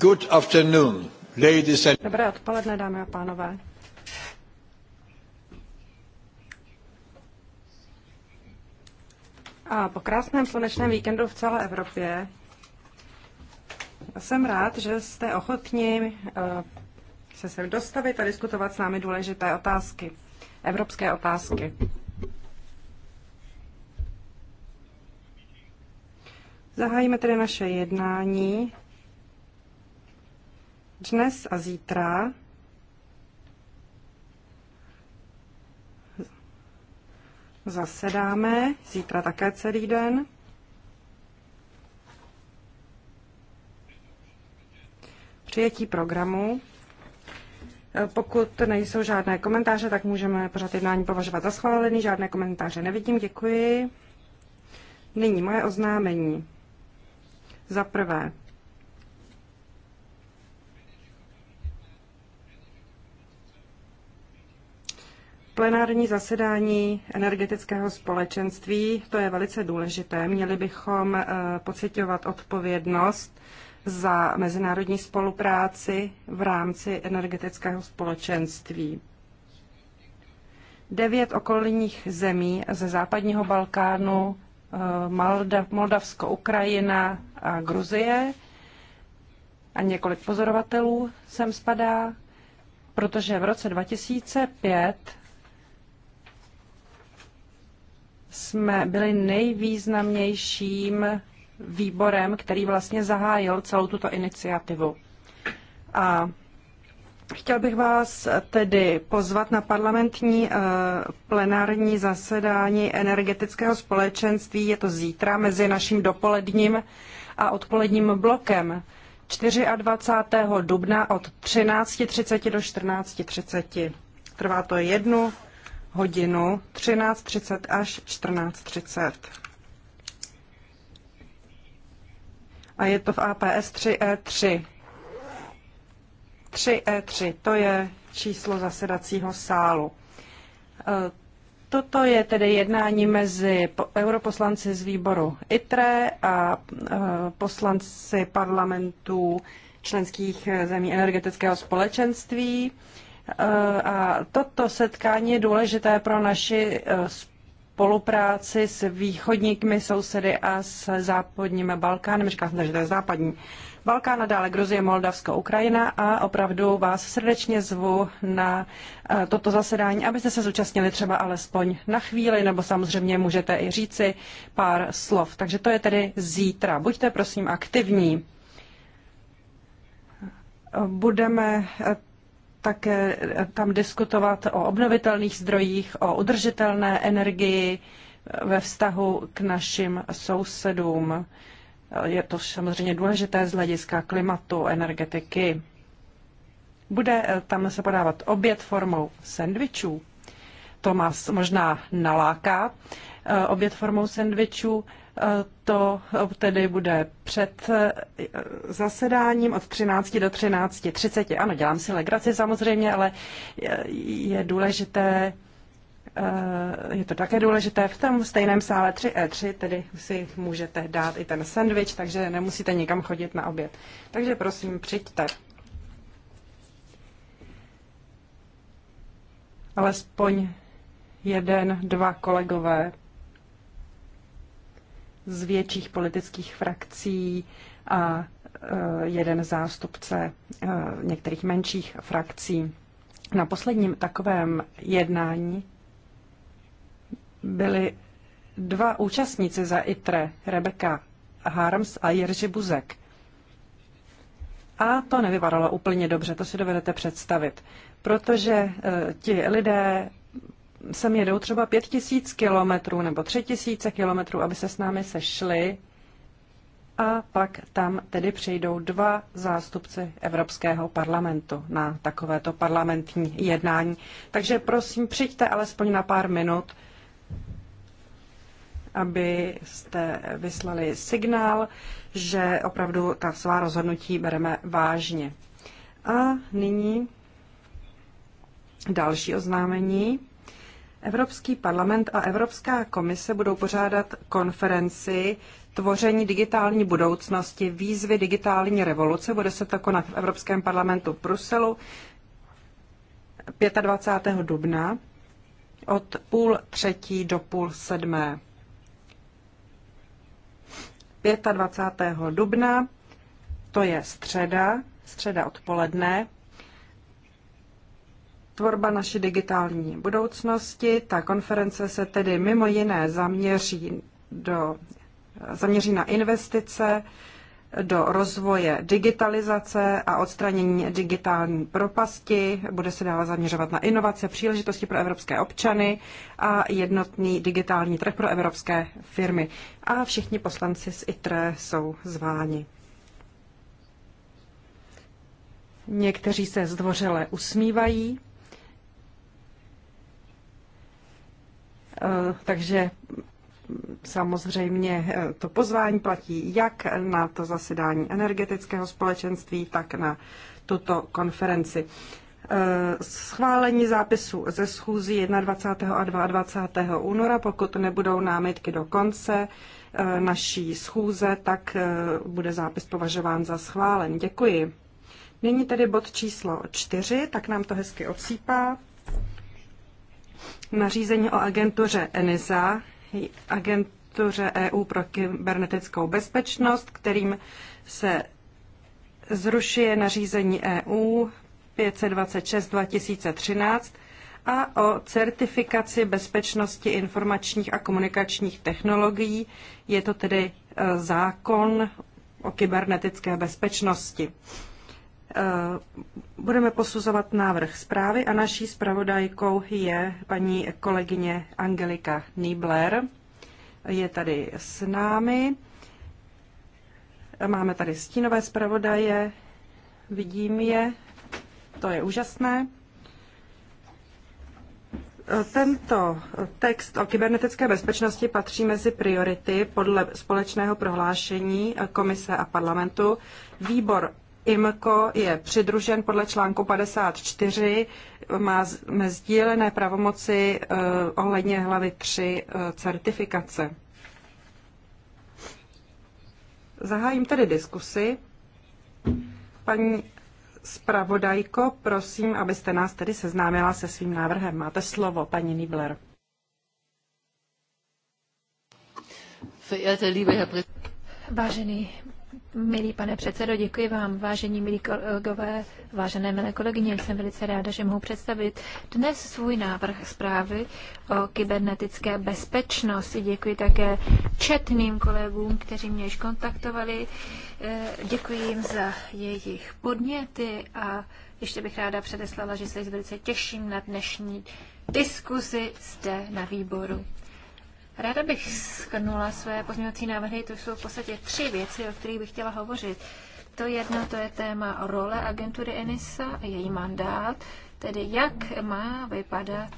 Good afternoon, ladies and... Dobré odpoledne, dámy a pánové. A po krásném slunečném víkendu v celé Evropě jsem rád, že jste ochotni eh, se sem dostavit a diskutovat s námi důležité otázky, evropské otázky. Zahájíme tedy naše jednání dnes a zítra zasedáme, zítra také celý den. Přijetí programu. Pokud nejsou žádné komentáře, tak můžeme pořád jednání považovat za schválený. Žádné komentáře nevidím, děkuji. Nyní moje oznámení. Za prvé, Plenární zasedání energetického společenství, to je velice důležité. Měli bychom eh, pocitovat odpovědnost za mezinárodní spolupráci v rámci energetického společenství. Devět okolních zemí ze západního Balkánu, eh, Moldavsko, Ukrajina a Gruzie a několik pozorovatelů sem spadá, protože v roce 2005 jsme byli nejvýznamnějším výborem, který vlastně zahájil celou tuto iniciativu. A chtěl bych vás tedy pozvat na parlamentní eh, plenární zasedání energetického společenství. Je to zítra mezi naším dopoledním a odpoledním blokem 24. dubna od 13.30 do 14.30. Trvá to jednu hodinu 13.30 až 14.30. A je to v APS 3E3. 3E3, to je číslo zasedacího sálu. E, toto je tedy jednání mezi europoslanci z výboru ITRE a e, poslanci parlamentů členských e, zemí energetického společenství. Eh, a toto setkání je důležité pro naši eh, spolupráci s východními sousedy a s západním Balkánem. Říká jsem, že to je západní Balkán a dále Gruzie, Moldavsko, Ukrajina a opravdu vás srdečně zvu na eh, toto zasedání, abyste se zúčastnili třeba alespoň na chvíli, nebo samozřejmě můžete i říci pár slov. Takže to je tedy zítra. Buďte prosím aktivní. Budeme také eh, tam diskutovat o obnovitelných zdrojích, o udržitelné energii eh, ve vztahu k našim sousedům. Eh, je to samozřejmě důležité z hlediska klimatu, energetiky. Bude tam se podávat oběd formou sendvičů. To možná naláká oběd formou sendvičů. To tedy bude před eh, zasedáním od 13 do 13.30. Ano, dělám si legraci samozřejmě, ale je důležité, eh, je to také důležité v tom stejném sále 3E3, eh, tedy si můžete dát i ten sandwich, takže nemusíte nikam chodit na oběd. Takže prosím, přijďte. Alespoň jeden, dva kolegové z větších politických frakcí a e, jeden zástupce e, některých menších frakcí. Na posledním takovém jednání byli dva účastníci za ITRE, Rebeka Harms a Jerzy Buzek. A to nevypadalo úplně dobře, to si dovedete představit, protože e, ti lidé sem jedou třeba pět tisíc kilometrů nebo tři tisíce kilometrů, aby se s námi sešli a pak tam tedy přijdou dva zástupci Evropského parlamentu na takovéto parlamentní jednání. Takže prosím, přijďte alespoň na pár minut, abyste vyslali signál, že opravdu ta svá rozhodnutí bereme vážně. A nyní další oznámení. Evropský parlament a Evropská komise budou pořádat konferenci Tvoření digitální budoucnosti, výzvy digitální revoluce. Bude se to konat v Evropském parlamentu v Bruselu 25. dubna od půl třetí do půl sedmé. 25. dubna, to je středa, středa odpoledne, tvorba naší digitální budoucnosti. Ta konference se tedy mimo jiné zaměří, do, zaměří na investice, do rozvoje digitalizace a odstranění digitální propasti. Bude se dále zaměřovat na inovace, příležitosti pro evropské občany a jednotný digitální trh pro evropské firmy. A všichni poslanci z ITRE jsou zváni. Někteří se zdvořile usmívají. Eh, takže samozřejmě eh, to pozvání platí jak na to zasedání energetického společenství, tak na tuto konferenci. Eh, schválení zápisu ze schůzí 21. a 22. února, pokud nebudou námitky do konce naší schůze, tak bude zápis považován za schválen. Děkuji. Nyní tedy bod číslo 4, tak nám to hezky odsýpá nařízení o agentuře ENISA, agentuře EU pro kybernetickou bezpečnost, kterým se zrušuje nařízení EU 526 2013 a o certifikaci bezpečnosti informačních a komunikačních technologií. Je to tedy eh, zákon o kybernetické bezpečnosti. Eh, budeme posuzovat návrh zprávy a naší zpravodajkou je paní kolegyně Angelika Niebler. Je tady s námi. Máme tady stínové zpravodaje, vidím je, to je úžasné. Eh, tento text o kybernetické bezpečnosti patří mezi priority podle společného prohlášení eh, komise a parlamentu. Výbor IMCO je přidružen podle článku 54, má sdílené pravomoci eh, ohledně hlavy 3 eh, certifikace. Zahájím tedy diskusi. Paní zpravodajko, prosím, abyste nás tedy seznámila se svým návrhem. Máte slovo, paní Nibler. Vážený Milý pane předsedo, děkuji vám, vážení milí kolegové, vážené milé kolegyně, jsem velice ráda, že mohu představit dnes svůj návrh zprávy o kybernetické bezpečnosti. Děkuji také četným kolegům, kteří mě již kontaktovali. Eh, děkuji jim za jejich podněty a ještě bych ráda předeslala, že se velice těším na dnešní diskuzi zde na výboru. Ráda bych skrnula své pozměňovací návrhy, to jsou v podstatě tři věci, o kterých bych chtěla hovořit. To jedno, to je téma role agentury ENISA a její mandát, tedy jak má vypadat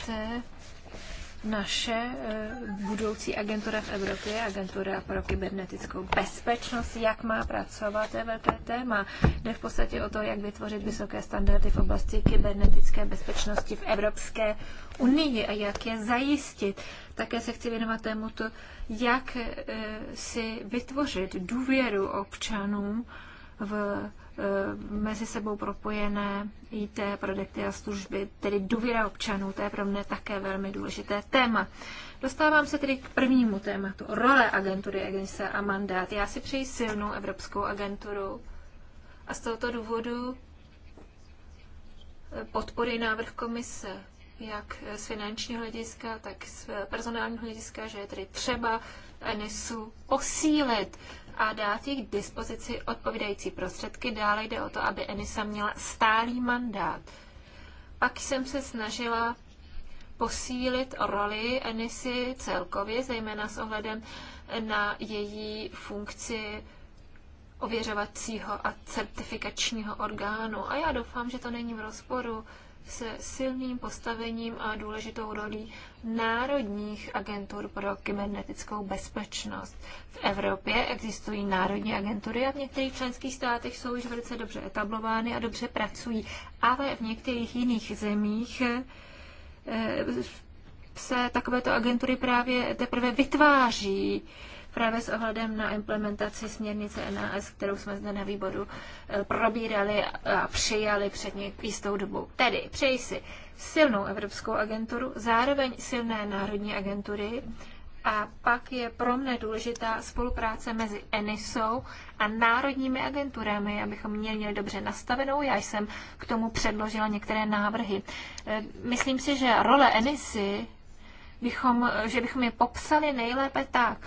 naše eh, budoucí agentura v Evropě, agentura pro kybernetickou bezpečnost, jak má pracovat, to je velké téma. Jde v podstatě o to, jak vytvořit vysoké standardy v oblasti kybernetické bezpečnosti v Evropské unii a jak je zajistit. Také se chci věnovat to jak eh, si vytvořit důvěru občanů v Eh, mezi sebou propojené IT produkty a služby, tedy důvěra občanů, to je pro mě také velmi důležité téma. Dostávám se tedy k prvnímu tématu, role agentury agence a mandát. Já si přeji silnou evropskou agenturu a z tohoto důvodu eh, podpory návrh komise, jak z finančního hlediska, tak z personálního hlediska, že je tedy třeba NSU posílit a dát jí k dispozici odpovídající prostředky. Dále jde o to, aby Enisa měla stálý mandát. Pak jsem se snažila posílit roli Enisy celkově, zejména s ohledem na její funkci ověřovacího a certifikačního orgánu. A já doufám, že to není v rozporu se silným postavením a důležitou rolí národních agentur pro kybernetickou bezpečnost. V Evropě existují národní agentury a v některých členských státech jsou již velice dobře etablovány a dobře pracují, ale v některých jiných zemích eh, se takovéto agentury právě teprve vytváří právě s ohledem na implementaci směrnice NAS, kterou jsme zde na výboru eh, probírali a přijali před jistou dobou. Tedy přeji si silnou evropskou agenturu, zároveň silné národní agentury, a pak je pro mne důležitá spolupráce mezi ENISou a národními agenturami, abychom měli, měli dobře nastavenou. Já jsem k tomu předložila některé návrhy. Eh, myslím si, že role ENISy bychom, že bychom je popsali nejlépe tak,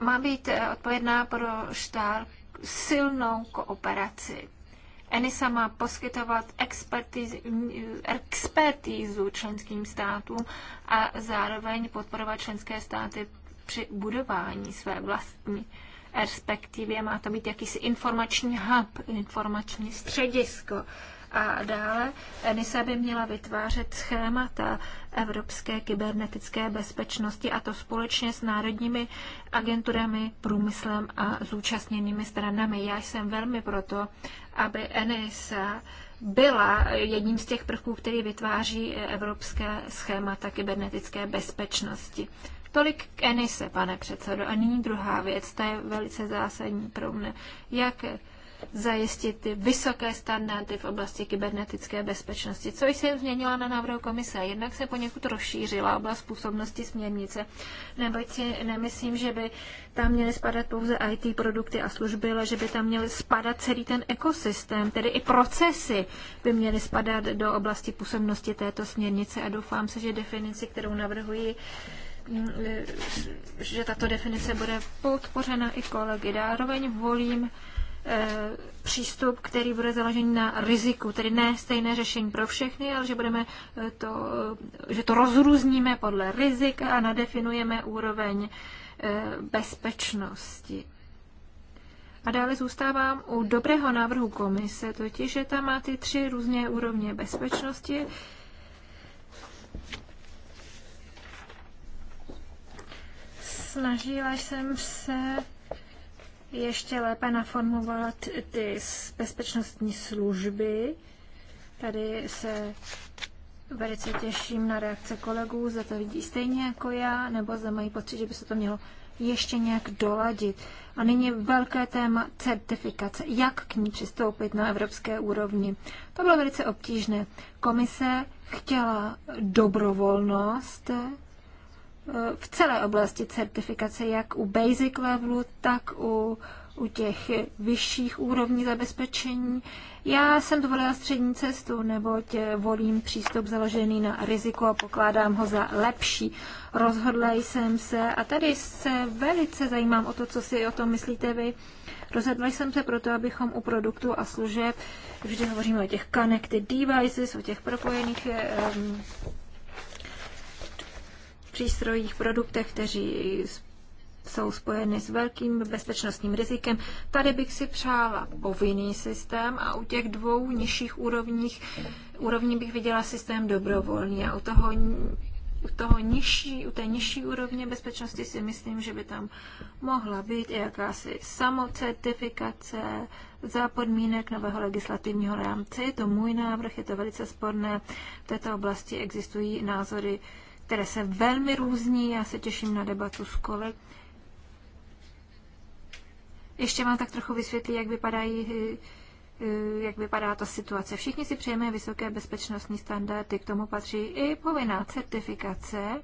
má být eh, odpovědná pro štár silnou kooperaci. ENISA má poskytovat eh, expertízu členským státům a zároveň podporovat členské státy při budování své vlastní perspektivě. Má to být jakýsi informační hub, informační středisko a dále ENISA by měla vytvářet schémata evropské kybernetické bezpečnosti a to společně s národními agenturami, průmyslem a zúčastněnými stranami. Já jsem velmi proto, aby ENISA byla jedním z těch prvků, který vytváří evropské schémata kybernetické bezpečnosti. Tolik k Enise, pane předsedo. A nyní druhá věc, ta je velice zásadní pro mne. Jak zajistit ty vysoké standardy v oblasti kybernetické bezpečnosti. Co se změnila na návrhu komise? Jednak se poněkud rozšířila oblast působnosti směrnice, neboť si nemyslím, že by tam měly spadat pouze IT produkty a služby, ale že by tam měly spadat celý ten ekosystém, tedy i procesy by měly spadat do oblasti působnosti této směrnice a doufám se, že definici, kterou navrhuji, mm, e, že tato definice bude podpořena i kolegy. Dároveň volím Eh, přístup, který bude založený na riziku, tedy ne stejné řešení pro všechny, ale že, budeme eh, to, eh, že to rozrůzníme podle rizika a nadefinujeme úroveň bezpečnosti. A dále zůstávám u dobrého návrhu komise, totiž, že tam má ty tři různé úrovně bezpečnosti. Snažila jsem se ještě lépe naformovat ty bezpečnostní služby. Tady se velice těším na reakce kolegů, za to vidí stejně jako já, nebo za mají pocit, že by se to mělo ještě nějak doladit. A nyní velké téma certifikace. Jak k ní přistoupit na evropské úrovni? To bylo velice obtížné. Komise chtěla dobrovolnost v celé oblasti certifikace, jak u basic levelu, tak u, u těch vyšších úrovní zabezpečení. Já jsem dovolila střední cestu, neboť volím přístup založený na riziku a pokládám ho za lepší. Rozhodla jsem se, a tady se velice zajímám o to, co si o tom myslíte vy, rozhodla jsem se proto, abychom u produktů a služeb, vždy hovoříme o těch connected devices, o těch propojených um, přístrojích, produktech, kteří jsou spojeny s velkým bezpečnostním rizikem. Tady bych si přála povinný systém a u těch dvou nižších úrovních, úrovní bych viděla systém dobrovolný a u toho u, toho nižší, u té nižší úrovně bezpečnosti si myslím, že by tam mohla být i jakási samocertifikace za podmínek nového legislativního rámce. Je to můj návrh, je to velice sporné. V této oblasti existují názory které se velmi různí. Já se těším na debatu s koly. Ještě vám tak trochu vysvětlí, jak vypadají eh, eh, jak vypadá ta situace. Všichni si přejeme vysoké bezpečnostní standardy, k tomu patří i povinná certifikace.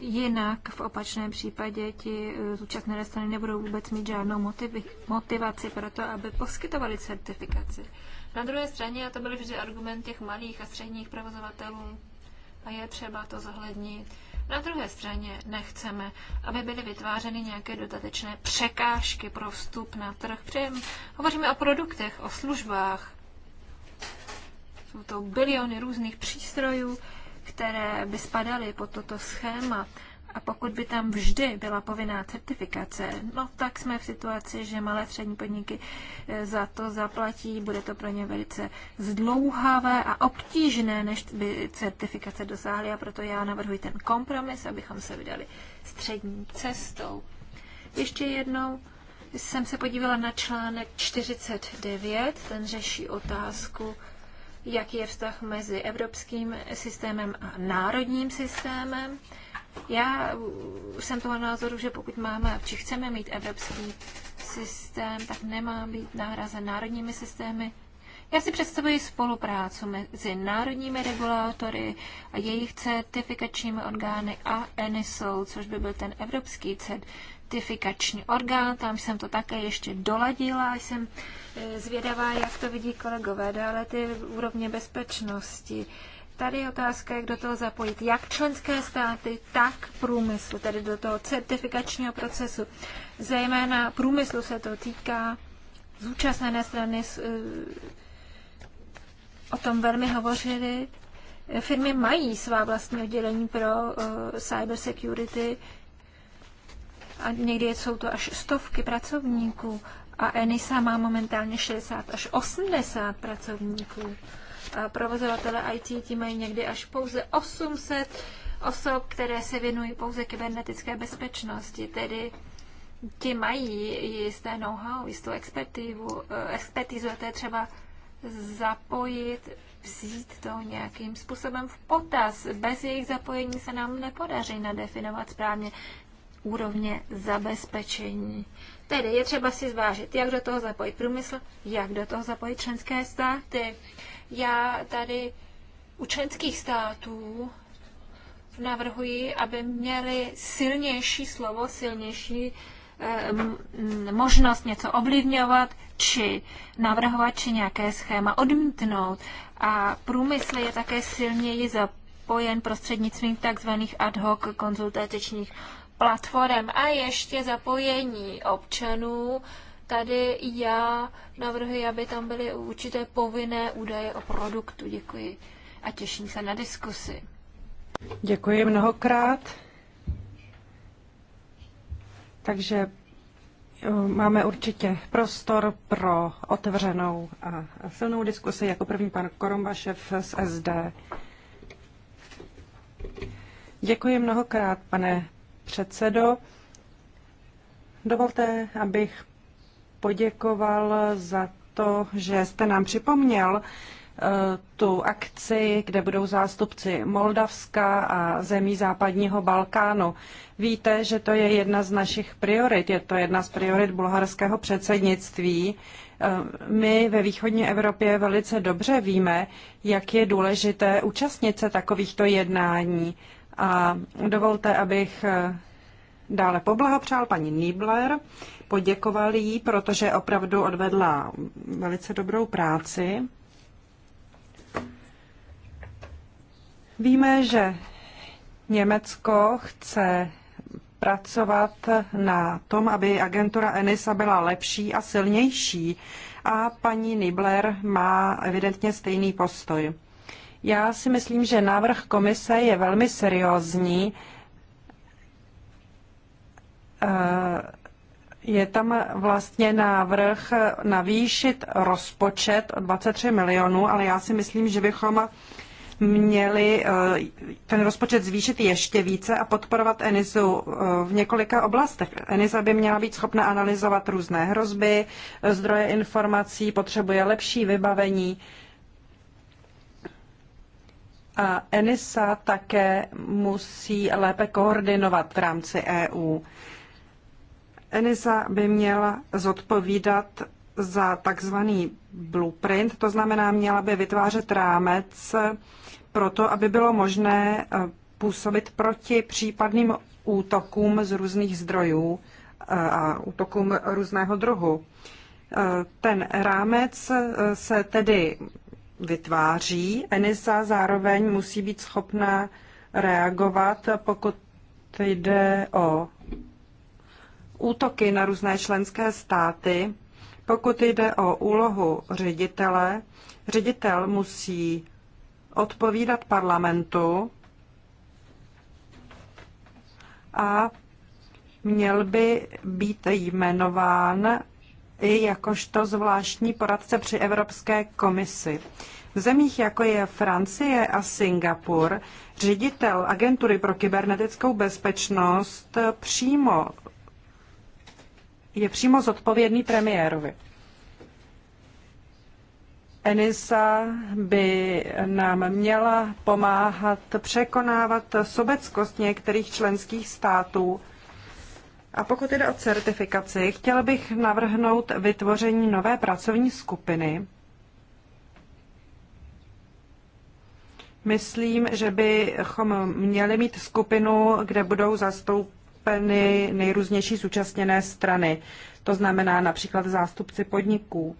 Jinak v opačném případě ti eh, zúčastněné strany nebudou vůbec mít žádnou motivi- motivaci pro to, aby poskytovali certifikaci. Na druhé straně, a to byly vždy argument těch malých a středních provozovatelů a je třeba to zohlednit. Na druhé straně nechceme, aby byly vytvářeny nějaké dodatečné překážky pro vstup na trh. Přejem, hovoříme o produktech, o službách. Jsou to biliony různých přístrojů, které by spadaly pod toto schéma. A pokud by tam vždy byla povinná certifikace, no tak jsme v situaci, že malé střední podniky eh, za to zaplatí, bude to pro ně velice zdlouhavé a obtížné, než by certifikace dosáhly a proto já navrhuji ten kompromis, abychom se vydali střední cestou. Ještě jednou jsem se podívala na článek 49, ten řeší otázku, jaký je vztah mezi evropským systémem a národním systémem. Já jsem toho názoru, že pokud máme, či chceme mít evropský systém, tak nemá být nahrazen národními systémy. Já si představuji spolupráci mezi národními regulátory a jejich certifikačními orgány a ENISO, což by byl ten evropský certifikační orgán. Tam jsem to také ještě doladila. Jsem eh, zvědavá, jak to vidí kolegové, dále ty úrovně bezpečnosti. Tady je otázka, jak do toho zapojit jak členské státy, tak průmysl, tedy do toho certifikačního procesu. Zejména průmyslu se to týká zúčastněné strany eh, o tom velmi hovořili. Firmy mají svá vlastní oddělení pro eh, cyber security a někdy jsou to až stovky pracovníků a Enisa má momentálně 60 až 80 pracovníků provozovatele IT ti mají někdy až pouze 800 osob, které se věnují pouze kybernetické bezpečnosti, tedy ti mají jisté know-how, jistou expertivu, eh, expertizu a to je třeba zapojit, vzít to nějakým způsobem v potaz. Bez jejich zapojení se nám nepodaří nadefinovat správně úrovně zabezpečení. Tedy je třeba si zvážit, jak do toho zapojit průmysl, jak do toho zapojit členské státy. Já tady u členských států navrhuji, aby měli silnější slovo, silnější eh, možnost něco ovlivňovat, či navrhovat, či nějaké schéma odmítnout. A průmysl je také silněji zapojen prostřednictvím tzv. ad hoc konzultatečních platform a ještě zapojení občanů tady já navrhuji, aby tam byly určité povinné údaje o produktu. Děkuji a těším se na diskusi. Děkuji mnohokrát. Takže eh, máme určitě prostor pro otevřenou a silnou diskusi. Jako první pan Korombašev z SD. Děkuji mnohokrát, pane předsedo. Dovolte, abych poděkoval za to, že jste nám připomněl eh, tu akci, kde budou zástupci Moldavska a zemí západního Balkánu. Víte, že to je jedna z našich priorit, je to jedna z priorit bulharského předsednictví. Eh, my ve východní Evropě velice dobře víme, jak je důležité účastnit se takovýchto jednání. A dovolte, abych eh, dále poblahopřál paní Niebler poděkoval jí, protože opravdu odvedla velice dobrou práci. Víme, že Německo chce pracovat na tom, aby agentura ENISA byla lepší a silnější. A paní Nibler má evidentně stejný postoj. Já si myslím, že návrh komise je velmi seriózní. Eh, je tam vlastně návrh navýšit rozpočet o 23 milionů, ale já si myslím, že bychom měli eh, ten rozpočet zvýšit ještě více a podporovat Enisu eh, v několika oblastech. Enisa by měla být schopna analyzovat různé hrozby, eh, zdroje informací, potřebuje lepší vybavení. A Enisa také musí lépe koordinovat v rámci EU. ENISA by měla zodpovídat za takzvaný blueprint, to znamená, měla by vytvářet rámec pro to, aby bylo možné eh, působit proti případným útokům z různých zdrojů eh, a útokům různého druhu. Eh, ten rámec se tedy vytváří. ENISA zároveň musí být schopná reagovat, pokud jde o útoky na různé členské státy. Pokud jde o úlohu ředitele, ředitel musí odpovídat parlamentu a měl by být jmenován i jakožto zvláštní poradce při Evropské komisi. V zemích jako je Francie a Singapur ředitel agentury pro kybernetickou bezpečnost přímo je přímo zodpovědný premiérovi. Enisa by nám měla pomáhat překonávat sobeckost některých členských států. A pokud jde o certifikaci, chtěl bych navrhnout vytvoření nové pracovní skupiny. Myslím, že bychom měli mít skupinu, kde budou zastoupeni zastoupeny nejrůznější zúčastněné strany, to znamená například zástupci podniků.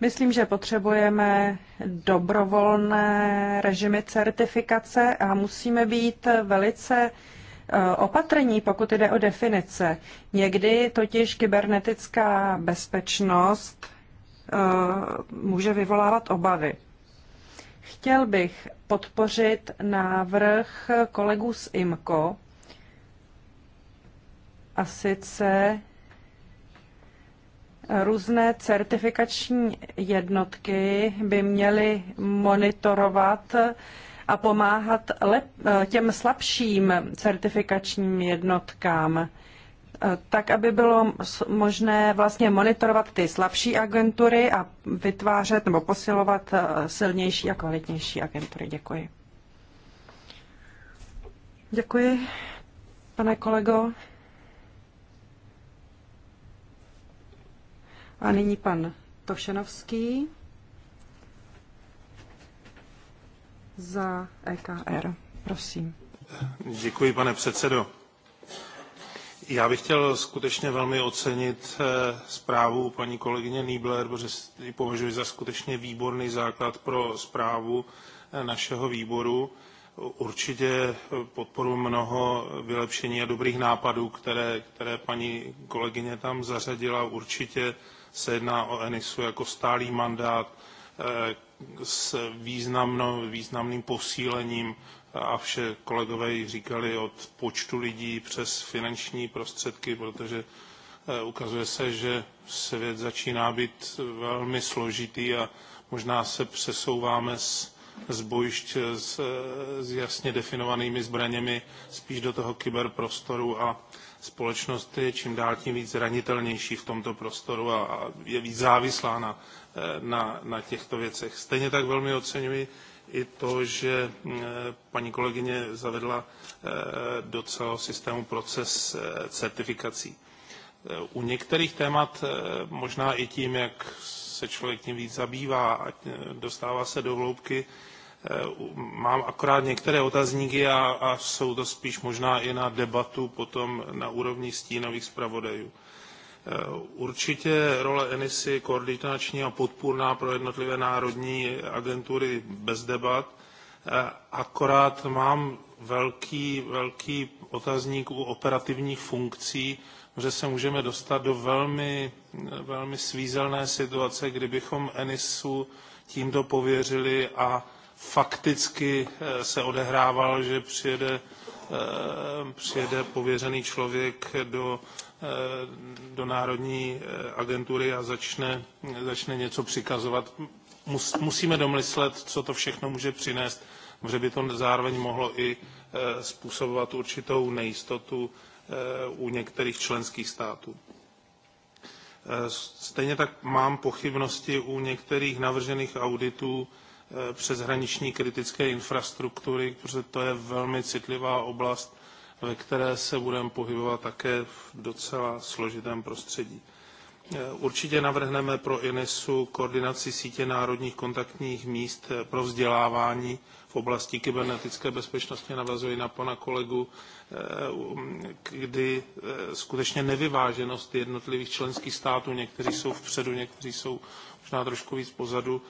Myslím, že potřebujeme dobrovolné režimy certifikace a musíme být velice eh, opatrní, pokud jde o definice. Někdy totiž kybernetická bezpečnost eh, může vyvolávat obavy. Chtěl bych podpořit návrh kolegů z IMCO, a sice různé certifikační jednotky by měly monitorovat a pomáhat těm slabším certifikačním jednotkám. Eh, tak aby bylo možné vlastně monitorovat ty slabší agentury a vytvářet nebo posilovat eh, silnější a kvalitnější agentury. Děkuji. Děkuji, pane kolego. A nyní pan Tošenovský za EKR. Prosím. Děkuji, pane předsedo já bych chtěl skutečně velmi ocenit eh, zprávu paní kolegyně Niebler, protože ji považuji za skutečně výborný základ pro zprávu eh, našeho výboru. Určitě eh, podporu mnoho vylepšení a dobrých nápadů, které, které paní kolegyně tam zařadila. Určitě se jedná o ENISu jako stálý mandát s významným posílením a vše kolegové ji říkali od počtu lidí přes finanční prostředky, protože eh, ukazuje se, že svět začíná být velmi složitý a možná se přesouváme z, z bojišť eh, s, eh, s jasně definovanými zbraněmi spíš do toho kyberprostoru a společnost je čím dál tím víc zranitelnější v tomto prostoru a, a je víc závislá na, na, na těchto věcech. Stejně tak velmi oceňuji i to, že mm, eh, paní kolegyně zavedla eh, do celého systému proces eh, certifikací. U některých témat možná i tím, jak se člověk tím víc zabývá a dostává se do hloubky, Mám akorát některé otazníky a, a jsou to spíš možná i na debatu potom na úrovni stínových zpravodajů. Eh, určitě role ENISY koordinační a podpůrná pro jednotlivé národní agentury bez debat. Eh, akorát mám velký, velký otazník u operativních funkcí, že se můžeme dostat do velmi, velmi svízelné situace, kdybychom ENISu tímto pověřili a fakticky eh, se odehrával, že přijede, přijede pověřený člověk do do Národní eh, agentury a začne, začne něco přikazovat. Mus, musíme domyslet, co to všechno může přinést, protože by to zároveň mohlo i eh, způsobovat určitou nejistotu eh, u některých členských států. Stejně tak mám pochybnosti u některých navržených auditů přeshraniční kritické infrastruktury, protože to je velmi citlivá oblast ve které se budeme pohybovat také v docela složitém prostředí. Eh, určitě navrhneme pro INESu koordinaci sítě národních kontaktních míst eh, pro vzdělávání v oblasti kybernetické bezpečnosti, navazuji na pana kolegu, eh, kdy skutečně nevyváženost jednotlivých členských států, někteří jsou vpředu, někteří jsou možná trošku víc pozadu,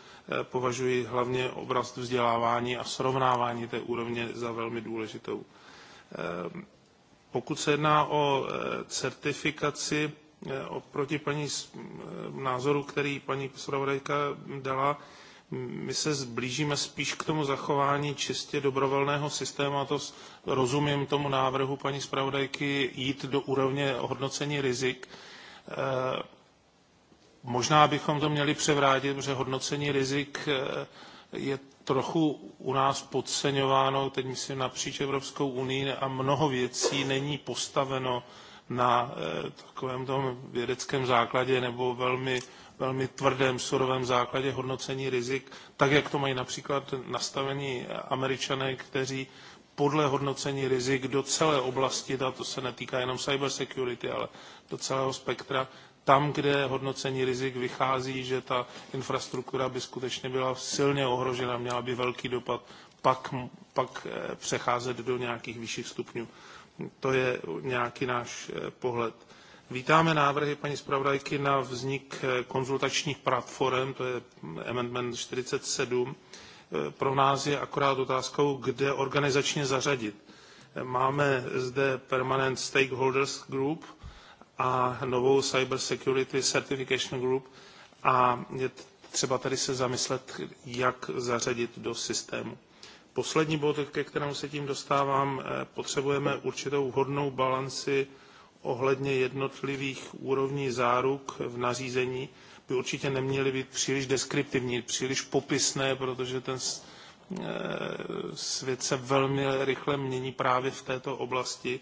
považuji hlavně oblast vzdělávání a srovnávání té úrovně za velmi důležitou. Ehm, pokud se jedná o eh, certifikaci eh, oproti paní eh, názoru, který paní zpravodajka dala, my se zblížíme spíš k tomu zachování čistě dobrovolného systému, a to rozumím tomu návrhu paní zpravodajky jít do úrovně hodnocení rizik. Ehm, možná bychom to měli převrátit, protože hodnocení rizik je trochu u nás podceňováno, teď myslím napříč Evropskou unii, a mnoho věcí není postaveno na eh, takovém tom vědeckém základě nebo velmi, velmi tvrdém surovém základě hodnocení rizik, tak jak to mají například nastavení američané, kteří podle hodnocení rizik do celé oblasti, a to se netýká jenom cybersecurity, ale do celého spektra, tam, kde hodnocení rizik vychází, že ta infrastruktura by skutečně byla silně ohrožena, měla by velký dopad, pak, pak eh, přecházet do nějakých vyšších stupňů. To je nějaký náš eh, pohled. Vítáme návrhy paní zpravodajky na vznik eh, konzultačních platform, to je amendment 47. Pro nás je akorát otázkou, kde organizačně zařadit. Máme zde Permanent Stakeholders Group, a novou Cyber Security Certification Group a je třeba tady se zamyslet, jak zařadit do systému. Poslední bod, ke kterému se tím dostávám, eh, potřebujeme určitou vhodnou balanci ohledně jednotlivých úrovní záruk v nařízení. By určitě neměly být příliš deskriptivní, příliš popisné, protože ten eh, svět se velmi rychle mění právě v této oblasti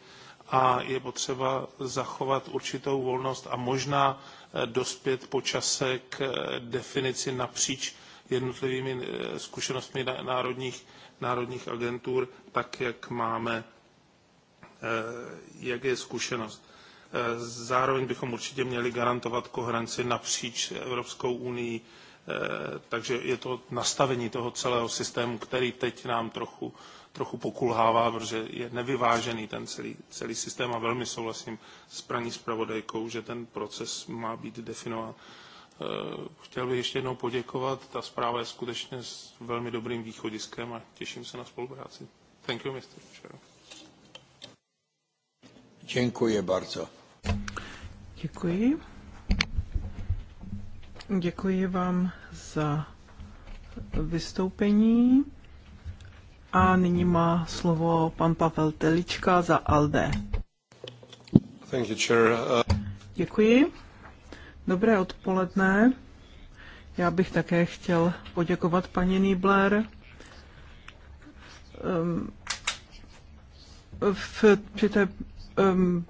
a je potřeba zachovat určitou volnost a možná eh, dospět po čase k eh, definici napříč jednotlivými eh, zkušenostmi národních, národních agentur, tak jak máme, jak je zkušenost. Zároveň bychom určitě měli garantovat koherenci napříč Evropskou unii, takže je to nastavení toho celého systému, který teď nám trochu trochu pokulhává, protože je nevyvážený ten celý, celý systém a velmi souhlasím s praní zpravodajkou, že ten proces má být definován. Eh, chtěl bych ještě jednou poděkovat. Ta zpráva je skutečně s velmi dobrým východiskem a těším se na spolupráci. Thank you, Mr. Chair. Děkuji bardzo. Děkuji. Děkuji vám za vystoupení. A nyní má slovo pan Pavel Telička za ALDE. Thank you, chair. Uh... Děkuji. Dobré odpoledne. Já bych také chtěl poděkovat paní Niebler. Um, ehm, v, při té um,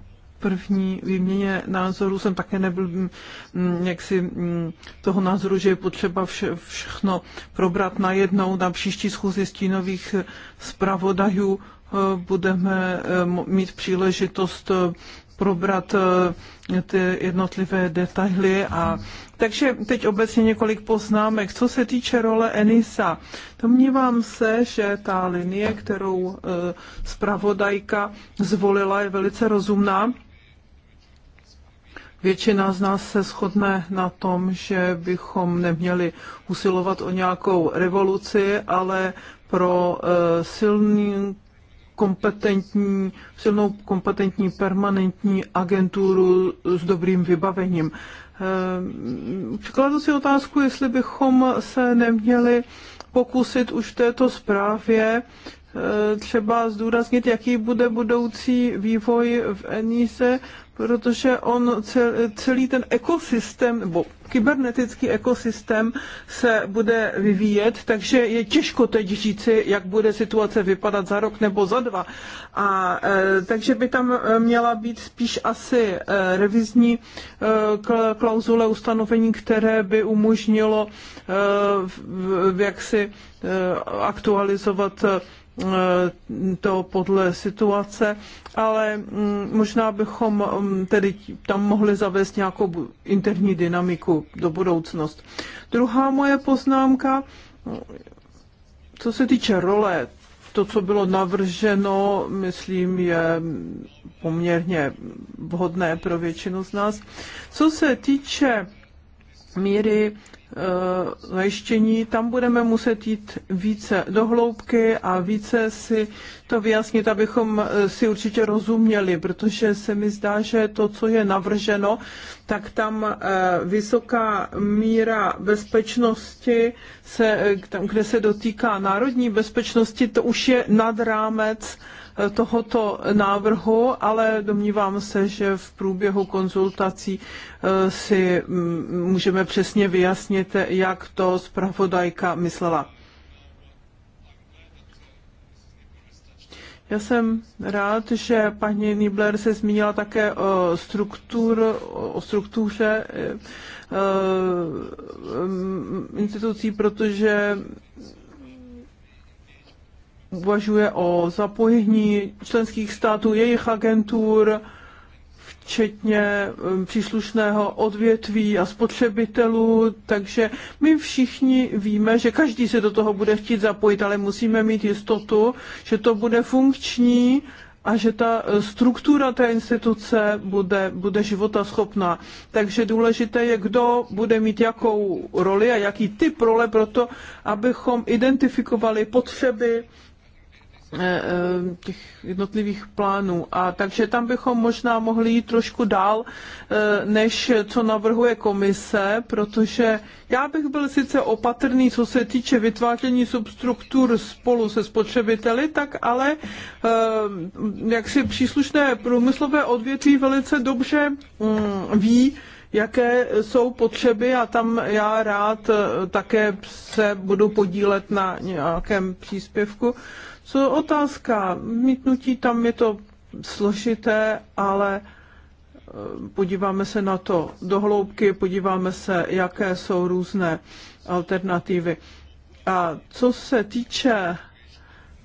první výměně názoru jsem také nebyl mm, mm, jaksi mm, toho názoru, že je potřeba vše, všechno probrat najednou na příští schůzi stínových eh, zpravodajů. Eh, budeme eh, mít příležitost probrat ty jednotlivé detaily. A, takže teď obecně několik poznámek. Co se týče role Enisa, domnívám se, že ta linie, kterou zpravodajka zvolila, je velice rozumná. Většina z nás se shodne na tom, že bychom neměli usilovat o nějakou revoluci, ale pro eh, silný kompetentní, silnou kompetentní permanentní agenturu s dobrým vybavením. Eh, Kladu si otázku, jestli bychom se neměli pokusit už v této zprávě eh, třeba zdůraznit, jaký bude budoucí vývoj v Enise protože on celý ten ekosystém, nebo kybernetický ekosystém se bude vyvíjet, takže je těžko teď říci, jak bude situace vypadat za rok nebo za dva. A, e, takže by tam e, měla být spíš asi e, revizní klauzule ustanovení, které by umožnilo jak si aktualizovat to podle situace, ale mm, možná bychom mm, tedy tam mohli zavést nějakou interní dynamiku do budoucnost. Druhá moje poznámka, mm, co se týče role, to, co bylo navrženo, myslím, je poměrně vhodné pro většinu z nás. Co se týče míry Eh, zajištění, tam budeme muset jít více do hloubky a více si to vyjasnit, abychom eh, si určitě rozuměli, protože se mi zdá, že to, co je navrženo, tak tam eh, vysoká míra bezpečnosti, se, tam, kde se dotýká národní bezpečnosti, to už je nad rámec tohoto návrhu, ale domnívám se, že v průběhu konzultací eh, si mm, můžeme přesně vyjasnit, jak to zpravodajka myslela. Já jsem rád, že paní Nibler se zmínila také o, struktur, o struktuře eh, eh, institucí, protože uvažuje o zapojení členských států, jejich agentur, včetně um, příslušného odvětví a spotřebitelů, takže my všichni víme, že každý se do toho bude chtít zapojit, ale musíme mít jistotu, že to bude funkční a že ta eh, struktura té instituce bude, bude života schopná. Takže důležité je, kdo bude mít jakou roli a jaký typ role pro to, abychom identifikovali potřeby Eh, eh, těch jednotlivých plánů. A takže tam bychom možná mohli jít trošku dál, eh, než co navrhuje komise, protože já bych byl sice opatrný, co se týče vytváření substruktur spolu se spotřebiteli, tak ale jak si příslušné průmyslové odvětví velice dobře mm, ví, jaké jsou potřeby a tam já rád také se budu podílet na nějakém příspěvku co otázka mítnutí, tam je to složité, ale eh, podíváme se na to do hloubky, podíváme se, jaké jsou různé alternativy. A co se týče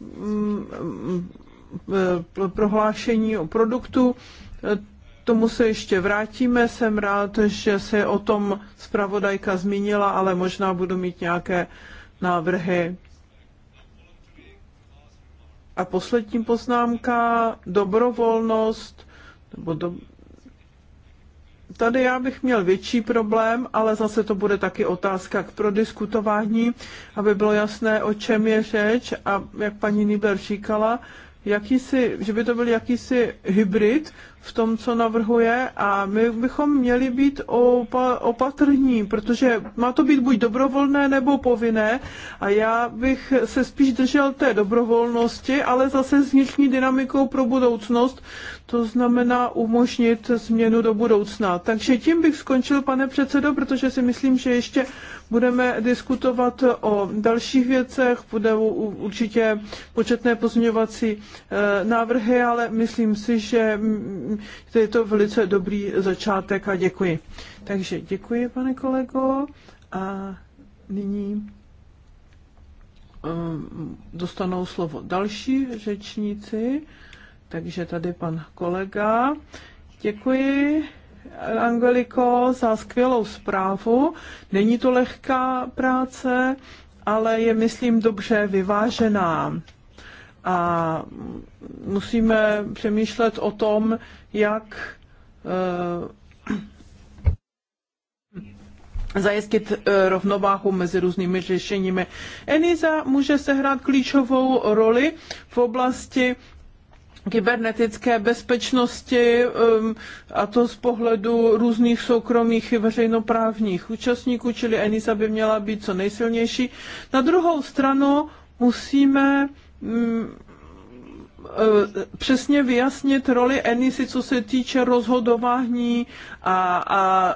mm, mm, eh, prohlášení o produktu, eh, tomu se ještě vrátíme. Jsem rád, že se o tom zpravodajka zmínila, ale možná budu mít nějaké návrhy a poslední poznámka, dobrovolnost, nebo do... tady já bych měl větší problém, ale zase to bude taky otázka k prodiskutování, aby bylo jasné, o čem je řeč a jak paní Nýber říkala, jakýsi, že by to byl jakýsi hybrid v tom, co navrhuje a my bychom měli být opatrní, protože má to být buď dobrovolné nebo povinné a já bych se spíš držel té dobrovolnosti, ale zase s vnitřní dynamikou pro budoucnost, to znamená umožnit změnu do budoucna. Takže tím bych skončil, pane předsedo, protože si myslím, že ještě budeme diskutovat o dalších věcech, budou určitě početné pozměňovací eh, návrhy, ale myslím si, že je to velice dobrý začátek a děkuji. Takže děkuji, pane kolego. A nyní eh, dostanou slovo další řečníci. Takže tady pan kolega. Děkuji. Angeliko, za skvělou zprávu. Není to lehká práce, ale je, myslím, dobře vyvážená a musíme přemýšlet o tom, jak eh, zajistit eh, rovnováhu mezi různými řešeními. ENISA může sehrát klíčovou roli v oblasti kybernetické bezpečnosti ehm, a to z pohledu různých soukromých i veřejnoprávních účastníků, čili ENISA by měla být co nejsilnější. Na druhou stranu musíme Mm, e, přesně vyjasnit roli ENISy, co se týče rozhodování a, a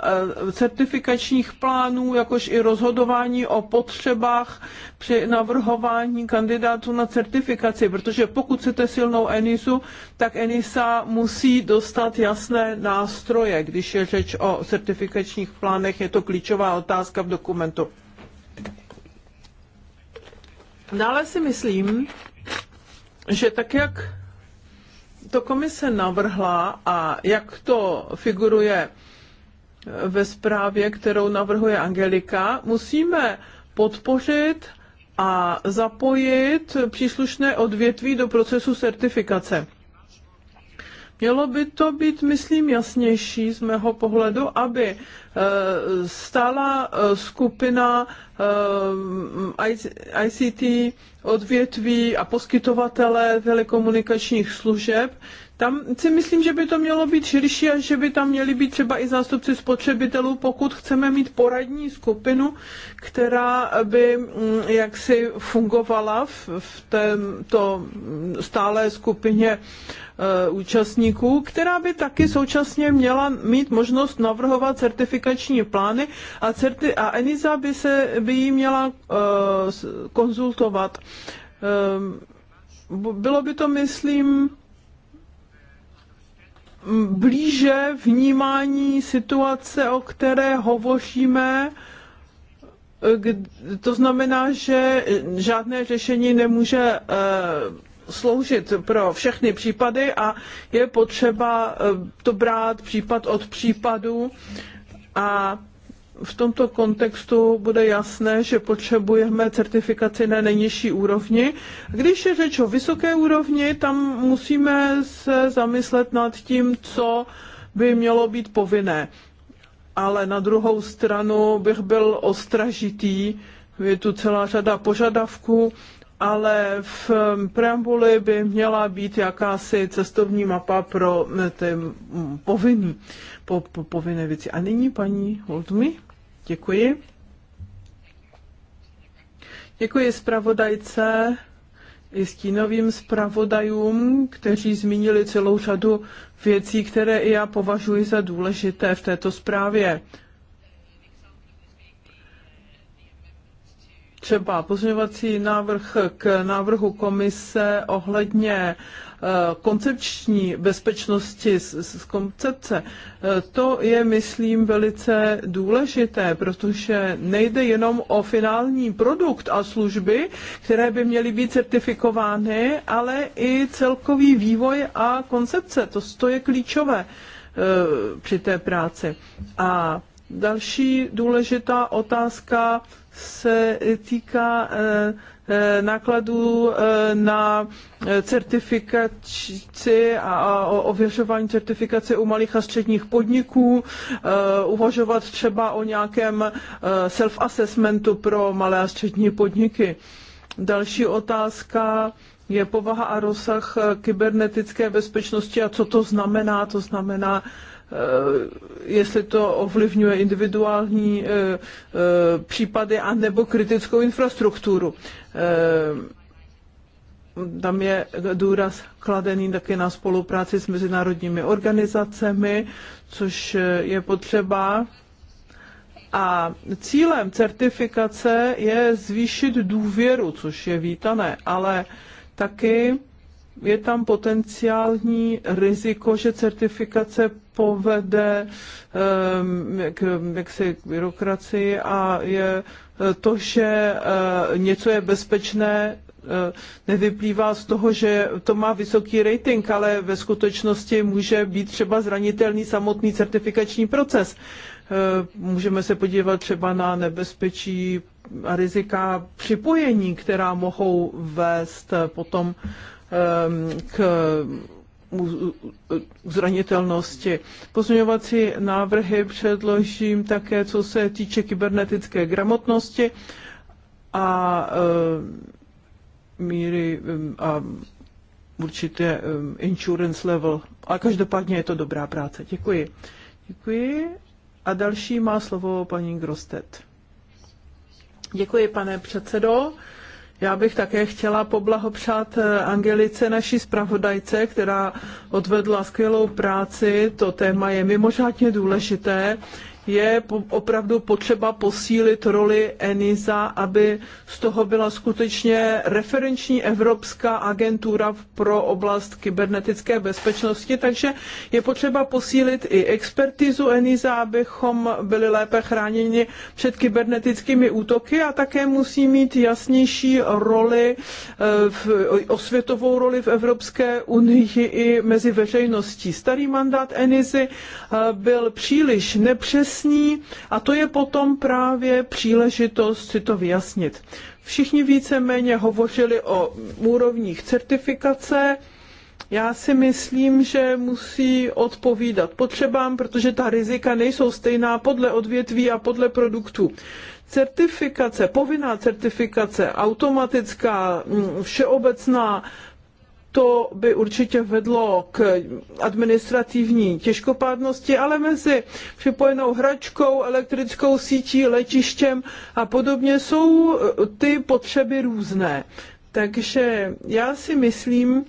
e, certifikačních plánů, jakož i rozhodování o potřebách při navrhování kandidátů na certifikaci, protože pokud chcete silnou ENISu, tak ENISA musí dostat jasné nástroje. Když je řeč o certifikačních plánech, je to klíčová otázka v dokumentu. Dále si myslím, že tak, jak to komise navrhla a jak to figuruje ve zprávě, kterou navrhuje Angelika, musíme podpořit a zapojit příslušné odvětví do procesu certifikace. Mělo by to být, myslím, jasnější z mého pohledu, aby eh, stála eh, skupina eh, ICT odvětví a poskytovatele telekomunikačních služeb tam si myslím, že by to mělo být širší a že by tam měli být třeba i zástupci spotřebitelů, pokud chceme mít poradní skupinu, která by mm, jaksi fungovala v, v této stále skupině e, účastníků, která by taky současně měla mít možnost navrhovat certifikační plány a, certi- a ENISA by, se, by ji měla uh, konzultovat. Um, bylo by to, myslím, blíže vnímání situace, o které hovoříme, to znamená, že žádné řešení nemůže eh, sloužit pro všechny případy a je potřeba eh, to brát případ od případu a v tomto kontextu bude jasné, že potřebujeme certifikaci na nejnižší úrovni. Když je řeč o vysoké úrovni, tam musíme se zamyslet nad tím, co by mělo být povinné. Ale na druhou stranu bych byl ostražitý, je tu celá řada požadavků, ale v preambuli by měla být jakási cestovní mapa pro ty povinné po, po, věci. A nyní paní Holtmi. Děkuji. Děkuji zpravodajce i stínovým zpravodajům, kteří zmínili celou řadu věcí, které i já považuji za důležité v této zprávě. Třeba pozměňovací návrh k návrhu komise ohledně Eh, koncepční bezpečnosti z, z koncepce, eh, to je, myslím, velice důležité, protože nejde jenom o finální produkt a služby, které by měly být certifikovány, ale i celkový vývoj a koncepce. To, to je klíčové eh, při té práci. A další důležitá otázka se týká Eh, nákladů eh, na eh, certifikaci a ověřování certifikace u malých a středních podniků, uvažovat třeba o nějakém self-assessmentu pro malé a střední podniky. Další otázka je povaha a rozsah kybernetické bezpečnosti a co to znamená. To znamená, Eh, jestli to ovlivňuje individuální eh, eh, případy a nebo kritickou infrastrukturu. Tam je důraz kladený také na spolupráci s mezinárodními organizacemi, což je potřeba. A cílem certifikace je zvýšit důvěru, což je vítané, ale taky je tam potenciální riziko, že certifikace povede ehm, k jaksi k byrokracii a je eh, to, že eh, něco je bezpečné, eh, nevyplývá z toho, že to má vysoký rating, ale ve skutečnosti může být třeba zranitelný samotný certifikační proces. Můžeme se podívat třeba na nebezpečí a rizika připojení, která mohou vést potom Ehm, k zranitelnosti. Pozměňovací návrhy předložím také, co se týče kybernetické gramotnosti a ehm, míry ehm, a určitě insurance level. A každopádně je to dobrá práce. Děkuji. Děkuji. A další má slovo paní Grostet. Děkuji, pane předsedo. Já bych také chtěla poblahopřát eh, Angelice, naší zpravodajce, která odvedla skvělou práci. To téma je mimořádně důležité je opravdu potřeba posílit roli ENISA, aby z toho byla skutečně referenční evropská agentura pro oblast kybernetické bezpečnosti, takže je potřeba posílit i expertizu ENISA, abychom byli lépe chráněni před kybernetickými útoky a také musí mít jasnější roli, eh, v, osvětovou roli v Evropské unii i mezi veřejností. Starý mandát ENISY eh, byl příliš nepřesný nejasní a to je potom právě příležitost si to vyjasnit. Všichni víceméně hovořili o úrovních certifikace, já si myslím, že musí odpovídat potřebám, protože ta rizika nejsou stejná podle odvětví a podle produktů. Certifikace, povinná certifikace, automatická, mm, všeobecná, to by určitě vedlo k administrativní těžkopádnosti, ale mezi připojenou hračkou, elektrickou sítí, letištěm a podobně jsou eh, ty potřeby různé. Takže já si myslím,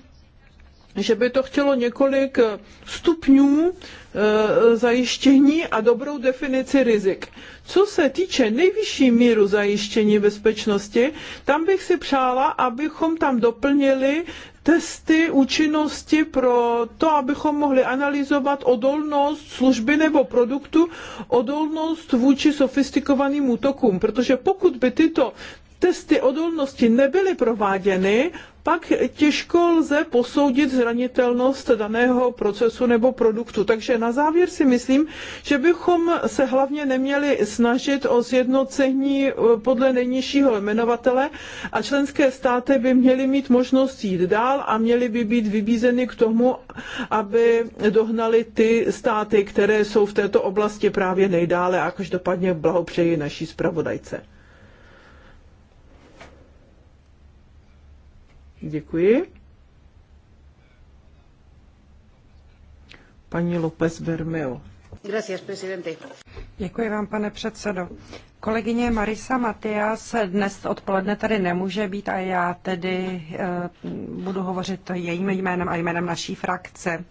že by to chtělo několik eh, stupňů eh, zajištění a dobrou definici rizik. Co se týče nejvyšší míru zajištění bezpečnosti, tam bych si přála, abychom tam doplnili testy účinnosti pro to, abychom mohli analyzovat odolnost služby nebo produktu, odolnost vůči sofistikovaným útokům, protože pokud by tyto testy odolnosti nebyly prováděny, pak těžko lze posoudit zranitelnost daného procesu nebo produktu. Takže na závěr si myslím, že bychom se hlavně neměli snažit o sjednocení eh, podle nejnižšího jmenovatele a členské státy by měly mít možnost jít dál a měly by být vybízeny k tomu, aby dohnali ty státy, které jsou v této oblasti právě nejdále a každopádně blahopřeji naší zpravodajce. Děkuji. Paní López Bermeo. Děkuji vám, pane předsedo. Kolegyně Marisa Matias dnes odpoledne tady nemůže být a já tedy eh, budu hovořit jejím jménem a jménem naší frakce.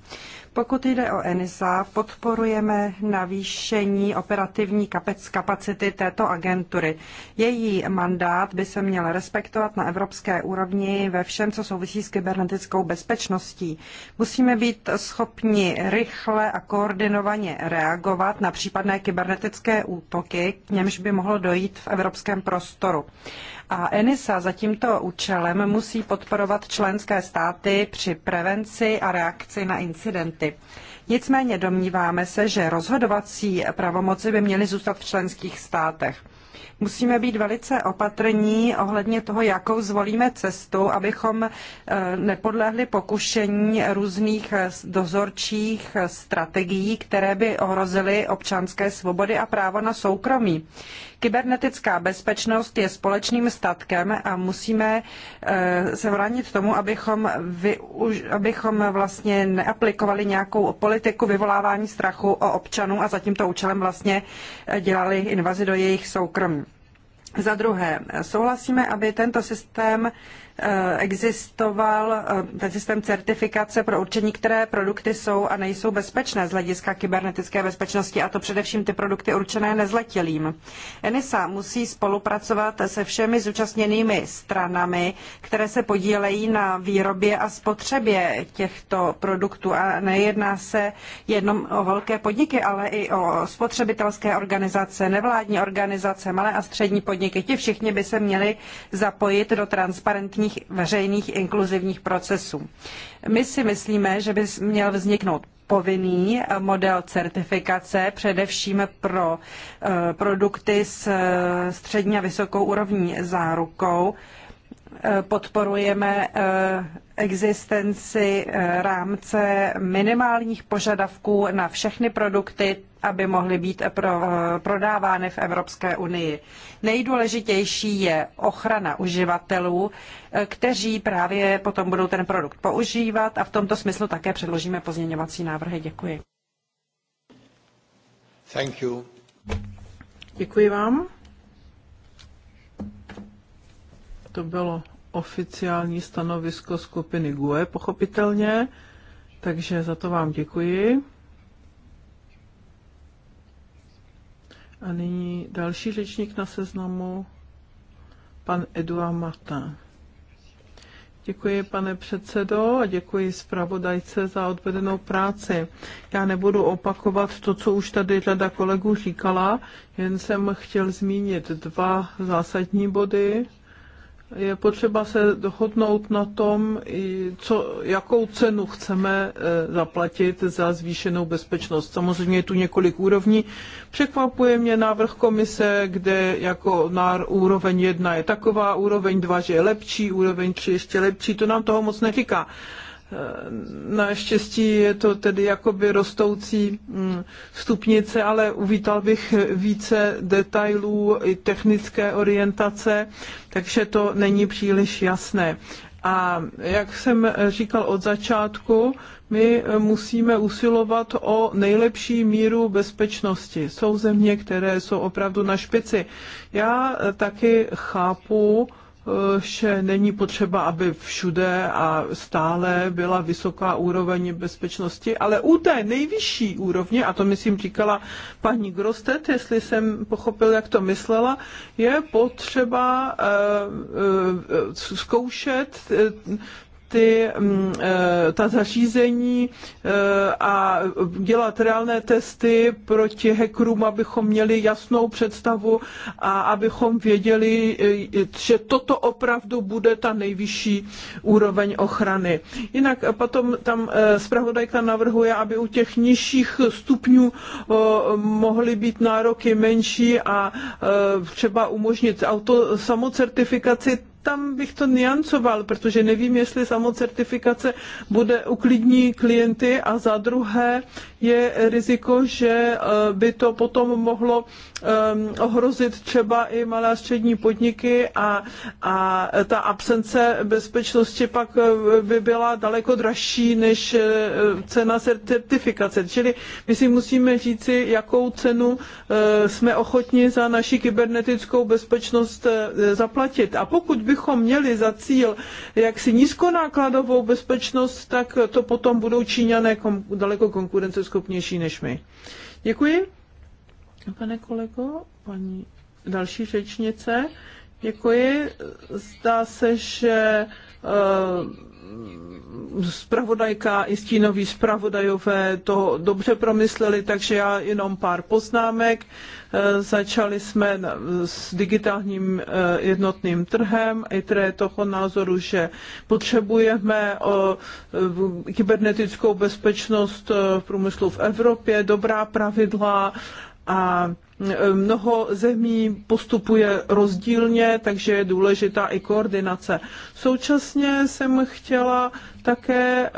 Pokud jde o ENISA, podporujeme navýšení operativní kapacity této agentury. Její mandát by se měl respektovat na evropské úrovni ve všem, co souvisí s kybernetickou bezpečností. Musíme být schopni rychle a koordinovaně reagovat na případné kybernetické útoky, k němž by mohlo dojít v evropském prostoru. A ENISA za tímto účelem musí podporovat členské státy při prevenci a reakci na incidenty. Nicméně domníváme se, že rozhodovací pravomoci by měly zůstat v členských státech. Musíme být velice opatrní ohledně toho, jakou zvolíme cestu, abychom e, nepodlehli pokušení různých dozorčích strategií, které by ohrozily občanské svobody a právo na soukromí. Kybernetická bezpečnost je společným statkem a musíme eh, se bránit tomu, abychom, využ, abychom vlastně neaplikovali nějakou politiku vyvolávání strachu o občanů a za tímto účelem vlastně eh, dělali invazi do jejich soukromí. Za druhé, souhlasíme, aby tento systém Eh, existoval eh, ten systém certifikace pro určení, které produkty jsou a nejsou bezpečné z hlediska kybernetické bezpečnosti, a to především ty produkty určené nezletilým. ENISA musí spolupracovat se všemi zúčastněnými stranami, které se podílejí na výrobě a spotřebě těchto produktů. A nejedná se jenom o velké podniky, ale i o spotřebitelské organizace, nevládní organizace, malé a střední podniky. Ti všichni by se měli zapojit do transparentní inkluzivních, veřejných inkluzivních procesů. My si myslíme, že by měl vzniknout povinný model certifikace, především pro eh, produkty s eh, střední a vysokou úrovní zárukou, podporujeme eh, existenci eh, rámce minimálních požadavků na všechny produkty, aby mohly být eh, pro, prodávány v Evropské unii. Nejdůležitější je ochrana uživatelů, kteří právě potom budou ten produkt používat a v tomto smyslu také předložíme pozměňovací návrhy. Děkuji. Thank you. Děkuji vám. To bylo oficiální stanovisko skupiny GUE, pochopitelně, takže za to vám děkuji. A nyní další řečník na seznamu, pan Eduard Martin. Děkuji, pane předsedo, a děkuji zpravodajce za odvedenou práci. Já nebudu opakovat to, co už tady řada kolegů říkala, jen jsem chtěl zmínit dva zásadní body je potřeba se dohodnout na tom, co, jakou cenu chceme e, zaplatit za zvýšenou bezpečnost. Samozřejmě je tu několik úrovní. Překvapuje mě návrh komise, kde jako na úroveň jedna je taková, úroveň dva, že je lepší, úroveň tři ještě lepší, to nám toho moc neříká. Eh, naštěstí je to tedy jakoby rostoucí mm, stupnice, ale uvítal bych více detailů i technické orientace, takže to není příliš jasné. A jak jsem říkal od začátku, my musíme usilovat o nejlepší míru bezpečnosti. Jsou země, které jsou opravdu na špici. Já taky chápu, že není potřeba, aby všude a stále byla vysoká úroveň bezpečnosti, ale u té nejvyšší úrovně, a to myslím říkala paní Grostet, jestli jsem pochopil, jak to myslela, je potřeba eh, eh, zkoušet eh, ty, mm, eh, ta zařízení eh, a dělat reálné testy proti hackerům, abychom měli jasnou představu a abychom věděli, eh, že toto opravdu bude ta nejvyšší úroveň ochrany. Jinak potom tam zpravodajka navrhuje, aby u těch nižších stupňů mohly být nároky menší a třeba umožnit auto samocertifikaci tam bych to niancoval, protože nevím, jestli samocertifikace bude uklidní klienty a za druhé, je riziko, že eh, by to potom mohlo ehm, ohrozit třeba i malé a střední podniky a, a ta absence bezpečnosti pak eh, by byla daleko dražší než eh, cena certifikace. Čili my si musíme říci, jakou cenu jsme ochotni za naši kybernetickou bezpečnost zaplatit. A pokud bychom měli za cíl jaksi nízkonákladovou bezpečnost, tak to potom budou Číňané daleko konkurenceschopnější schopnější než my. Děkuji. Pane kolego, paní další řečnice. Děkuji. Zdá se, že eh, zpravodajka i stínoví zpravodajové to dobře promysleli, takže já jenom pár poznámek. Eh, začali jsme s digitálním eh, jednotným trhem. I je toho názoru, že potřebujeme kybernetickou bezpečnost v průmyslu v Evropě, dobrá pravidla a mnoho zemí postupuje rozdílně, takže je důležitá i koordinace. Současně jsem chtěla také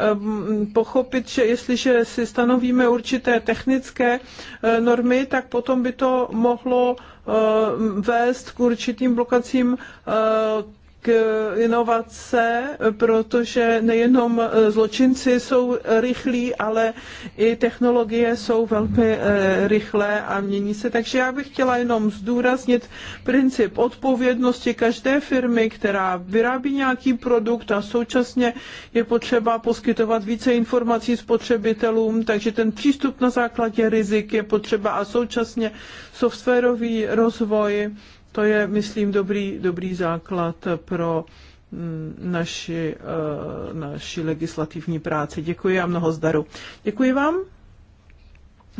pochopit, že jestliže si stanovíme určité technické e, normy, tak potom by to mohlo e, vést k určitým blokacím e, k eh, inovace, protože nejenom eh, zločinci jsou rychlí, ale i technologie jsou velmi eh, rychlé a mění se. Takže já bych chtěla jenom zdůraznit princip odpovědnosti každé firmy, která vyrábí nějaký produkt a současně je potřeba poskytovat více informací spotřebitelům, takže ten přístup na základě rizik je potřeba a současně softwarový rozvoj to je, myslím, dobrý, dobrý základ pro mm, naši, eh, naši legislativní práci. Děkuji a mnoho zdaru. Děkuji vám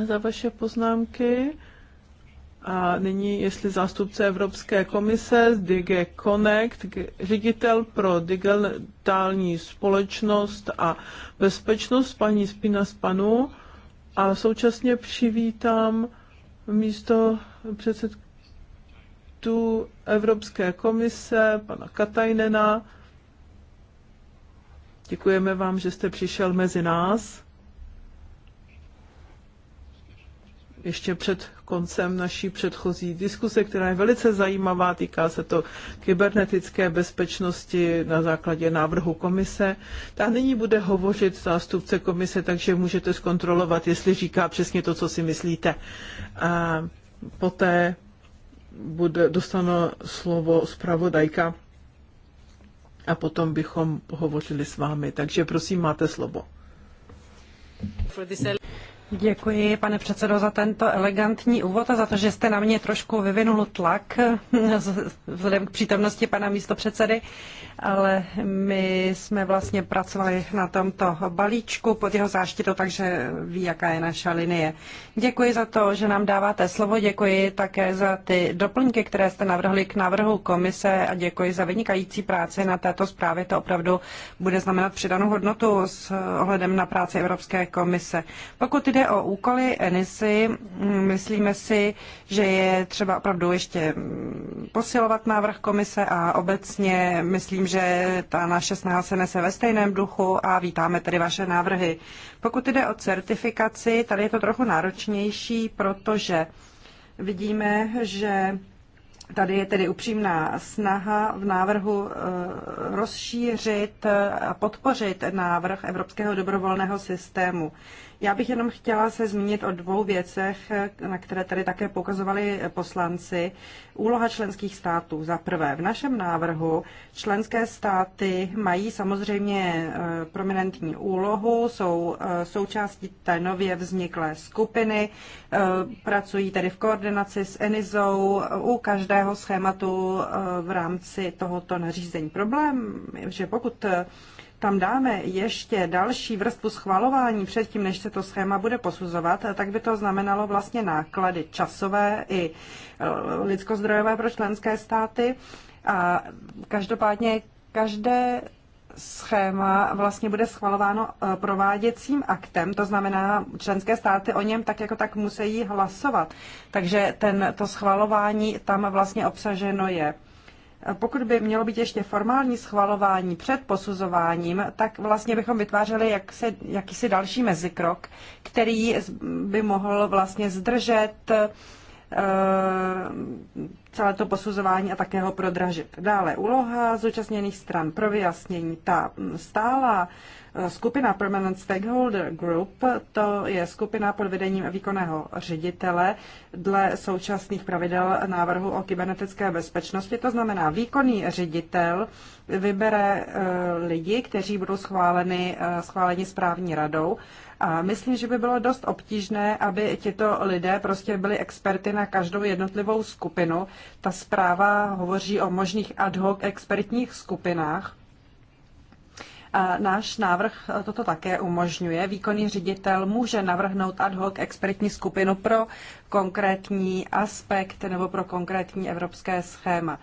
za vaše poznámky. A nyní, jestli zástupce Evropské komise z DG Connect, ředitel pro digitální společnost a bezpečnost, paní Spina Spanu, a současně přivítám místo předsedky zástupců Evropské komise, pana Katajnena. Děkujeme vám, že jste přišel mezi nás. Ještě před koncem naší předchozí diskuse, která je velice zajímavá, týká se to kybernetické bezpečnosti na základě návrhu komise. Ta nyní bude hovořit zástupce komise, takže můžete zkontrolovat, jestli říká přesně to, co si myslíte. A poté bude dostano slovo zpravodajka a potom bychom pohovořili s vámi. Takže prosím, máte slovo. Děkuji, pane předsedo, za tento elegantní úvod a za to, že jste na mě trošku vyvinul tlak vzhledem k přítomnosti pana místopředsedy ale my jsme vlastně pracovali na tomto balíčku pod jeho záštitou, takže ví, jaká je naša linie. Děkuji za to, že nám dáváte slovo, děkuji také za ty doplňky, které jste navrhli k návrhu komise a děkuji za vynikající práci na této zprávě. To opravdu bude znamenat přidanou hodnotu s ohledem na práci Evropské komise. Pokud jde o úkoly ENISY, myslíme si, že je třeba opravdu ještě posilovat návrh komise a obecně myslím, že ta naše snaha se nese ve stejném duchu a vítáme tedy vaše návrhy. Pokud jde o certifikaci, tady je to trochu náročnější, protože vidíme, že Tady je tedy upřímná snaha v návrhu eh, rozšířit a podpořit návrh Evropského dobrovolného systému. Já bych jenom chtěla se zmínit o dvou věcech, na které tady také poukazovali poslanci. Úloha členských států. Za prvé, v našem návrhu členské státy mají samozřejmě eh, prominentní úlohu, jsou eh, součástí té nově vzniklé skupiny, eh, pracují tedy v koordinaci s ENIZou u každého schématu v rámci tohoto nařízení. Problém, že pokud tam dáme ještě další vrstvu schvalování předtím, než se to schéma bude posuzovat, tak by to znamenalo vlastně náklady časové i e, lidskozdrojové pro členské státy. A každopádně každé schéma vlastně bude schvalováno e, prováděcím aktem, to znamená, členské státy o něm tak jako tak musí hlasovat. Takže ten, to schvalování tam vlastně obsaženo je pokud by mělo být ještě formální schvalování před posuzováním, tak vlastně bychom vytvářeli jaksi, jakýsi další mezikrok, který by mohl vlastně zdržet eh, celé to posuzování a také ho prodražit. Dále úloha zúčastněných stran pro vyjasnění. Ta stála eh, skupina Permanent Stakeholder Group, to je skupina pod vedením výkonného ředitele dle současných pravidel návrhu o kybernetické bezpečnosti. To znamená, výkonný ředitel vybere eh, lidi, kteří budou schváleni, eh, schváleni správní radou. A myslím, že by bylo dost obtížné, aby tito lidé prostě byli experty na každou jednotlivou skupinu, ta zpráva hovoří o možných ad hoc expertních skupinách. A náš návrh toto také umožňuje. Výkonný ředitel může navrhnout ad hoc expertní skupinu pro konkrétní aspekt nebo pro konkrétní evropské schéma.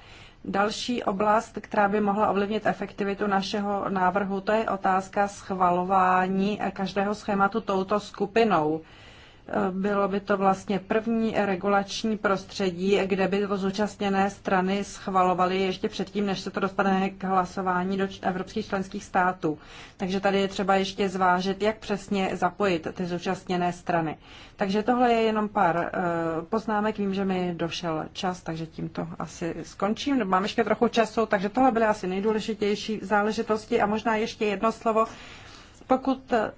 Další oblast, která by mohla ovlivnit efektivitu našeho návrhu, to je otázka schvalování každého schématu touto skupinou. Bylo by to vlastně první regulační prostředí, kde by to zúčastněné strany schvalovaly ještě předtím, než se to dostane k hlasování do evropských členských států. Takže tady je třeba ještě zvážit, jak přesně zapojit ty zúčastněné strany. Takže tohle je jenom pár eh, poznámek. Vím, že mi došel čas, takže tímto asi skončím. Mám ještě trochu času, takže tohle byly asi nejdůležitější záležitosti a možná ještě jedno slovo pokud eh,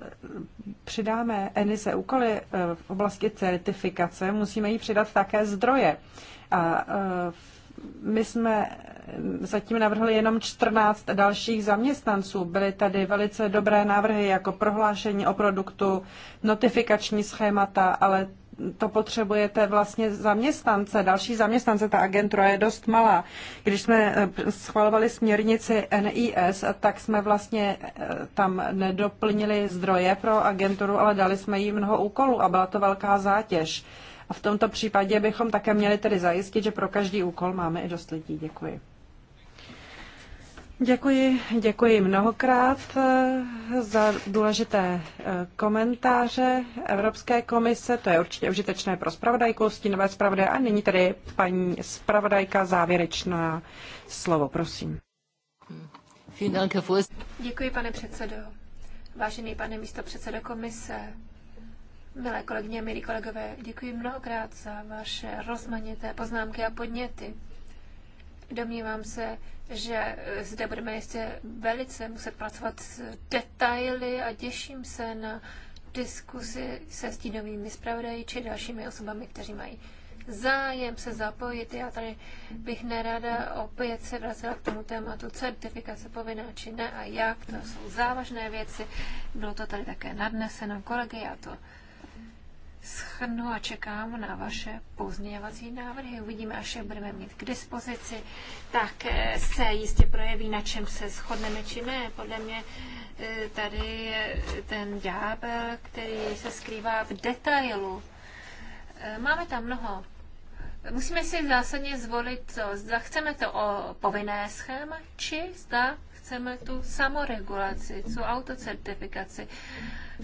přidáme Enise úkoly eh, v oblasti certifikace, musíme jí přidat také zdroje. A eh, my jsme zatím navrhli jenom 14 dalších zaměstnanců. Byly tady velice dobré návrhy jako prohlášení o produktu, notifikační schémata, ale to potřebujete vlastně zaměstnance, další zaměstnance, ta agentura je dost malá. Když jsme eh, schvalovali směrnici NIS, tak jsme vlastně eh, tam nedoplnili zdroje pro agenturu, ale dali jsme jí mnoho úkolů a byla to velká zátěž. A v tomto případě bychom také měli tedy zajistit, že pro každý úkol máme i dost lidí. Děkuji. Děkuji, děkuji mnohokrát eh, za důležité eh, komentáře Evropské komise. To je určitě užitečné pro zpravodajku, stínové zpravodaje. A nyní tedy paní zpravodajka závěrečná slovo, prosím. Děkuji, pane předsedo. Vážený pane místo předsedo komise, milé kolegyně, milí kolegové, děkuji mnohokrát za vaše rozmanité poznámky a podněty. Domnívám se, že zde budeme ještě velice muset pracovat s detaily a těším se na diskuzi se stínovými zpravodaji či dalšími osobami, kteří mají zájem se zapojit. Já tady bych nerada opět se vracela k tomu tématu certifikace povinná či ne a jak. To jsou závažné věci. Bylo to tady také nadneseno kolegy, já to schrnu a čekám na vaše pozměňovací návrhy. Uvidíme, až je budeme mít k dispozici, tak eh, se jistě projeví, na čem se shodneme či ne. Podle mě eh, tady je ten ďábel, který se skrývá v detailu. Eh, máme tam mnoho Musíme si zásadně zvolit, co, zda chceme to o povinné schéma, či zda chceme tu samoregulaci, tu autocertifikaci.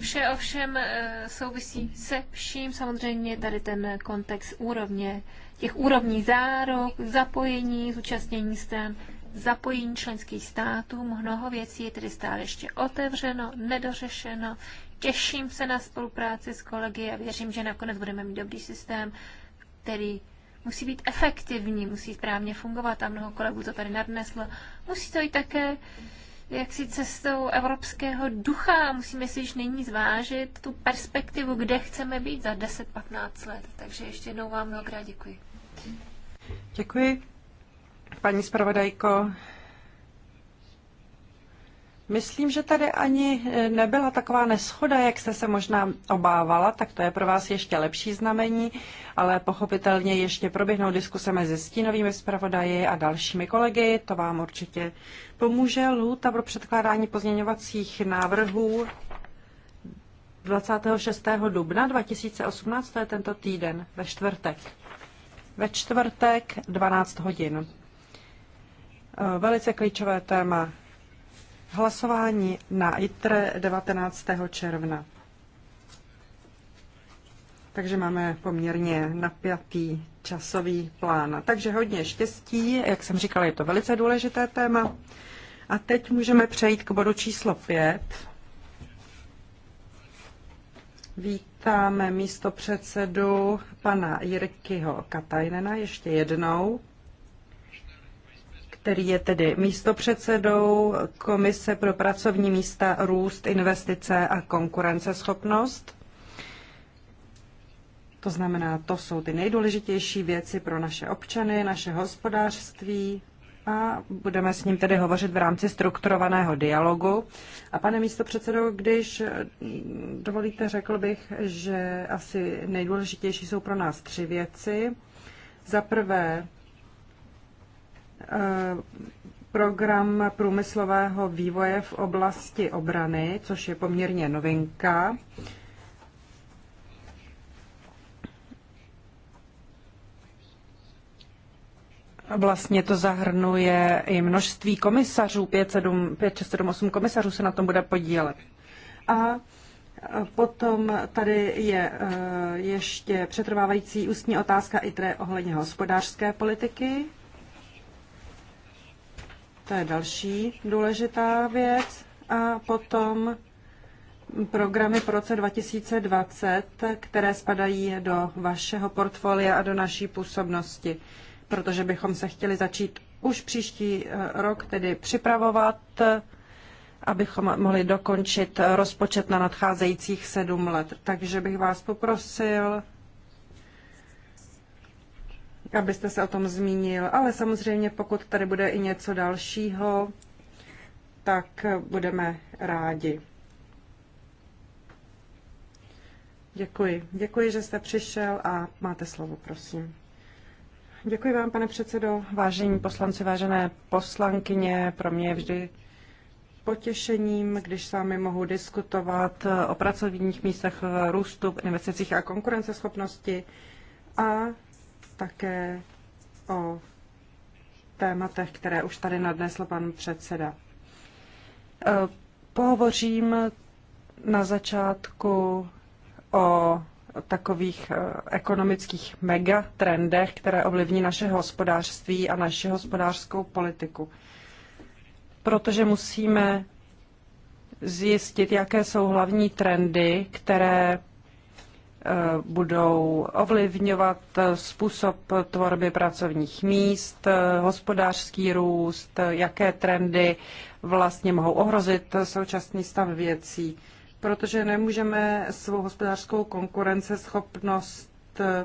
Vše ovšem eh, souvisí se vším, samozřejmě tady ten kontext úrovně, těch úrovní zárok, zapojení, zúčastnění stran, zapojení členských států. Mnoho věcí je tedy stále ještě otevřeno, nedořešeno. Těším se na spolupráci s kolegy a věřím, že nakonec budeme mít dobrý systém, který musí být efektivní, musí správně fungovat a mnoho kolegů to tady nadneslo. Musí to i také jaksi cestou evropského ducha a musíme si již nyní zvážit tu perspektivu, kde chceme být za 10-15 let. Takže ještě jednou vám mnohokrát děkuji. Děkuji. Paní zpravodajko, Myslím, že tady ani eh, nebyla taková neschoda, jak jste se možná obávala, tak to je pro vás ještě lepší znamení, ale pochopitelně ještě proběhnou diskuse mezi stínovými zpravodaji a dalšími kolegy, to vám určitě pomůže. Lůta pro předkládání pozměňovacích návrhů 26. dubna 2018, to je tento týden, ve čtvrtek. Ve čtvrtek 12 hodin. Eh, velice klíčové téma Hlasování na ITRE 19. června. Takže máme poměrně napjatý časový plán. Takže hodně štěstí, jak jsem říkala, je to velice důležité téma. A teď můžeme přejít k bodu číslo 5. Vítáme místo předsedu pana Jirkyho Katajnena ještě jednou který je tedy místopředsedou Komise pro pracovní místa, růst, investice a konkurenceschopnost. To znamená, to jsou ty nejdůležitější věci pro naše občany, naše hospodářství a budeme s ním tedy hovořit v rámci strukturovaného dialogu. A pane místopředsedo, když dovolíte, řekl bych, že asi nejdůležitější jsou pro nás tři věci. Za prvé, program průmyslového vývoje v oblasti obrany, což je poměrně novinka. Vlastně to zahrnuje i množství komisařů, 8 komisařů se na tom bude podílet. A Potom tady je eh, ještě přetrvávající ústní otázka ITRE ohledně hospodářské politiky to je další důležitá věc. A potom programy pro roce 2020, které spadají do vašeho portfolia a do naší působnosti, protože bychom se chtěli začít už příští eh, rok tedy připravovat, abychom mohli dokončit rozpočet na nadcházejících sedm let. Takže bych vás poprosil, abyste se o tom zmínil, ale samozřejmě pokud tady bude i něco dalšího, tak budeme rádi. Děkuji. Děkuji, že jste přišel a máte slovo, prosím. Děkuji vám, pane předsedo. Vážení poslanci, vážené poslankyně, pro mě je vždy potěšením, když s vámi mohu diskutovat o pracovních místech růstu, investicích a konkurenceschopnosti a také o tématech, které už tady nadnesl pan předseda. E, pohovořím na začátku o takových e, ekonomických megatrendech, které ovlivní naše hospodářství a naši hospodářskou politiku. Protože musíme zjistit, jaké jsou hlavní trendy, které Eh, budou ovlivňovat způsob tvorby pracovních míst, hospodářský růst, jaké trendy vlastně mohou ohrozit současný stav věcí, protože nemůžeme svou hospodářskou konkurenceschopnost eh,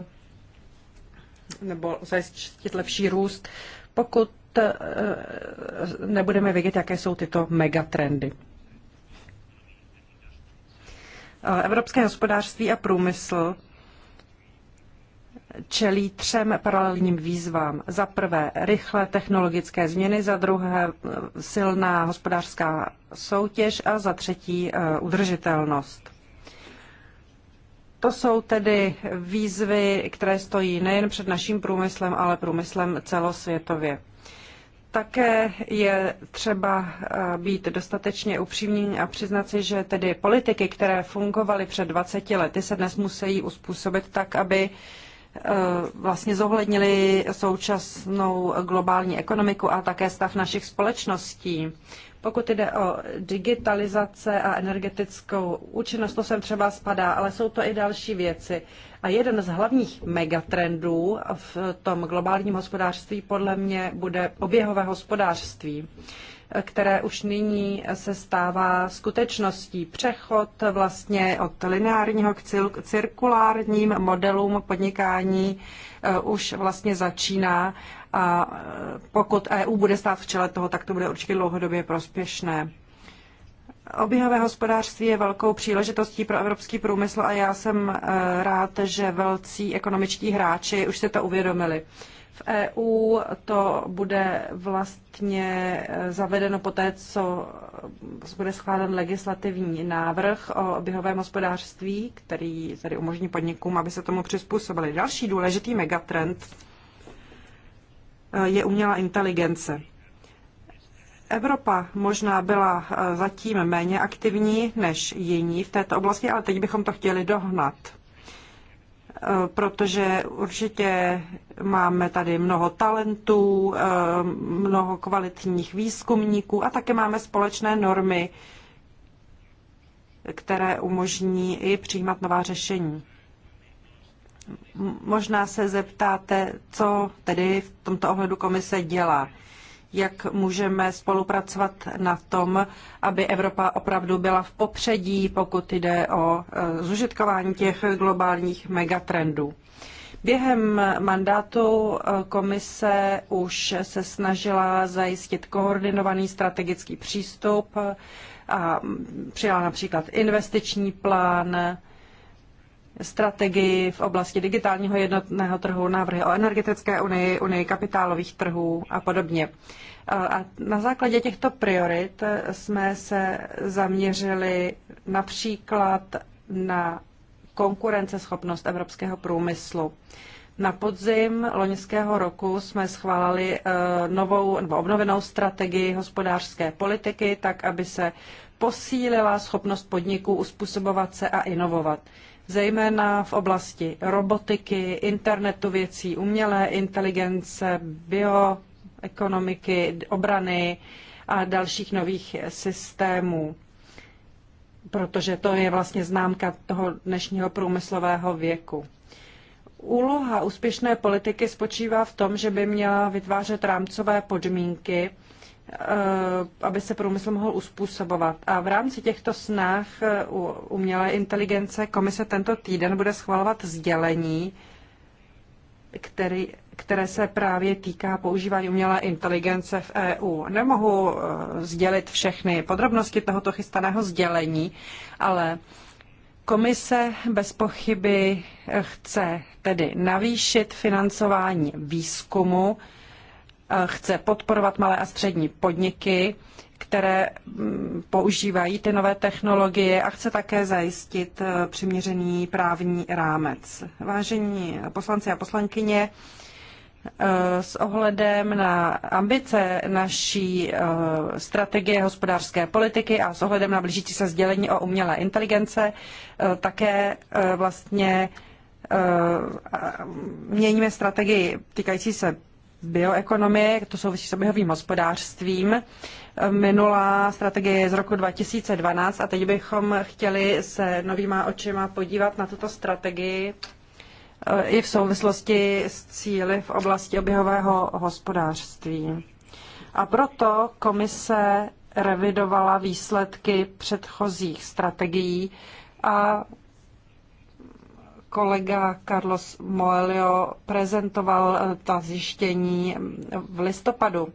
nebo zajistit lepší růst, pokud eh, nebudeme vědět, jaké jsou tyto megatrendy. Evropské hospodářství a průmysl čelí třem paralelním výzvám. Za prvé rychlé technologické změny, za druhé silná hospodářská soutěž a za třetí eh, udržitelnost. To jsou tedy výzvy, které stojí nejen před naším průmyslem, ale průmyslem celosvětově. Také je třeba eh, být dostatečně upřímný a přiznat si, že tedy politiky, které fungovaly před 20 lety, se dnes musí uspůsobit tak, aby eh, vlastně zohlednili současnou globální ekonomiku a také stav našich společností. Pokud jde o digitalizace a energetickou účinnost, to sem třeba spadá, ale jsou to i další věci. A jeden z hlavních megatrendů v tom globálním hospodářství podle mě bude oběhové hospodářství které už nyní se stává skutečností. Přechod vlastně od lineárního k cirkulárním modelům podnikání eh, už vlastně začíná a eh, pokud EU bude stát v čele toho, tak to bude určitě dlouhodobě prospěšné. Oběhové hospodářství je velkou příležitostí pro evropský průmysl a já jsem eh, rád, že velcí ekonomičtí hráči už se to uvědomili. V EU to bude vlastně eh, zavedeno poté, co bude schválen legislativní návrh o oběhovém hospodářství, který tady umožní podnikům, aby se tomu přizpůsobili. Další důležitý megatrend eh, je umělá inteligence. Evropa možná byla eh, zatím méně aktivní než jiní v této oblasti, ale teď bychom to chtěli dohnat, eh, protože určitě máme tady mnoho talentů, eh, mnoho kvalitních výzkumníků a také máme společné normy, které umožní i přijímat nová řešení. Možná se zeptáte, co tedy v tomto ohledu komise dělá jak můžeme spolupracovat na tom, aby Evropa opravdu byla v popředí, pokud jde o e, zužitkování těch globálních megatrendů. Během mandátu e, komise už se snažila zajistit koordinovaný strategický přístup a přijala například investiční plán, strategii v oblasti digitálního jednotného trhu, návrhy o energetické unii, unii kapitálových trhů a podobně. A na základě těchto priorit jsme se zaměřili například na konkurenceschopnost evropského průmyslu. Na podzim loňského roku jsme schválili eh, novou nebo obnovenou strategii hospodářské politiky, tak aby se posílila schopnost podniků uspůsobovat se a inovovat zejména v oblasti robotiky, internetu věcí, umělé inteligence, bioekonomiky, obrany a dalších nových systémů. Protože to je vlastně známka toho dnešního průmyslového věku. Úloha úspěšné politiky spočívá v tom, že by měla vytvářet rámcové podmínky, aby se průmysl mohl uspůsobovat. A v rámci těchto snah eh, u umělé inteligence komise tento týden bude schvalovat sdělení, který, které se právě týká používání umělé inteligence v EU. Nemohu eh, sdělit všechny podrobnosti tohoto chystaného sdělení, ale Komise bez pochyby eh, chce tedy navýšit financování výzkumu Eh, chce podporovat malé a střední podniky, které mm, používají ty nové technologie a chce také zajistit eh, přiměřený právní rámec. Vážení poslanci a poslankyně, eh, s ohledem na ambice naší strategie hospodářské politiky a s ohledem na blížící se sdělení o umělé inteligence také vlastně měníme strategii týkající se bioekonomie, to souvisí s oběhovým hospodářstvím. Minulá strategie je z roku 2012 a teď bychom chtěli se novýma očima podívat na tuto strategii eh, i v souvislosti s cíly v oblasti oběhového hospodářství. A proto komise revidovala výsledky předchozích strategií a kolega Carlos Moelio prezentoval eh, ta zjištění mm, v listopadu.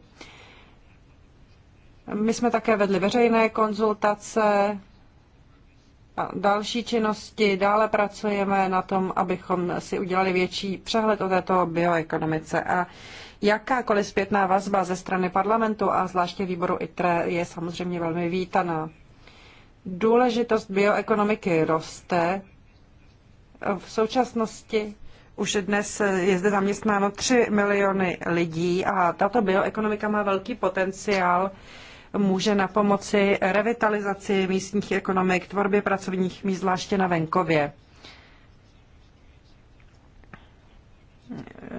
My jsme také vedli veřejné konzultace a další činnosti. Dále pracujeme na tom, abychom si udělali větší přehled o této bioekonomice. A jakákoliv zpětná vazba ze strany parlamentu a zvláště výboru ITRE je samozřejmě velmi vítaná. Důležitost bioekonomiky roste, v současnosti už dnes je zde zaměstnáno 3 miliony lidí a tato bioekonomika má velký potenciál. Může na pomoci revitalizaci místních ekonomik, tvorbě pracovních míst, zvláště na venkově.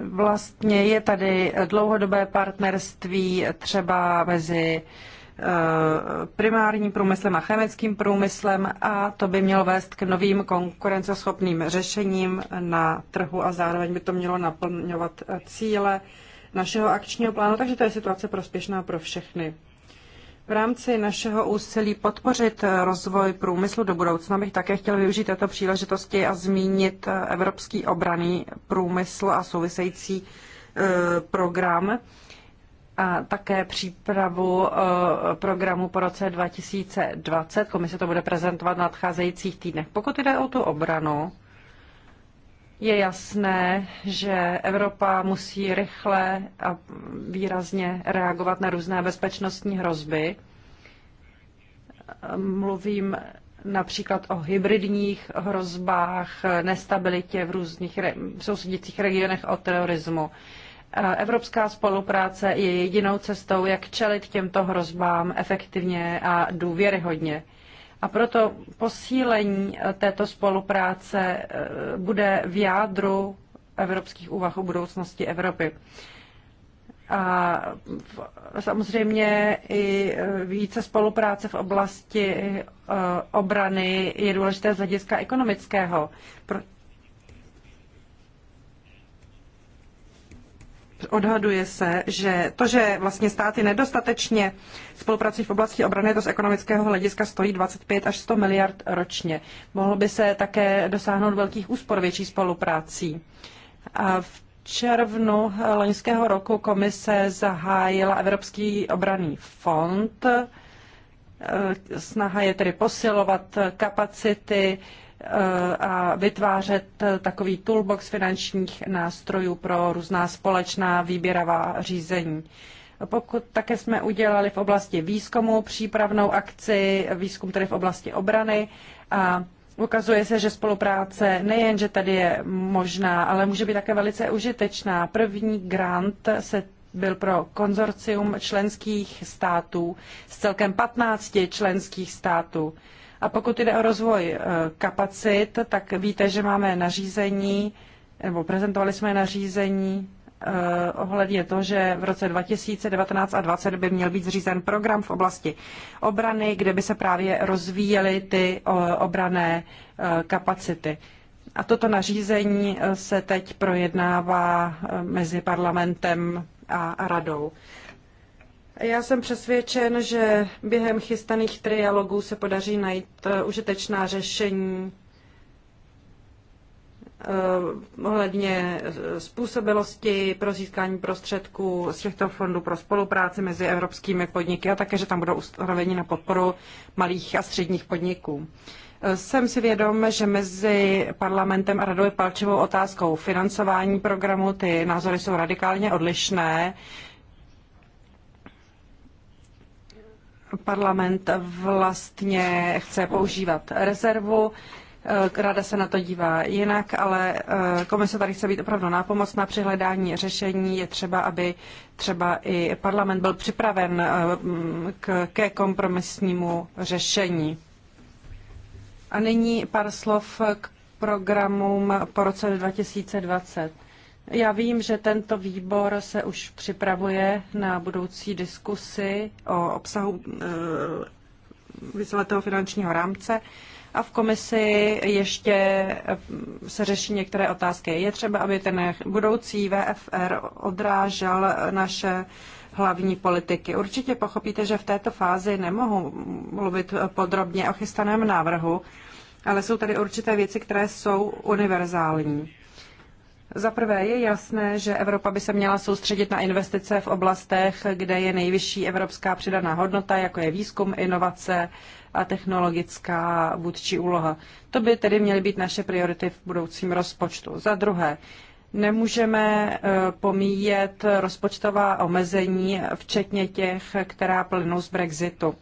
Vlastně je tady dlouhodobé partnerství třeba mezi Eh, primárním průmyslem a chemickým průmyslem a to by mělo vést k novým konkurenceschopným řešením na trhu a zároveň by to mělo naplňovat cíle našeho akčního plánu, takže to je situace prospěšná pro všechny. V rámci našeho úsilí podpořit rozvoj průmyslu do budoucna bych také chtěl využít této příležitosti a zmínit evropský obraný průmysl a související eh, program a také přípravu eh, programu po roce 2020. Komise to bude prezentovat v nadcházejících týdnech. Pokud jde o tu obranu, je jasné, že Evropa musí rychle a výrazně reagovat na různé bezpečnostní hrozby. Mluvím například o hybridních hrozbách, nestabilitě v různých re- sousedících regionech, o terorismu. Evropská spolupráce je jedinou cestou, jak čelit těmto hrozbám efektivně a důvěryhodně. A proto posílení eh, této spolupráce eh, bude v jádru evropských úvah o budoucnosti Evropy. A samozřejmě i eh, více spolupráce v oblasti obrany je důležité z hlediska ekonomického. odhaduje se, že to, že vlastně státy nedostatečně spolupracují v oblasti obrany, to z ekonomického hlediska stojí 25 až 100 miliard ročně. Mohlo by se také dosáhnout velkých úspor větší spoluprácí. A v červnu loňského roku komise zahájila Evropský obraný fond. Snaha je tedy posilovat kapacity Eh, a vytvářet eh, takový toolbox finančních nástrojů pro různá společná výběravá řízení. Pokud také jsme udělali v oblasti výzkumu přípravnou akci, výzkum tedy v oblasti obrany a Ukazuje se, že spolupráce nejen, že tady je možná, ale může být také velice užitečná. První grant se byl pro konzorcium členských států s celkem 15 členských států. A pokud jde o rozvoj eh, kapacit, tak víte, že máme nařízení, nebo prezentovali jsme nařízení eh, ohledně to, že v roce 2019 a 2020 by měl být zřízen program v oblasti obrany, kde by se právě rozvíjely ty eh, obrané kapacity. A toto nařízení se teď projednává mezi parlamentem a radou. Já jsem přesvědčen, že během chystaných trialogů se podaří najít eh, užitečná řešení eh, ohledně eh, způsobilosti pro získání prostředků z těchto fondů pro spolupráci mezi evropskými podniky a také, že tam budou ustanoveni na podporu malých a středních podniků. Jsem si vědom, že mezi parlamentem a radou je palčivou otázkou financování programu. Ty názory jsou radikálně odlišné. parlament vlastně chce používat rezervu. Eh, Rada se na to dívá jinak, ale eh, komise tady chce být opravdu nápomocná při hledání řešení. Je třeba, aby třeba i parlament byl připraven eh, mm, k, ke kompromisnímu řešení. A nyní pár slov k programům po roce 2020. Já vím, že tento výbor se už připravuje na budoucí diskusi o obsahu eh, víceletého finančního rámce a v komisi ještě eh, se řeší některé otázky. Je třeba, aby ten budoucí VFR odrážel naše hlavní politiky. Určitě pochopíte, že v této fázi nemohu mluvit podrobně o chystaném návrhu, ale jsou tady určité věci, které jsou univerzální. Za prvé je jasné, že Evropa by se měla soustředit na investice v oblastech, kde je nejvyšší evropská přidaná hodnota, jako je výzkum, inovace a technologická vůdčí úloha. To by tedy měly být naše priority v budoucím rozpočtu. Za druhé, nemůžeme eh, pomíjet rozpočtová omezení, včetně těch, která plynou z Brexitu.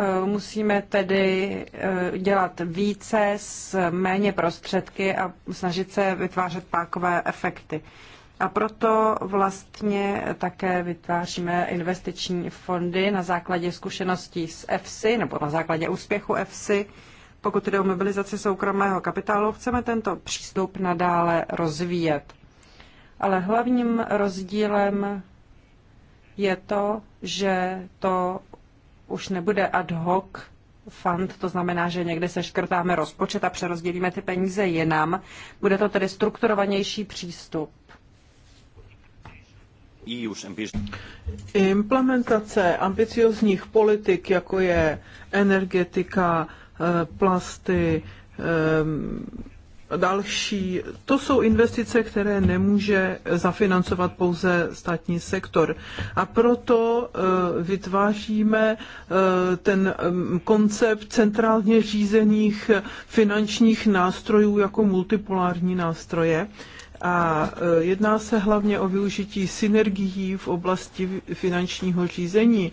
Eh, musíme tedy eh, dělat více s méně prostředky a snažit se vytvářet pákové efekty. A proto vlastně také vytváříme investiční fondy na základě zkušeností s EFSI nebo na základě úspěchu EFSI. Pokud jde o mobilizaci soukromého kapitálu, chceme tento přístup nadále rozvíjet. Ale hlavním rozdílem je to, že to už nebude ad hoc fund, to znamená, že někde se škrtáme rozpočet a přerozdělíme ty peníze jinam. Bude to tedy strukturovanější přístup. Implementace ambiciozních politik, jako je energetika, eh, plasty, eh, další. To jsou investice, které nemůže zafinancovat pouze státní sektor. A proto eh, vytváříme eh, ten mm, koncept centrálně řízených finančních nástrojů jako multipolární nástroje. A eh, jedná se hlavně o využití synergií v oblasti finančního řízení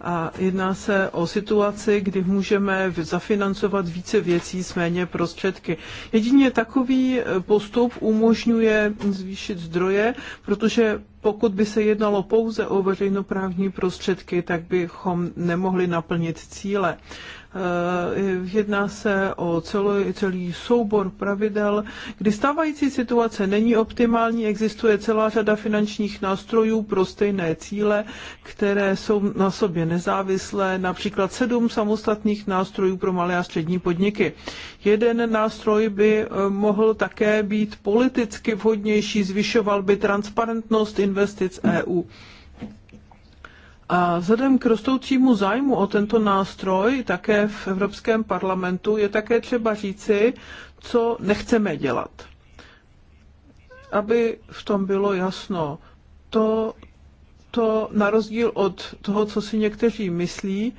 a jedná se o situaci, kdy můžeme zafinancovat více věcí s méně prostředky. Jedině takový e, postup umožňuje zvýšit zdroje, protože pokud by se jednalo pouze o veřejnoprávní prostředky, tak bychom nemohli naplnit cíle. Eh, jedná se o celý, celý soubor pravidel, kdy stávající situace není optimální, existuje celá řada finančních nástrojů pro stejné cíle, které jsou na sobě nezávislé, například sedm samostatných nástrojů pro malé a střední podniky. Jeden nástroj by eh, mohl také být politicky vhodnější, zvyšoval by transparentnost investic EU. A vzhledem k rostoucímu zájmu o tento nástroj také v Evropském parlamentu je také třeba říci, co nechceme dělat. Aby v tom bylo jasno, to, to na rozdíl od toho, co si někteří myslí,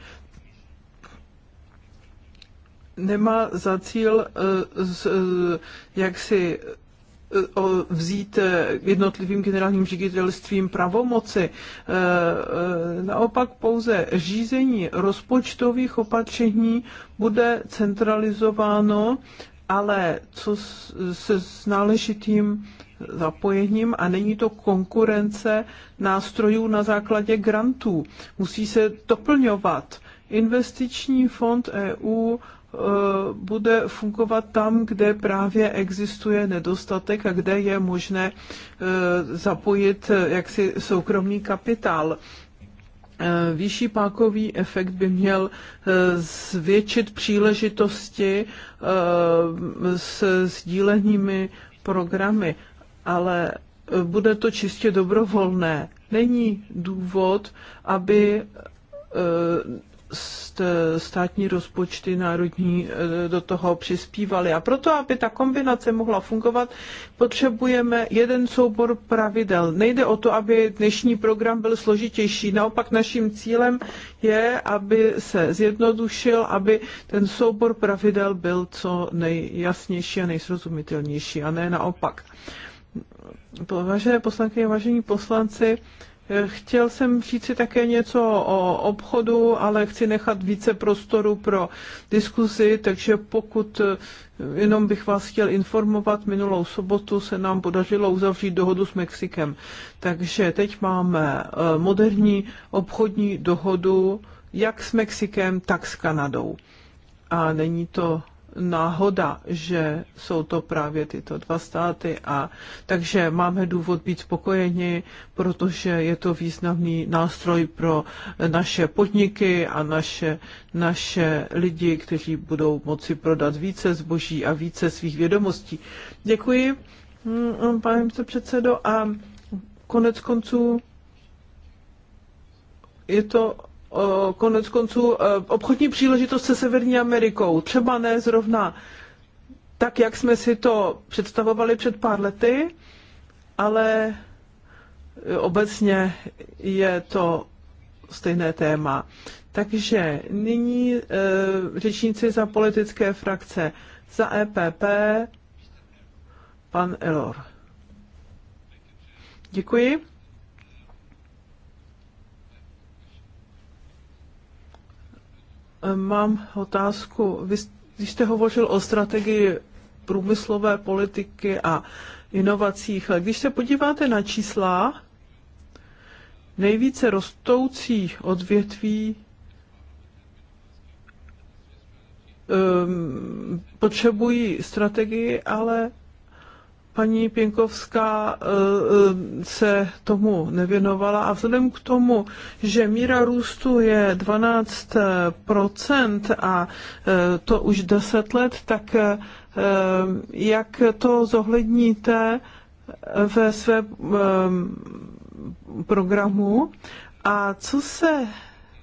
nemá za cíl eh, eh, jak si vzít eh, jednotlivým generálním ředitelstvím pravomoci. Eh, eh, naopak pouze řízení rozpočtových opatření bude centralizováno, ale co se s náležitým zapojením a není to konkurence nástrojů na základě grantů. Musí se doplňovat investiční fond EU Eh, bude fungovat tam, kde právě existuje nedostatek a kde je možné eh, zapojit eh, jaksi soukromý kapitál. Výšší pákový efekt by měl zvětšit příležitosti s sdílenými programy, ale bude to čistě dobrovolné. Není důvod, aby státní rozpočty národní eh, do toho přispívaly. A proto, aby ta kombinace mohla fungovat, potřebujeme jeden soubor pravidel. Nejde o to, aby dnešní program byl složitější. Naopak naším cílem je, aby se zjednodušil, aby ten soubor pravidel byl co nejjasnější a nejsrozumitelnější, a ne naopak. Vážené poslankyně, vážení poslanci, Chtěl jsem říct si také něco o obchodu, ale chci nechat více prostoru pro diskuzi, takže pokud eh, jenom bych vás chtěl informovat, minulou sobotu se nám podařilo uzavřít dohodu s Mexikem. Takže teď máme eh, moderní obchodní dohodu jak s Mexikem, tak s Kanadou. A není to náhoda, že jsou to právě tyto dva státy. A takže máme důvod být spokojeni, protože je to významný nástroj pro naše podniky a naše, naše lidi, kteří budou moci prodat více zboží a více svých vědomostí. Děkuji, mm, pane předsedo, a konec konců je to konec konců e, obchodní příležitost se Severní Amerikou. Třeba ne zrovna tak, jak jsme si to představovali před pár lety, ale obecně je to stejné téma. Takže nyní e, řečníci za politické frakce. Za EPP pan Elor. Děkuji. mám otázku. Vy, když jste hovořil o strategii průmyslové politiky a inovacích, ale když se podíváte na čísla, nejvíce rostoucí odvětví um, potřebují strategii, ale paní Pěnkovská eh, eh, se tomu nevěnovala a vzhledem k tomu, že míra růstu je 12% a eh, to už 10 let, tak jak to zohledníte ve svém programu a co se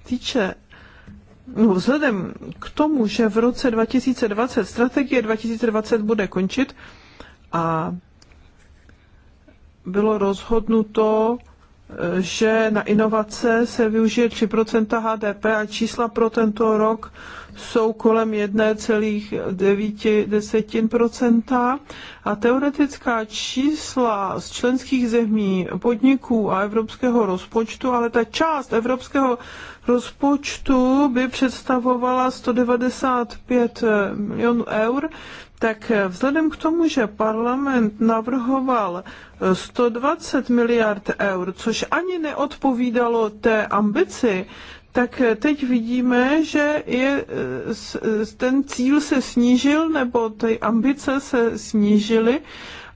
týče No, vzhledem k tomu, že v roce 2020 strategie 2020 bude končit a bylo rozhodnuto, eh, že na inovace se využije 3 HDP a čísla pro tento rok jsou kolem 1,9 a teoretická čísla z členských zemí, podniků a evropského rozpočtu, ale ta část evropského rozpočtu by představovala 195 eh, milionů eur, tak vzhledem k tomu, že parlament navrhoval 120 eh, miliard eur, což ani neodpovídalo té ambici, tak eh, teď vidíme, že je, eh, ten cíl se snížil nebo ty ambice se snížily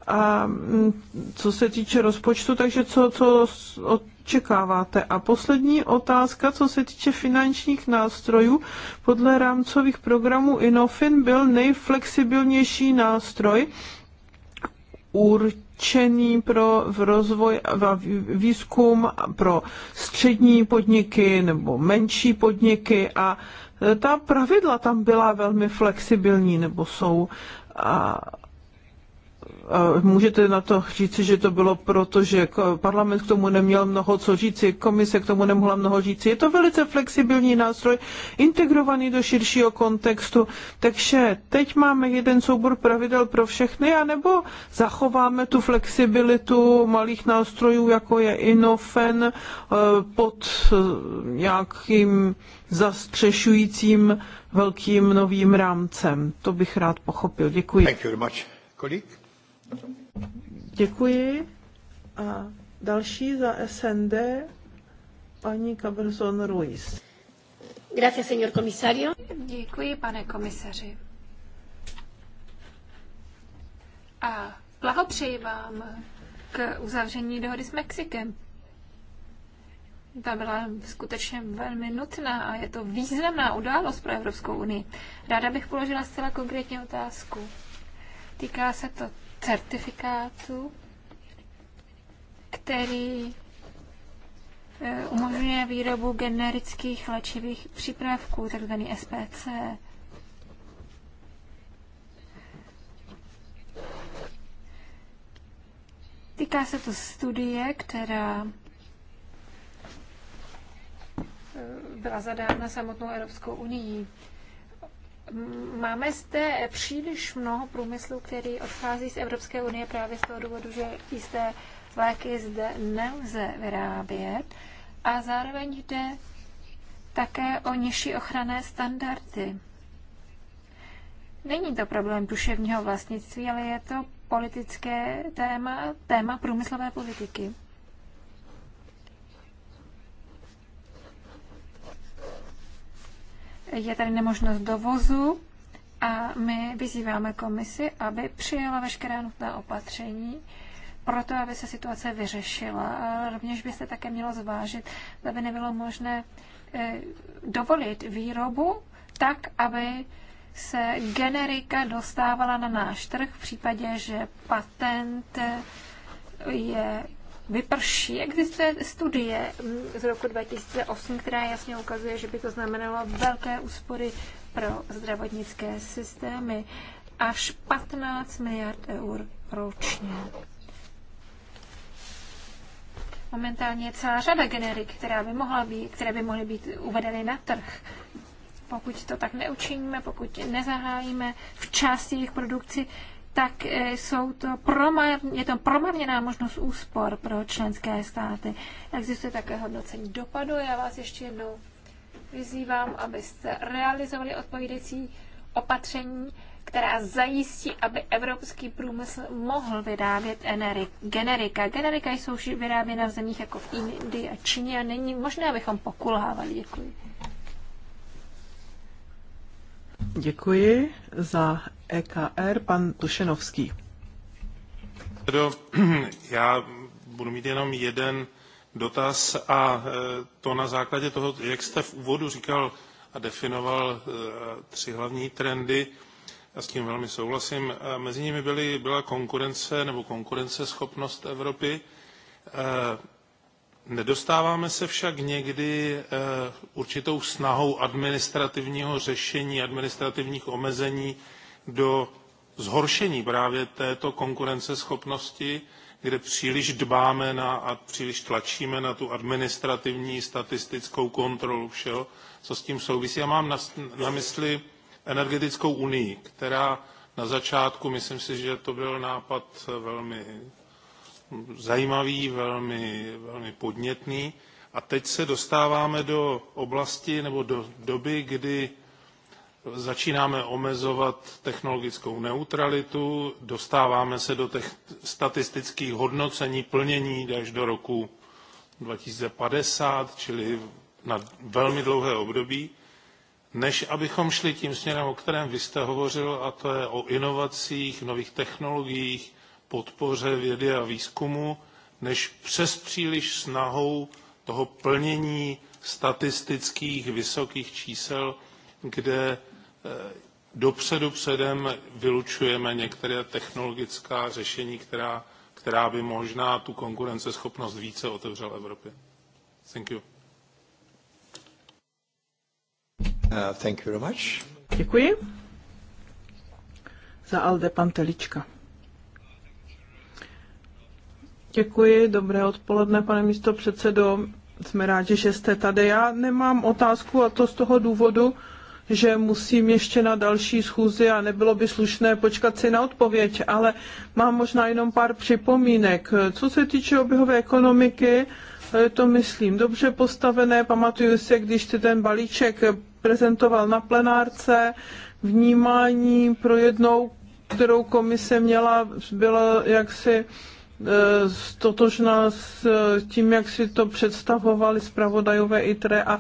a mm, co se týče rozpočtu, takže co, co od očekáváte? A poslední otázka, co se týče finančních nástrojů, podle rámcových programů Inofin byl nejflexibilnější nástroj určený pro v rozvoj a výzkum pro střední podniky nebo menší podniky a ta pravidla tam byla velmi flexibilní nebo jsou a Můžete na to říci, že to bylo proto, že parlament k tomu neměl mnoho co říci, komise k tomu nemohla mnoho říci. Je to velice flexibilní nástroj, integrovaný do širšího kontextu. Takže teď máme jeden soubor pravidel pro všechny, anebo zachováme tu flexibilitu malých nástrojů, jako je Inofen, eh, pod eh, nějakým zastřešujícím velkým novým rámcem. To bych rád pochopil. Děkuji. Thank you very much. Kolik? Děkuji. A další za SND paní Cabrzon Ruiz. Gracias, señor comisario. Děkuji, pane komisaři. A blahopřeji vám k uzavření dohody s Mexikem. Ta byla skutečně velmi nutná a je to významná událost pro Evropskou unii. Ráda bych položila zcela konkrétní otázku. Týká se to certifikátu, který eh, umožňuje výrobu generických léčivých přípravků, takzvaný SPC. Týká se to studie, která eh, byla zadána samotnou Evropskou unii. Máme zde příliš mnoho průmyslu, který odchází z Evropské unie právě z toho důvodu, že jisté léky zde nelze vyrábět a zároveň jde také o nižší ochranné standardy. Není to problém duševního vlastnictví, ale je to politické téma, téma průmyslové politiky. Je tady nemožnost dovozu a my vyzýváme komisi, aby přijela veškerá nutná opatření, pro to, aby se situace vyřešila. A rovněž by se také mělo zvážit, aby nebylo možné eh, dovolit výrobu tak, aby se generika dostávala na náš trh v případě, že patent je vyprší. Existuje studie z roku 2008, která jasně ukazuje, že by to znamenalo velké úspory pro zdravotnické systémy až 15 miliard eur ročně. Momentálně je celá řada generik, která by mohla být, které by mohly být uvedeny na trh. Pokud to tak neučiníme, pokud nezahájíme v části jejich produkci, tak eh, jsou to promar, je to promarněná možnost úspor pro členské státy. Existuje také hodnocení dopadu. Já vás ještě jednou vyzývám, abyste realizovali odpovídající opatření, která zajistí, aby evropský průmysl mohl vyrábět generika. Generika jsou vyráběna v zemích jako v Indii a Číně a není možné, abychom pokulhávali. Děkuji. Děkuji za EKR, pan Tušenovský. Já budu mít jenom jeden dotaz a e, to na základě toho, jak jste v úvodu říkal a definoval e, tři hlavní trendy, a s tím velmi souhlasím. E, mezi nimi byly, byla konkurence nebo konkurenceschopnost Evropy. Nedostáváme se však někdy určitou snahou administrativního řešení, administrativních omezení do zhoršení právě této konkurenceschopnosti, kde příliš dbáme na a příliš tlačíme na tu administrativní statistickou kontrolu všeho, co s tím souvisí. Já mám na, na mysli energetickou unii, která na začátku, myslím si, že to byl nápad velmi zajímavý, velmi, velmi podnětný. A teď se dostáváme do oblasti nebo do doby, kdy začínáme omezovat technologickou neutralitu, dostáváme se do těch statistických hodnocení plnění až do roku 2050, čili na velmi dlouhé období, než abychom šli tím směrem, o kterém vy jste hovořil, a to je o inovacích, nových technologiích, podpoře vědy a výzkumu, než přes příliš snahou toho plnění statistických vysokých čísel, kde Eh, dopředu předem vylučujeme některé technologická řešení, která, která by možná tu konkurenceschopnost více otevřela Evropě. Thank you. Uh, thank you very much. Děkuji. Za Alde Pantelička. Děkuji, dobré odpoledne, pane místo předsedo. Jsme rádi, že jste tady. Já nemám otázku a to z toho důvodu, že musím ještě na další schůzi a nebylo by slušné počkat si na odpověď, ale mám možná jenom pár připomínek. Co se týče oběhové ekonomiky, eh, to myslím dobře postavené. Pamatuju si, když ty ten balíček prezentoval na plenárce, vnímání pro jednou, kterou komise měla, byla jaksi eh, totožná s eh, tím, jak si to představovali zpravodajové ITRE a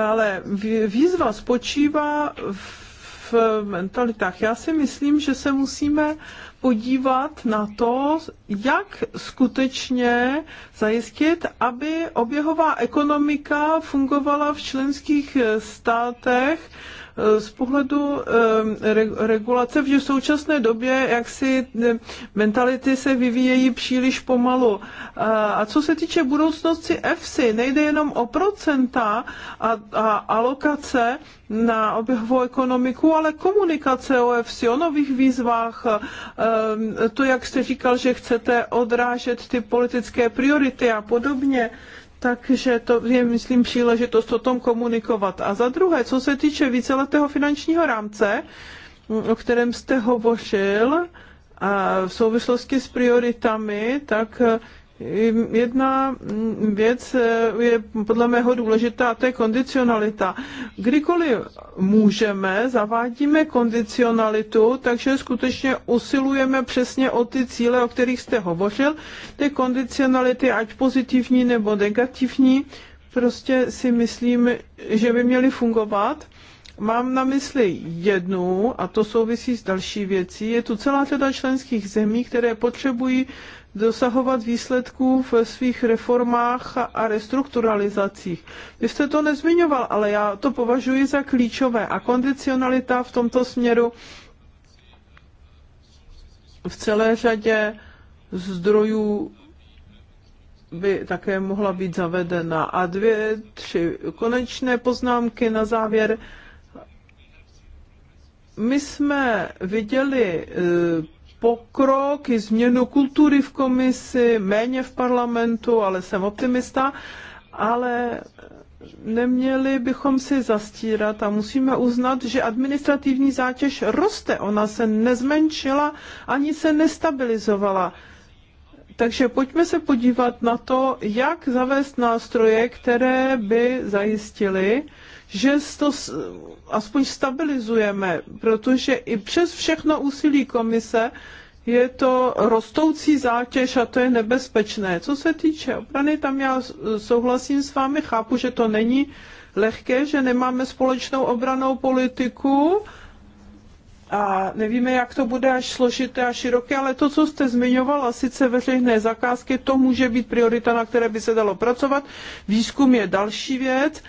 ale výzva spočívá v mentalitách. Já si myslím, že se musíme podívat na to, jak skutečně zajistit, aby oběhová ekonomika fungovala v členských státech Eh, z pohledu eh, regulace, v současné době jak si eh, mentality se vyvíjejí příliš pomalu. A co se týče budoucnosti EFSI, nejde jenom o procenta a, a alokace na oběhovou ekonomiku, ale komunikace o EFSI, o nových výzvách, to, jak jste říkal, že chcete odrážet ty politické priority a podobně takže to je, myslím, příležitost o tom komunikovat. A za druhé, co se týče víceletého finančního rámce, mm, o kterém jste hovořil, a v souvislosti s prioritami, tak Jedna věc eh, je podle mého důležitá, to je kondicionalita. Kdykoliv můžeme, zavádíme kondicionalitu, takže skutečně usilujeme přesně o ty cíle, o kterých jste hovořil. Ty kondicionality, ať pozitivní nebo negativní, prostě si myslím, že by měly fungovat. Mám na mysli jednu, a to souvisí s další věcí. Je tu celá řada členských zemí, které potřebují dosahovat výsledků v svých reformách a restrukturalizacích. Vy jste to nezmiňoval, ale já to považuji za klíčové a kondicionalita v tomto směru v celé řadě zdrojů by také mohla být zavedena. A dvě, tři konečné poznámky na závěr. My jsme viděli eh, pokrok i změnu kultury v komisi, méně v parlamentu, ale jsem optimista, ale neměli bychom si zastírat a musíme uznat, že administrativní zátěž roste. Ona se nezmenšila ani se nestabilizovala. Takže pojďme se podívat na to, jak zavést nástroje, které by zajistily, že to aspoň stabilizujeme, protože i přes všechno úsilí komise je to rostoucí zátěž a to je nebezpečné. Co se týče obrany, tam já souhlasím s vámi, chápu, že to není lehké, že nemáme společnou obranou politiku a nevíme, jak to bude až složité a široké, ale to, co jste zmiňovala, sice veřejné zakázky, to může být priorita, na které by se dalo pracovat. Výzkum je další věc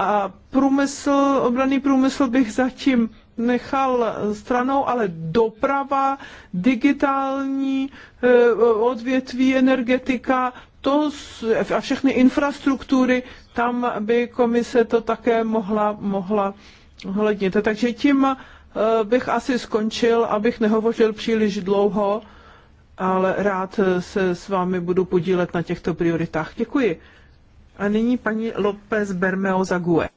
a průmysl, obraný průmysl bych zatím nechal stranou, ale doprava, digitální eh, odvětví, energetika, to a všechny infrastruktury, tam by komise to také mohla, mohla hlednit. Takže tím eh, bych asi skončil, abych nehovořil příliš dlouho, ale rád se s vámi budu podílet na těchto prioritách. Děkuji. A nyní paní López Bermeo Zague.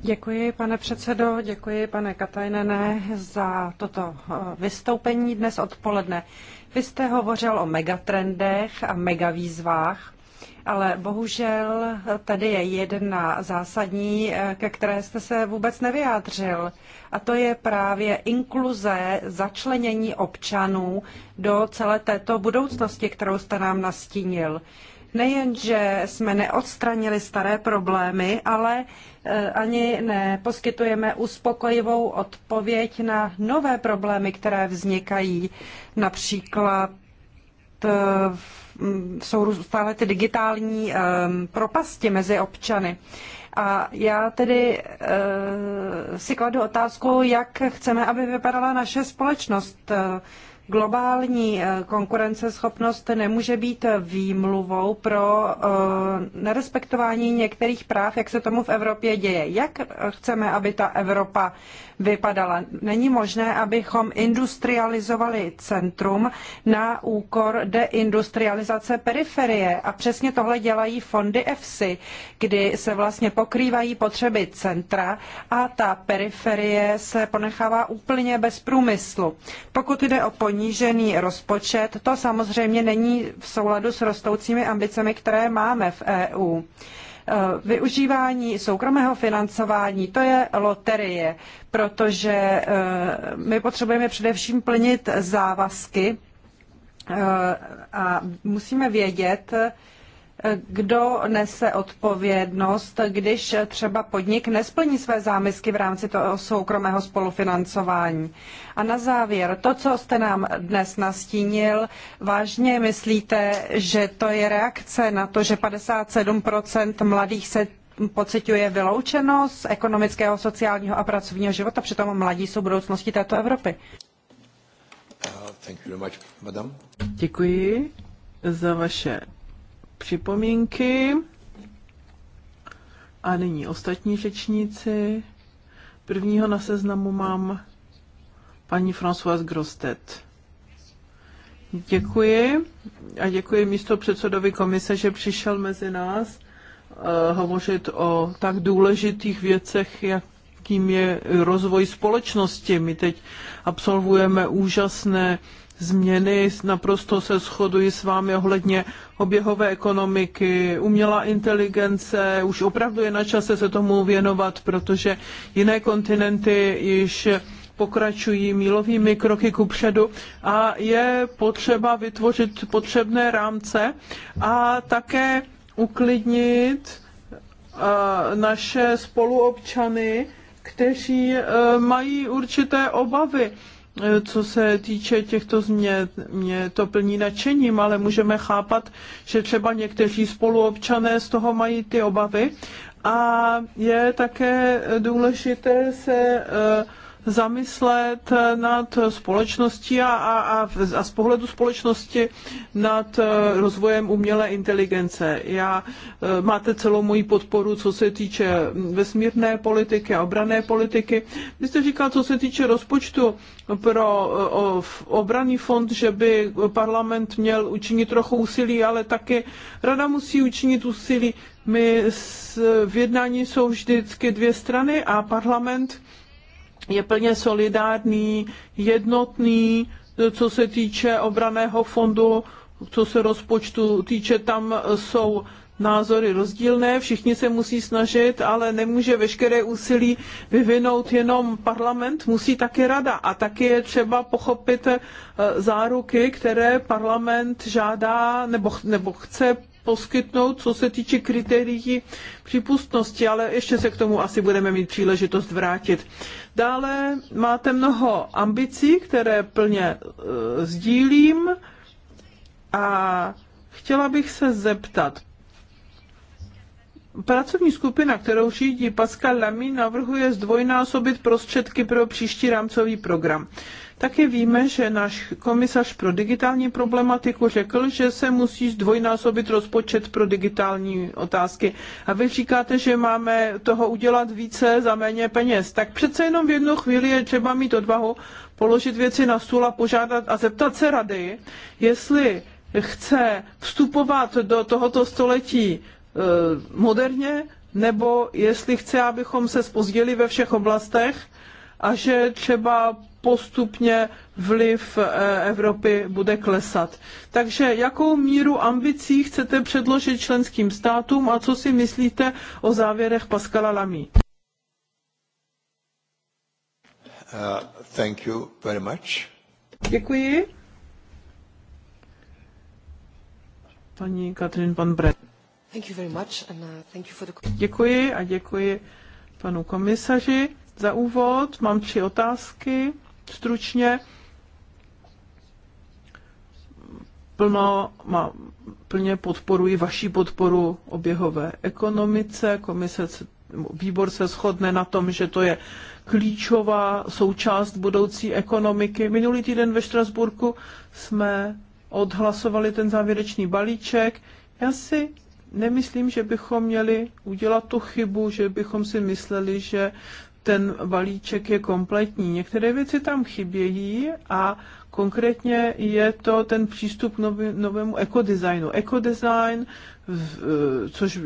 Děkuji, pane předsedo, děkuji, pane Katajnene, za toto eh, vystoupení dnes odpoledne. Vy jste hovořil o megatrendech a megavýzvách, ale bohužel eh, tady je jedna zásadní, eh, ke které jste se vůbec nevyjádřil. A to je právě inkluze, začlenění občanů do celé této budoucnosti, kterou jste nám nastínil. Nejenže jsme neodstranili staré problémy, ale e, ani neposkytujeme uspokojivou odpověď na nové problémy, které vznikají. Například e, jsou stále ty digitální e, propasti mezi občany. A já tedy si kladu otázku, jak chceme, aby vypadala naše společnost globální eh, konkurenceschopnost nemůže být výmluvou pro eh, nerespektování některých práv, jak se tomu v Evropě děje. Jak chceme, aby ta Evropa vypadala. Není možné, abychom industrializovali centrum na úkor deindustrializace periferie. A přesně tohle dělají fondy EFSI, kdy se vlastně pokrývají potřeby centra a ta periferie se ponechává úplně bez průmyslu. Pokud jde o ponížený rozpočet, to samozřejmě není v souladu s rostoucími ambicemi, které máme v EU. Eh, využívání soukromého financování, to je loterie, protože eh, my potřebujeme především plnit závazky eh, a musíme vědět, kdo nese odpovědnost, když třeba podnik nesplní své zámysky v rámci toho soukromého spolufinancování. A na závěr, to, co jste nám dnes nastínil, vážně myslíte, že to je reakce na to, že 57% mladých se pociťuje vyloučeno z ekonomického, sociálního a pracovního života, přitom mladí jsou budoucnosti této Evropy. Uh, thank you very much, madam. Děkuji za vaše připomínky. A nyní ostatní řečníci. Prvního na seznamu mám paní Françoise Grostet. Děkuji a děkuji místo předsedovi komise, že přišel mezi nás uh, hovořit o tak důležitých věcech, jakým je rozvoj společnosti. My teď absolvujeme úžasné změny. Naprosto se shoduji s vámi ohledně oběhové ekonomiky, umělá inteligence. Už opravdu je na čase se tomu věnovat, protože jiné kontinenty již pokračují mílovými kroky kupředu a je potřeba vytvořit potřebné rámce a také uklidnit eh, naše spoluobčany, kteří eh, mají určité obavy E, co se týče těchto změn, mě to plní nadšením, ale můžeme chápat, že třeba někteří spoluobčané z toho mají ty obavy. A je také důležité se uh, zamyslet nad společností a, a, a z pohledu společnosti nad eh, rozvojem umělé inteligence. Já, eh, máte celou moji podporu, co se týče vesmírné politiky a obrané politiky. Vy jste říkal, co se týče rozpočtu pro eh, obraný fond, že by parlament měl učinit trochu úsilí, ale taky rada musí učinit úsilí. My s, v jednání jsou vždycky dvě strany a parlament je plně solidární, jednotný, co se týče obraného fondu, co se rozpočtu týče, tam jsou názory rozdílné, všichni se musí snažit, ale nemůže veškeré úsilí vyvinout jenom parlament, musí taky rada. A taky je třeba pochopit eh, záruky, které parlament žádá nebo, nebo chce poskytnout, co se týče kritérií přípustnosti, ale ještě se k tomu asi budeme mít příležitost vrátit. Dále máte mnoho ambicí, které plně uh, sdílím a chtěla bych se zeptat, Pracovní skupina, kterou řídí Pascal Lamy, navrhuje zdvojnásobit prostředky pro příští rámcový program. Také víme, že náš komisař pro digitální problematiku řekl, že se musí zdvojnásobit rozpočet pro digitální otázky. A vy říkáte, že máme toho udělat více za méně peněz. Tak přece jenom v jednu chvíli je třeba mít odvahu položit věci na stůl a požádat a zeptat se rady, jestli chce vstupovat do tohoto století e, moderně, nebo jestli chce, abychom se spozdili ve všech oblastech a že třeba postupně vliv eh, Evropy bude klesat. Takže jakou míru ambicí chcete předložit členským státům a co si myslíte o závěrech Pascala Lamy? Uh, thank you very much. Děkuji. Paní Katrin van Brett. Thank you very much and, uh, thank you for the... Děkuji a děkuji panu komisaři za úvod. Mám tři otázky stručně. Plno, má, plně podporuji vaši podporu oběhové ekonomice. Komise, výbor se shodne na tom, že to je klíčová součást budoucí ekonomiky. Minulý týden ve Štrasburku jsme odhlasovali ten závěrečný balíček. Já si nemyslím, že bychom měli udělat tu chybu, že bychom si mysleli, že ten balíček je kompletní. Některé věci tam chybějí a konkrétně je to ten přístup novému ekodesignu. Ekodesign což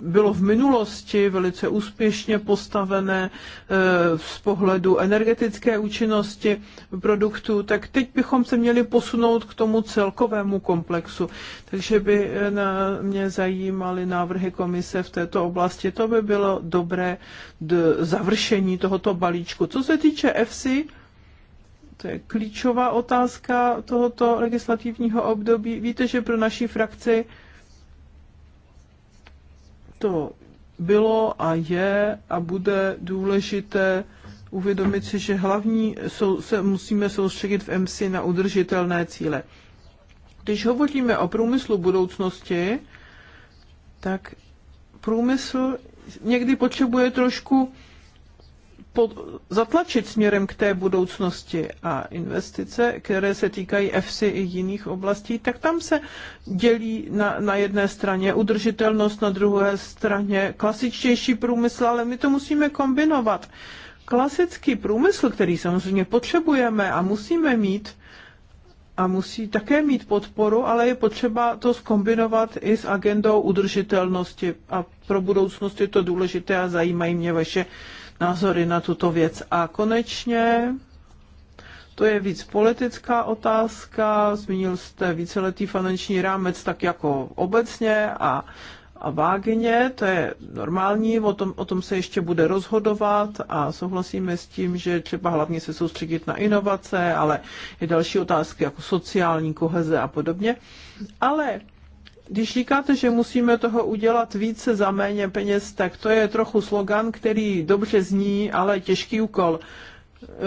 bylo v minulosti velice úspěšně postavené eh, z pohledu energetické účinnosti produktů, tak teď bychom se měli posunout k tomu celkovému komplexu. Takže by eh, mě zajímaly návrhy komise v této oblasti. To by bylo dobré završení tohoto balíčku. Co se týče EFSI, to je klíčová otázka tohoto legislativního období. Víte, že pro naší frakci to bylo a je a bude důležité uvědomit si, že hlavní sou, se musíme soustředit v MSI na udržitelné cíle. Když hovoříme o průmyslu budoucnosti, tak průmysl někdy potřebuje trošku pod, zatlačit směrem k té budoucnosti a investice, které se týkají EFSI i jiných oblastí, tak tam se dělí na, na jedné straně udržitelnost, na druhé straně klasičtější průmysl, ale my to musíme kombinovat. Klasický průmysl, který samozřejmě potřebujeme a musíme mít, a musí také mít podporu, ale je potřeba to skombinovat i s agendou udržitelnosti a pro budoucnost je to důležité a zajímají mě vaše názory na tuto věc. A konečně to je víc politická otázka. Zmínil jste víceletý finanční rámec tak jako obecně a, a vágně, to je normální, o tom, o tom se ještě bude rozhodovat a souhlasíme s tím, že třeba hlavně se soustředit na inovace, ale i další otázky jako sociální koheze a podobně. Ale když říkáte, že musíme toho udělat více za méně peněz, tak to je trochu slogan, který dobře zní, ale těžký úkol.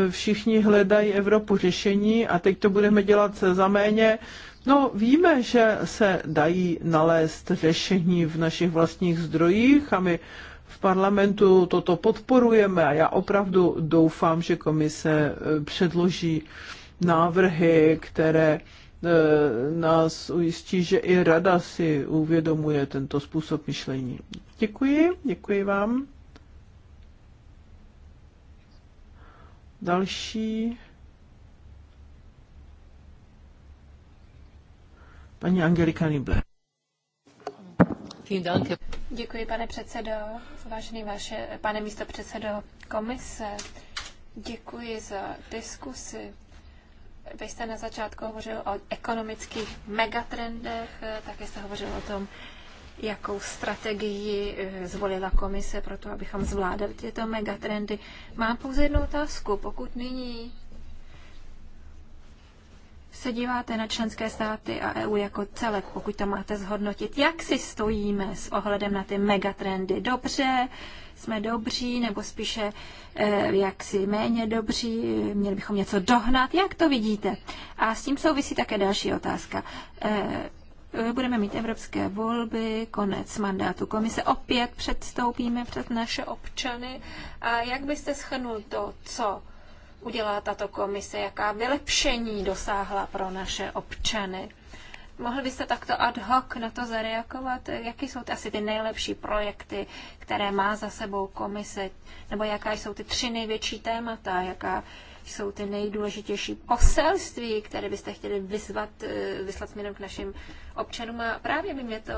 Všichni hledají Evropu řešení a teď to budeme dělat za méně. No, víme, že se dají nalézt řešení v našich vlastních zdrojích a my v parlamentu toto podporujeme a já opravdu doufám, že komise eh, předloží návrhy, které E, nás ujistí, že i rada si uvědomuje tento způsob myšlení. Děkuji, děkuji vám. Další. Paní Angelika Nibler. Děkuji, pane předsedo, vážený vaše, pane místo předsedo komise. Děkuji za diskusi. Vy jste na začátku hovořil o ekonomických megatrendech, eh, také jste hovořil o tom, jakou strategii eh, zvolila komise pro to, abychom zvládali tyto megatrendy. Mám pouze jednu otázku. Pokud nyní se díváte na členské státy a EU jako celek, pokud to máte zhodnotit? Jak si stojíme s ohledem na ty megatrendy? Dobře, jsme dobří, nebo spíše eh, jak si méně dobří, měli bychom něco dohnat? Jak to vidíte? A s tím souvisí také další otázka. Eh, budeme mít evropské volby, konec mandátu komise, opět předstoupíme před naše občany. A jak byste schrnul to, co udělá tato komise, jaká vylepšení dosáhla pro naše občany. Mohl byste takto ad hoc na to zareagovat? Jaké jsou ty, asi ty nejlepší projekty, které má za sebou komise? Nebo jaká jsou ty tři největší témata? Jaká jsou ty nejdůležitější poselství, které byste chtěli vyzvat, eh, vyslat směrem k našim občanům? A právě by mě to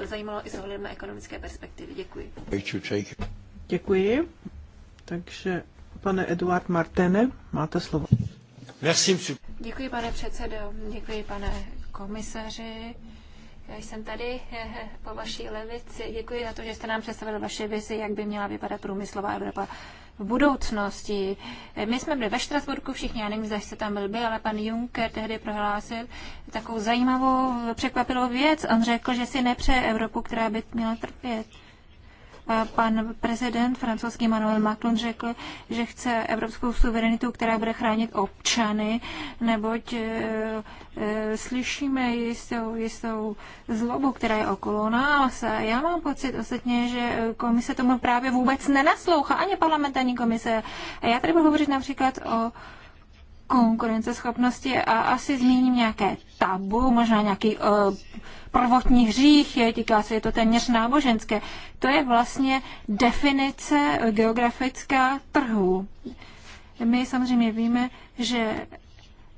eh, zajímalo i z ohledem na ekonomické perspektivy. Děkuji. Děkuji. Takže Pane Eduard Martene, máte slovo. Merci, Děkuji, pane předsedo. Děkuji, pane komisaři. Já jsem tady eh, po vaší levici. Děkuji za to, že jste nám představil vaše vizi, jak by měla vypadat průmyslová Evropa v budoucnosti. Eh, my jsme byli ve Štrasburku všichni, já nevím, zda jste tam byl, byl, ale pan Juncker tehdy prohlásil takovou zajímavou, překvapilou věc. On řekl, že si nepřeje Evropu, která by měla trpět pan prezident francouzský Emmanuel Macron řekl, že chce evropskou suverenitu, která bude chránit občany, neboť e, e, slyšíme jistou, jistou zlobu, která je okolo nás. A já mám pocit ostatně, že komise tomu právě vůbec nenaslouchá, ani parlamentární komise. A já tady budu hovořit například o konkurenceschopnosti a asi zmíním nějaké tabu, možná nějaký uh, prvotní hřích, je, týká se je to téměř náboženské. To je vlastně definice geografická trhu. My samozřejmě víme, že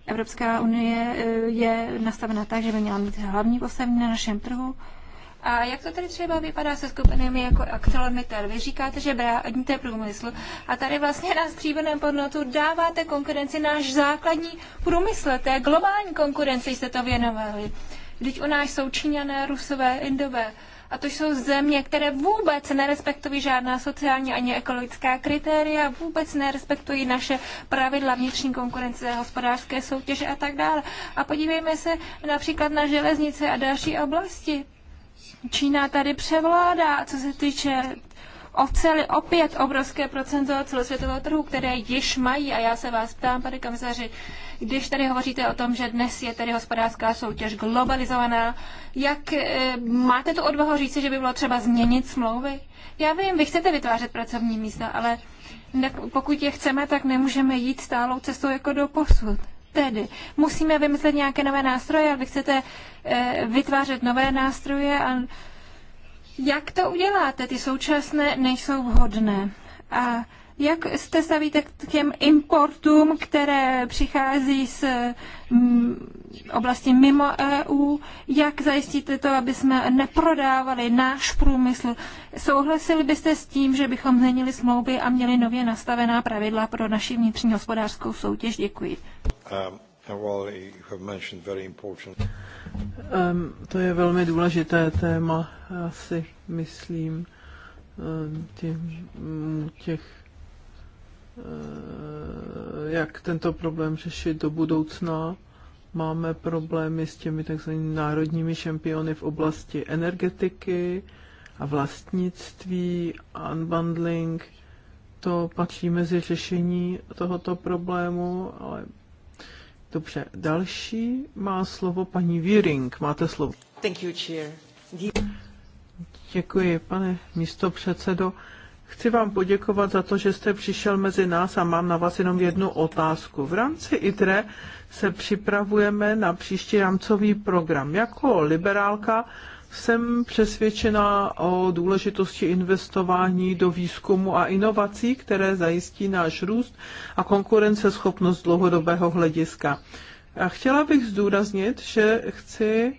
Evropská unie eh, je nastavena tak, že by měla mít hlavní postavení na našem trhu, a jak to tedy třeba vypadá se skupinami jako Accelometer? Vy říkáte, že bráníte průmysl a tady vlastně na stříbrném podnotu dáváte konkurenci náš základní průmysl, té globální konkurenci jste to věnovali. Vždyť u nás jsou Číňané, Rusové, Indové. A to jsou země, které vůbec nerespektují žádná sociální ani ekologická kritéria, vůbec nerespektují naše pravidla vnitřní konkurence, hospodářské soutěže a tak dále. A podívejme se například na železnice a další oblasti. Čína tady převládá, co se týče oceli opět obrovské procento celosvětového trhu, které již mají. A já se vás ptám, pane komisaři, když tady hovoříte o tom, že dnes je tady hospodářská soutěž globalizovaná, jak e, máte tu odvahu říci, že by bylo třeba změnit smlouvy? Já vím, vy chcete vytvářet pracovní místa, ale ne, pokud je chceme, tak nemůžeme jít stálou cestou jako do posud. Tedy musíme vymyslet nějaké nové nástroje, ale vy chcete e, vytvářet nové nástroje a jak to uděláte? Ty současné nejsou vhodné. A jak jste stavíte k těm importům, které přichází z mm, oblasti mimo EU? Jak zajistíte to, aby jsme neprodávali náš průmysl? Souhlasili byste s tím, že bychom změnili smlouvy a měli nově nastavená pravidla pro naši vnitřní hospodářskou soutěž? Děkuji. Um. um to je velmi důležité téma, asi myslím, uh, těch, těch Eh, jak tento problém řešit do budoucna. Máme problémy s těmi takzvanými národními šampiony v oblasti energetiky a vlastnictví, unbundling. To patří mezi řešení tohoto problému, ale dobře. Další má slovo paní Viering. Máte slovo. Thank you, chair. Děkuji, pane místo předsedo. Chci vám poděkovat za to, že jste přišel mezi nás a mám na vás jenom jednu otázku. V rámci ITRE se připravujeme na příští rámcový program. Jako liberálka jsem přesvědčena o důležitosti investování do výzkumu a inovací, které zajistí náš růst a konkurenceschopnost dlouhodobého hlediska. A chtěla bych zdůraznit, že chci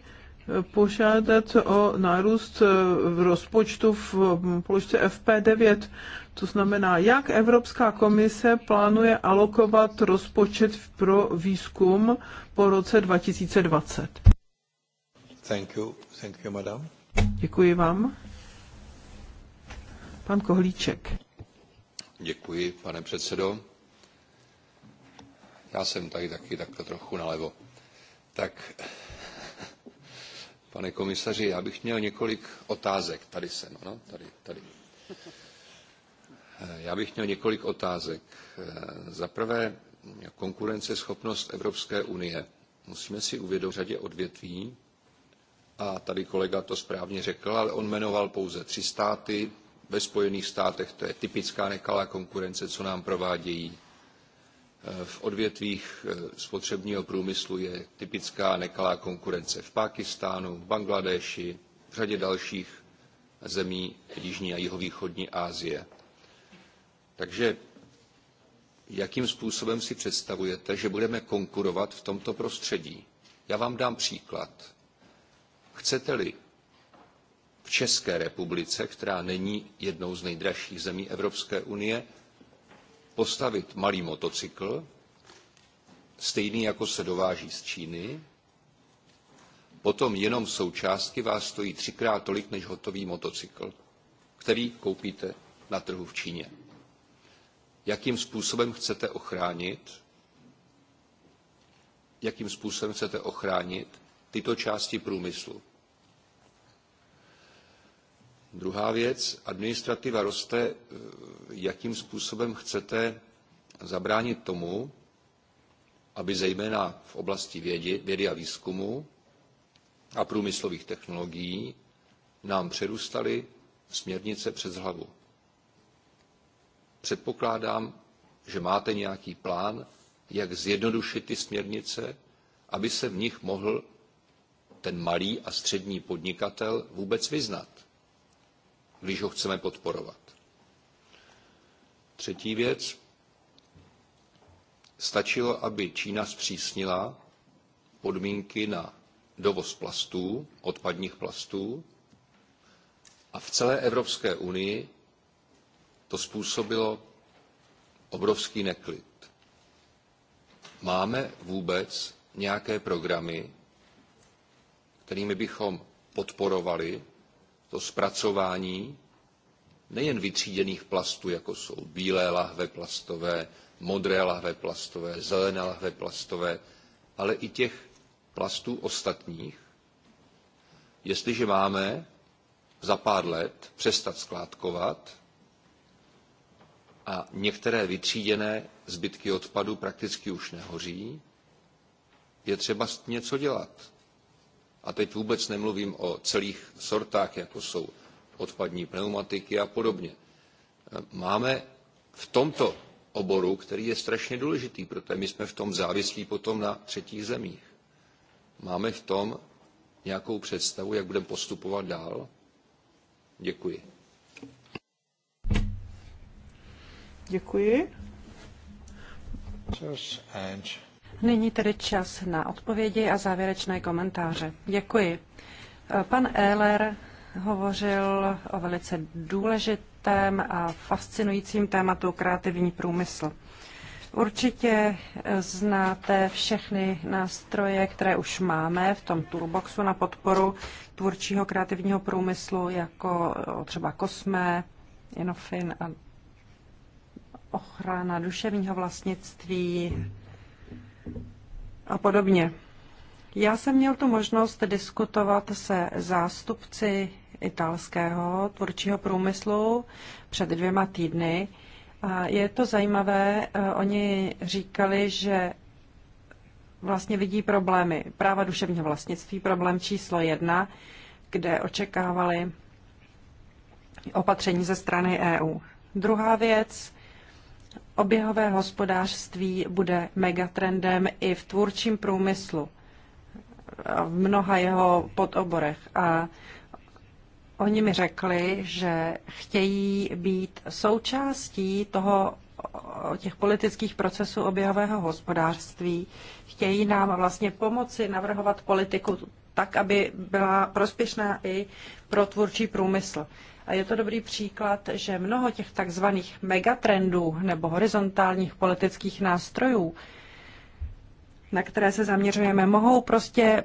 požádat o nárůst v rozpočtu v položce FP9. To znamená, jak Evropská komise plánuje alokovat rozpočet pro výzkum po roce 2020. Thank you. Thank you, madam. Děkuji vám. Pan Kohlíček. Děkuji, pane předsedo. Já jsem tady taky takhle trochu nalevo. Tak Pane komisaři, já bych měl několik otázek. Tady jsem, no, no, tady, tady. Eh, já bych měl několik otázek. Eh, za prvé, konkurenceschopnost Evropské unie. Musíme si uvědomit řadě odvětví, a tady kolega to správně řekl, ale on jmenoval pouze tři státy. Ve Spojených státech to je typická nekalá konkurence, co nám provádějí v odvětvích eh, spotřebního průmyslu je typická nekalá konkurence v Pákistánu, v Bangladeši, v řadě dalších zemí Jižní a Jihovýchodní Asie. Takže jakým způsobem si představujete, že budeme konkurovat v tomto prostředí? Já vám dám příklad. Chcete-li v České republice, která není jednou z nejdražších zemí Evropské unie, postavit malý motocykl, stejný jako se dováží z Číny, potom jenom součástky vás stojí třikrát tolik než hotový motocykl, který koupíte na trhu v Číně. Jakým způsobem chcete ochránit jakým způsobem chcete ochránit tyto části průmyslu. Druhá věc, administrativa roste, eh, jakým způsobem chcete zabránit tomu, aby zejména v oblasti vědy, vědy a výzkumu a průmyslových technologií nám přerůstaly směrnice přes hlavu. Předpokládám, že máte nějaký plán, jak zjednodušit ty směrnice, aby se v nich mohl ten malý a střední podnikatel vůbec vyznat když ho chceme podporovat. Třetí věc. Stačilo, aby Čína zpřísnila podmínky na dovoz plastů, odpadních plastů, a v celé Evropské unii to způsobilo obrovský neklid. Máme vůbec nějaké programy, kterými bychom podporovali to zpracování nejen vytříděných plastů, jako jsou bílé lahve plastové, modré lahve plastové, zelené lahve plastové, ale i těch plastů ostatních, jestliže máme za pár let přestat skládkovat a některé vytříděné zbytky odpadu prakticky už nehoří, je třeba něco dělat. A teď vůbec nemluvím o celých sortách, jako jsou odpadní pneumatiky a podobně. Máme v tomto oboru, který je strašně důležitý, protože my jsme v tom závislí potom na třetích zemích. Máme v tom nějakou představu, jak budeme postupovat dál? Děkuji. Děkuji. Nyní tedy čas na odpovědi a závěrečné komentáře. Děkuji. Pan Ehler hovořil o velice důležitém a fascinujícím tématu kreativní průmysl. Určitě znáte všechny nástroje, které už máme v tom toolboxu na podporu tvůrčího kreativního průmyslu, jako třeba Kosme, Inofin a ochrana duševního vlastnictví, a podobně. Já jsem měl tu možnost diskutovat se zástupci italského tvůrčího průmyslu před dvěma týdny. A je to zajímavé, eh, oni říkali, že vlastně vidí problémy. Práva duševního vlastnictví, problém číslo jedna, kde očekávali opatření ze strany EU. Druhá věc, Oběhové hospodářství bude megatrendem i v tvůrčím průmyslu, v mnoha jeho podoborech. A oni mi řekli, že chtějí být součástí toho, těch politických procesů oběhového hospodářství. Chtějí nám vlastně pomoci navrhovat politiku tak, aby byla prospěšná i pro tvůrčí průmysl. A je to dobrý příklad, že mnoho těch takzvaných megatrendů nebo horizontálních politických nástrojů, na které se zaměřujeme, mohou prostě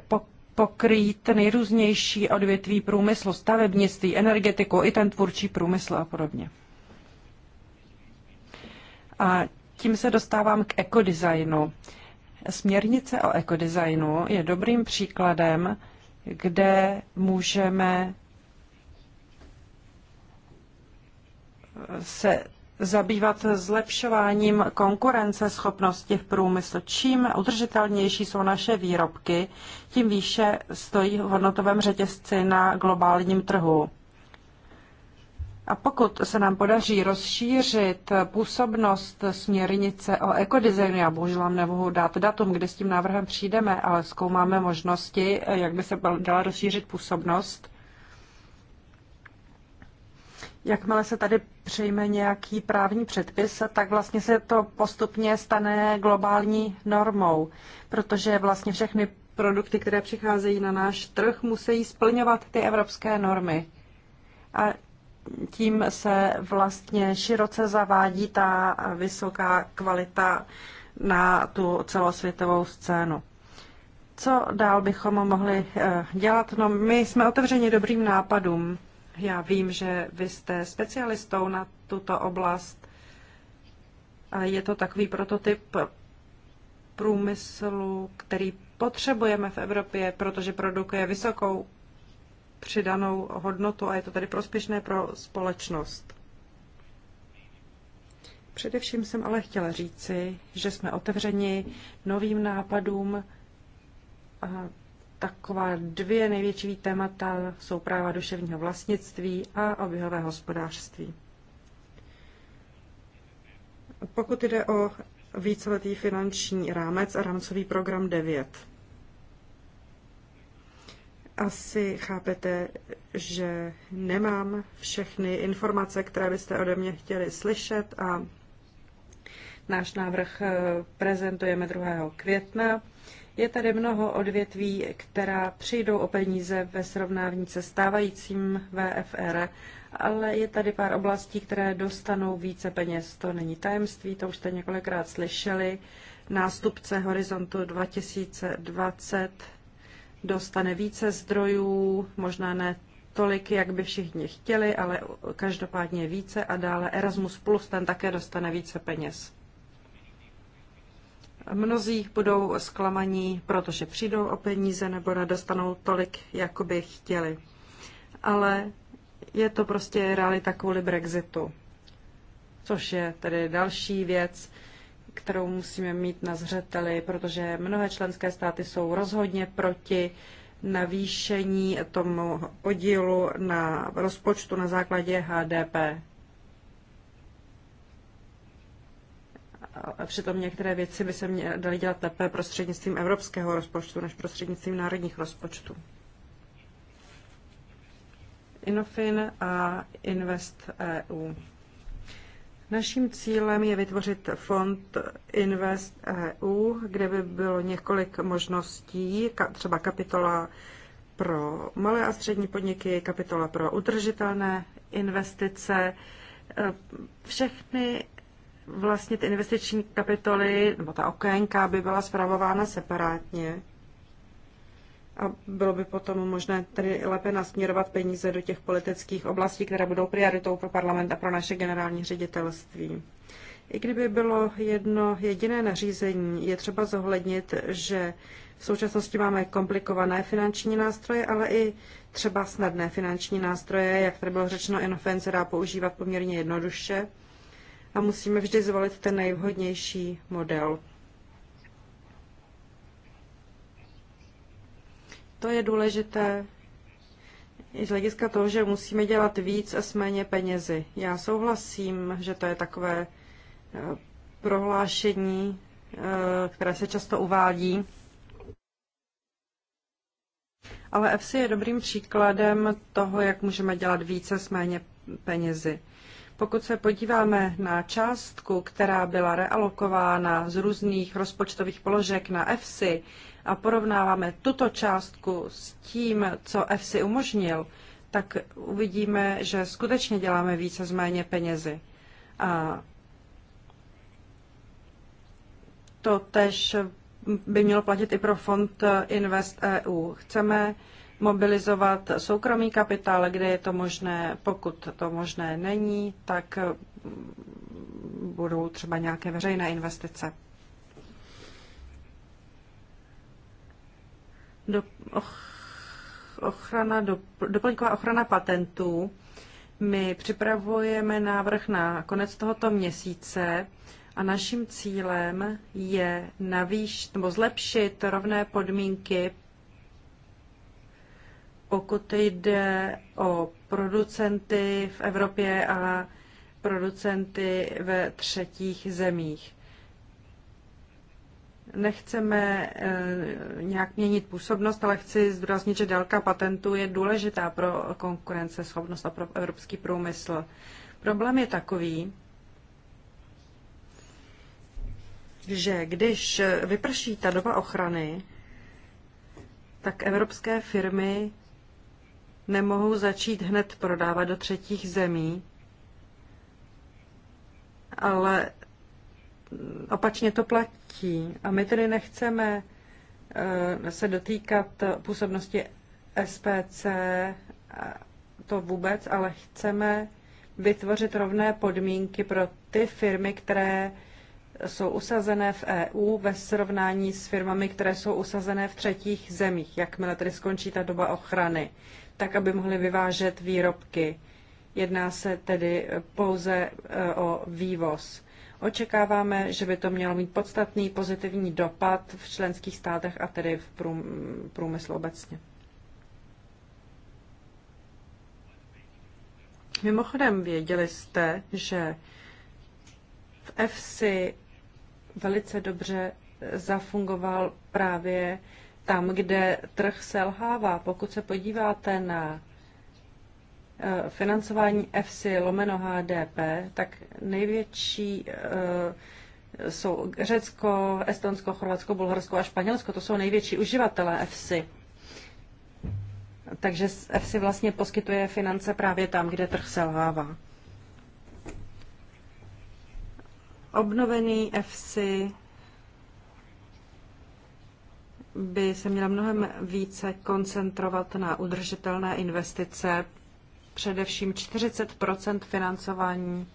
pokrýt nejrůznější odvětví průmyslu, stavebnictví, energetiku, i ten tvůrčí průmysl a podobně. A tím se dostávám k ekodesignu. Směrnice o ekodesignu je dobrým příkladem, kde můžeme se zabývat zlepšováním konkurenceschopnosti v průmyslu. Čím udržitelnější jsou naše výrobky, tím výše stojí v hodnotovém řetězci na globálním trhu. A pokud se nám podaří rozšířit působnost směrnice o ekodizajnu, já bohužel vám nemohu dát datum, kdy s tím návrhem přijdeme, ale zkoumáme možnosti, jak by se dala rozšířit působnost, Jakmile se tady přejme nějaký právní předpis, tak vlastně se to postupně stane globální normou, protože vlastně všechny produkty, které přicházejí na náš trh, musí splňovat ty evropské normy. A tím se vlastně široce zavádí ta vysoká kvalita na tu celosvětovou scénu. Co dál bychom mohli eh, dělat? No, my jsme otevřeni dobrým nápadům. Já vím, že vy jste specialistou na tuto oblast. A je to takový prototyp průmyslu, který potřebujeme v Evropě, protože produkuje vysokou přidanou hodnotu a je to tedy prospěšné pro společnost. Především jsem ale chtěla říci, že jsme otevřeni novým nápadům a taková dvě největší témata jsou práva duševního vlastnictví a oběhové hospodářství. Pokud jde o víceletý finanční rámec a rámcový program 9. Asi chápete, že nemám všechny informace, které byste ode mě chtěli slyšet a náš návrh eh, prezentujeme 2. května. Je tady mnoho odvětví, která přijdou o peníze ve srovnání se stávajícím VFR, ale je tady pár oblastí, které dostanou více peněz. To není tajemství, to už jste několikrát slyšeli. Nástupce Horizontu 2020 dostane více zdrojů, možná ne tolik, jak by všichni chtěli, ale každopádně více a dále Erasmus Plus ten také dostane více peněz. Mnozí budou zklamaní, protože přijdou o peníze nebo nedostanou tolik, jako by chtěli. Ale je to prostě realita kvůli Brexitu, což je tedy další věc, kterou musíme mít na zřeteli, protože mnohé členské státy jsou rozhodně proti navýšení tomu podílu na rozpočtu na základě HDP. a přitom některé věci by se mě daly dělat lépe prostřednictvím evropského rozpočtu než prostřednictvím národních rozpočtů. Inofin a Invest EU. Naším cílem je vytvořit fond Invest EU, kde by bylo několik možností, třeba kapitola pro malé a střední podniky, kapitola pro udržitelné investice. E, všechny vlastně ty investiční kapitoly, nebo ta okénka by byla zpravována separátně a bylo by potom možné tedy lépe nasměrovat peníze do těch politických oblastí, které budou prioritou pro parlament a pro naše generální ředitelství. I kdyby bylo jedno jediné nařízení, je třeba zohlednit, že v současnosti máme komplikované finanční nástroje, ale i třeba snadné finanční nástroje, jak tady bylo řečeno, Inofence dá používat poměrně jednoduše a musíme vždy zvolit ten nejvhodnější model. To je důležité i z hlediska toho, že musíme dělat víc a s méně penězi. Já souhlasím, že to je takové eh, prohlášení, eh, které se často uvádí. Ale EFSI je dobrým příkladem toho, jak můžeme dělat více s méně penězi. Pokud se podíváme na částku, která byla realokována z různých rozpočtových položek na EFSI a porovnáváme tuto částku s tím, co EFSI umožnil, tak uvidíme, že skutečně děláme více z méně penězi. A to tež by mělo platit i pro fond Invest EU. Chceme mobilizovat soukromý kapitál, kde je to možné. Pokud to možné není, tak budou třeba nějaké veřejné investice. Do, ochrana, do, doplňková ochrana patentů. My připravujeme návrh na konec tohoto měsíce a naším cílem je navýšit nebo zlepšit rovné podmínky pokud jde o producenty v Evropě a producenty ve třetích zemích. Nechceme eh, nějak měnit působnost, ale chci zdůraznit, že délka patentů je důležitá pro konkurenceschopnost a pro evropský průmysl. Problém je takový, že když vyprší ta doba ochrany, tak evropské firmy nemohou začít hned prodávat do třetích zemí, ale opačně to platí. A my tedy nechceme eh, se dotýkat působnosti SPC eh, to vůbec, ale chceme vytvořit rovné podmínky pro ty firmy, které jsou usazené v EU ve srovnání s firmami, které jsou usazené v třetích zemích, jakmile tedy skončí ta doba ochrany tak aby mohli vyvážet výrobky. Jedná se tedy pouze e, o vývoz. Očekáváme, že by to mělo mít podstatný pozitivní dopad v členských státech a tedy v průmyslu obecně. Mimochodem, věděli jste, že v EFSI velice dobře zafungoval právě tam, kde trh selhává. Pokud se podíváte na eh, financování EFSI lomeno HDP, tak největší eh, jsou Řecko, Estonsko, Chorvatsko, Bulharsko a Španělsko. To jsou největší uživatelé EFSI. Takže EFSI vlastně poskytuje finance právě tam, kde trh selhává. Obnovený EFSI by se měla mnohem více koncentrovat na udržitelné investice, především 40 financování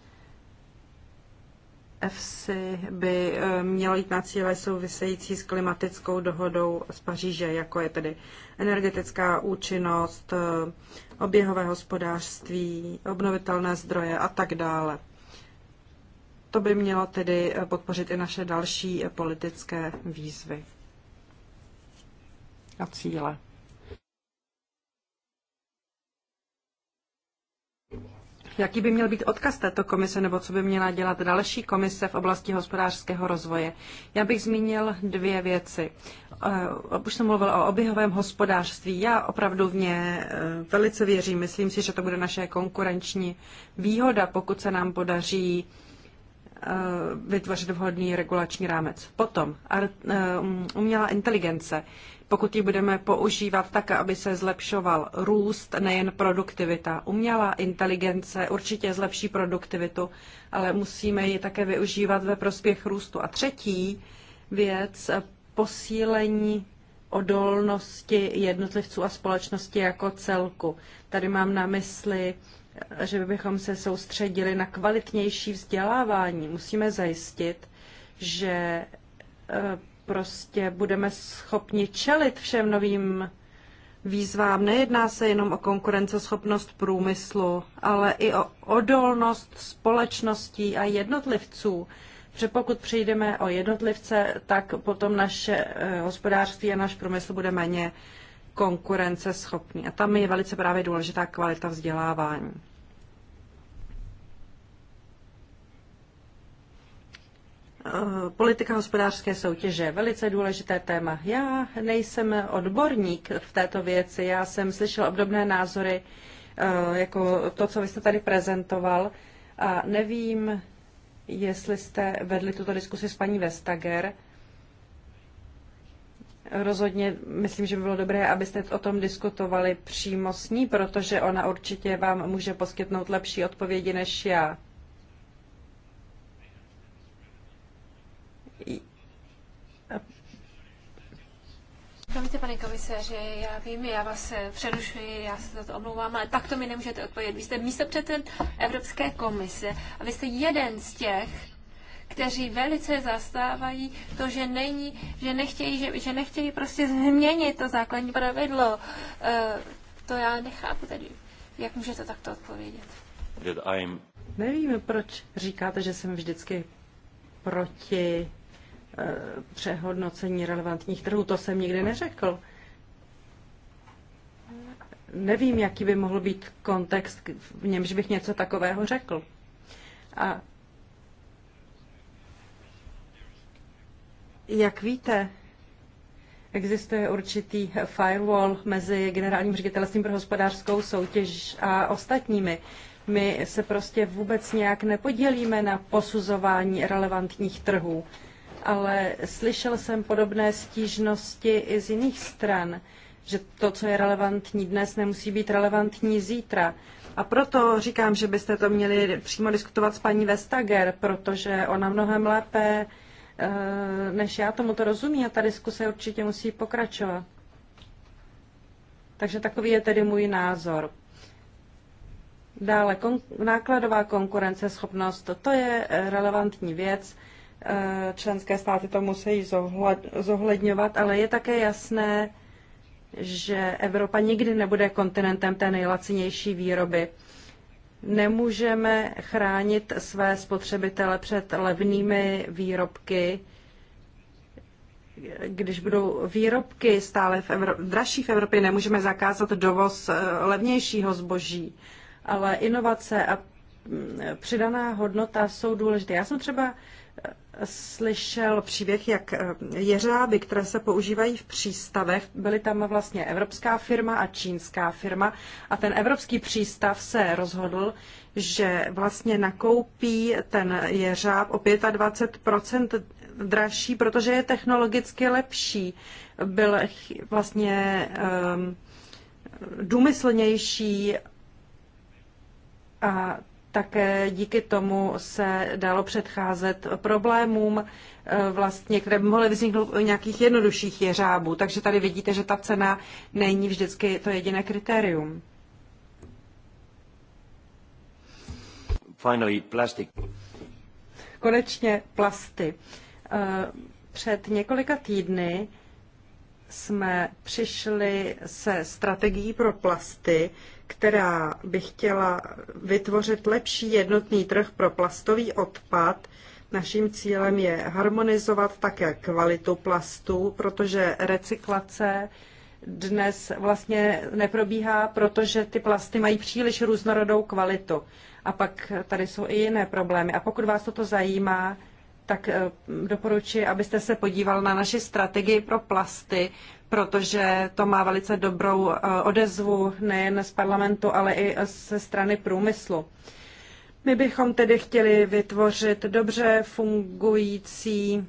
EFSI by eh, mělo jít na cíle související s klimatickou dohodou z Paříže, jako je tedy energetická účinnost, eh, oběhové hospodářství, obnovitelné zdroje a tak dále. To by mělo tedy eh, podpořit i naše další politické výzvy a cíle. Jaký by měl být odkaz této komise nebo co by měla dělat další komise v oblasti hospodářského rozvoje? Já bych zmínil dvě věci. Eh, už jsem mluvil o oběhovém hospodářství. Já opravdu v ně eh, velice věřím. Myslím si, že to bude naše konkurenční výhoda, pokud se nám podaří eh, vytvořit vhodný regulační rámec. Potom umělá inteligence pokud ji budeme používat tak, aby se zlepšoval růst, nejen produktivita. Umělá inteligence určitě zlepší produktivitu, ale musíme ji také využívat ve prospěch růstu. A třetí věc, posílení odolnosti jednotlivců a společnosti jako celku. Tady mám na mysli, že bychom se soustředili na kvalitnější vzdělávání. Musíme zajistit, že eh, prostě budeme schopni čelit všem novým výzvám. Nejedná se jenom o konkurenceschopnost průmyslu, ale i o odolnost společností a jednotlivců. Že pokud přijdeme o jednotlivce, tak potom naše eh, hospodářství a náš průmysl bude méně konkurenceschopný. A tam je velice právě důležitá kvalita vzdělávání. Eh, politika hospodářské soutěže, velice důležité téma. Já nejsem odborník v této věci, já jsem slyšel obdobné názory eh, jako to, co vy jste tady prezentoval a nevím, jestli jste vedli tuto diskusi s paní Vestager. Rozhodně myslím, že by bylo dobré, abyste o tom diskutovali přímo s ní, protože ona určitě vám může poskytnout lepší odpovědi než já. Promiňte, pane komisaři, já vím, já vás přerušuji, já se za to omlouvám, ale tak to mi nemůžete odpovědět. Vy jste místo předsed Evropské komise a vy jste jeden z těch, kteří velice zastávají to, že není, že nechtějí, že, že nechtějí prostě změnit to základní pravidlo. E, to já nechápu tedy. Jak můžete takto odpovědět? Nevím, proč říkáte, že jsem vždycky proti Eh, přehodnocení relevantních trhů. To jsem nikdy neřekl. Nevím, jaký by mohl být kontext, v němž bych něco takového řekl. A jak víte, existuje určitý firewall mezi generálním ředitelstvím pro hospodářskou soutěž a ostatními. My se prostě vůbec nějak nepodělíme na posuzování relevantních trhů ale slyšel jsem podobné stížnosti i z jiných stran, že to, co je relevantní dnes, nemusí být relevantní zítra. A proto říkám, že byste to měli přímo diskutovat s paní Vestager, protože ona mnohem lépe eh, než já tomu to rozumí a ta diskuse určitě musí pokračovat. Takže takový je tedy můj názor. Dále kon- nákladová konkurenceschopnost, to je eh, relevantní věc, Eh, členské státy to musí zohledňovat, ale je také jasné, že Evropa nikdy nebude kontinentem té nejlacinější výroby. Nemůžeme chránit své spotřebitele před levnými výrobky, když budou výrobky stále v Evro- dražší v Evropě, nemůžeme zakázat dovoz eh, levnějšího zboží, ale inovace a mm, přidaná hodnota jsou důležité. Já jsem třeba slyšel příběh, jak eh, jeřáby, které se používají v přístavech, byly tam vlastně evropská firma a čínská firma a ten evropský přístav se rozhodl, že vlastně nakoupí ten jeřáb o 25% dražší, protože je technologicky lepší. Byl vlastně um, důmyslnější a také díky tomu se dalo předcházet problémům, eh, vlastně, které by mohly vzniknout u nějakých jednodušších jeřábů. Takže tady vidíte, že ta cena není vždycky to jediné kritérium. Finally, plastic. Konečně plasty. Eh, před několika týdny jsme přišli se strategií pro plasty, která by chtěla vytvořit lepší jednotný trh pro plastový odpad. Naším cílem je harmonizovat také kvalitu plastů, protože recyklace dnes vlastně neprobíhá, protože ty plasty mají příliš různorodou kvalitu. A pak tady jsou i jiné problémy. A pokud vás toto zajímá, tak eh, doporučuji, abyste se podíval na naši strategii pro plasty, protože to má velice dobrou eh, odezvu nejen z parlamentu, ale i ze strany průmyslu. My bychom tedy chtěli vytvořit dobře fungující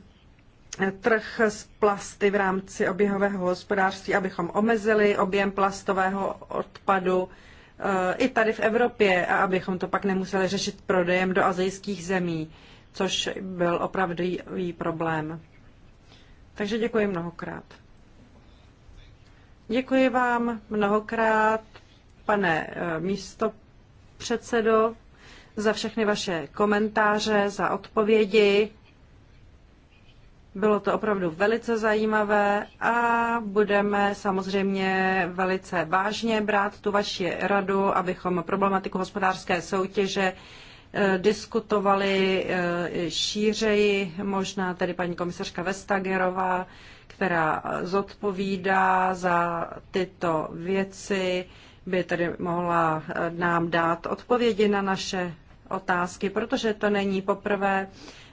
eh, trh s plasty v rámci oběhového hospodářství, abychom omezili objem plastového odpadu eh, i tady v Evropě a abychom to pak nemuseli řešit prodejem do azijských zemí, což byl opravdový problém. Takže děkuji mnohokrát. Děkuji vám mnohokrát, pane eh, místo předsedo, za všechny vaše komentáře, za odpovědi. Bylo to opravdu velice zajímavé a budeme samozřejmě velice vážně brát tu vaši radu, abychom problematiku hospodářské soutěže eh, diskutovali eh, šířeji, možná tedy paní komisařka Vestagerová která zodpovídá za tyto věci, by tedy mohla eh, nám dát odpovědi na naše otázky, protože to není poprvé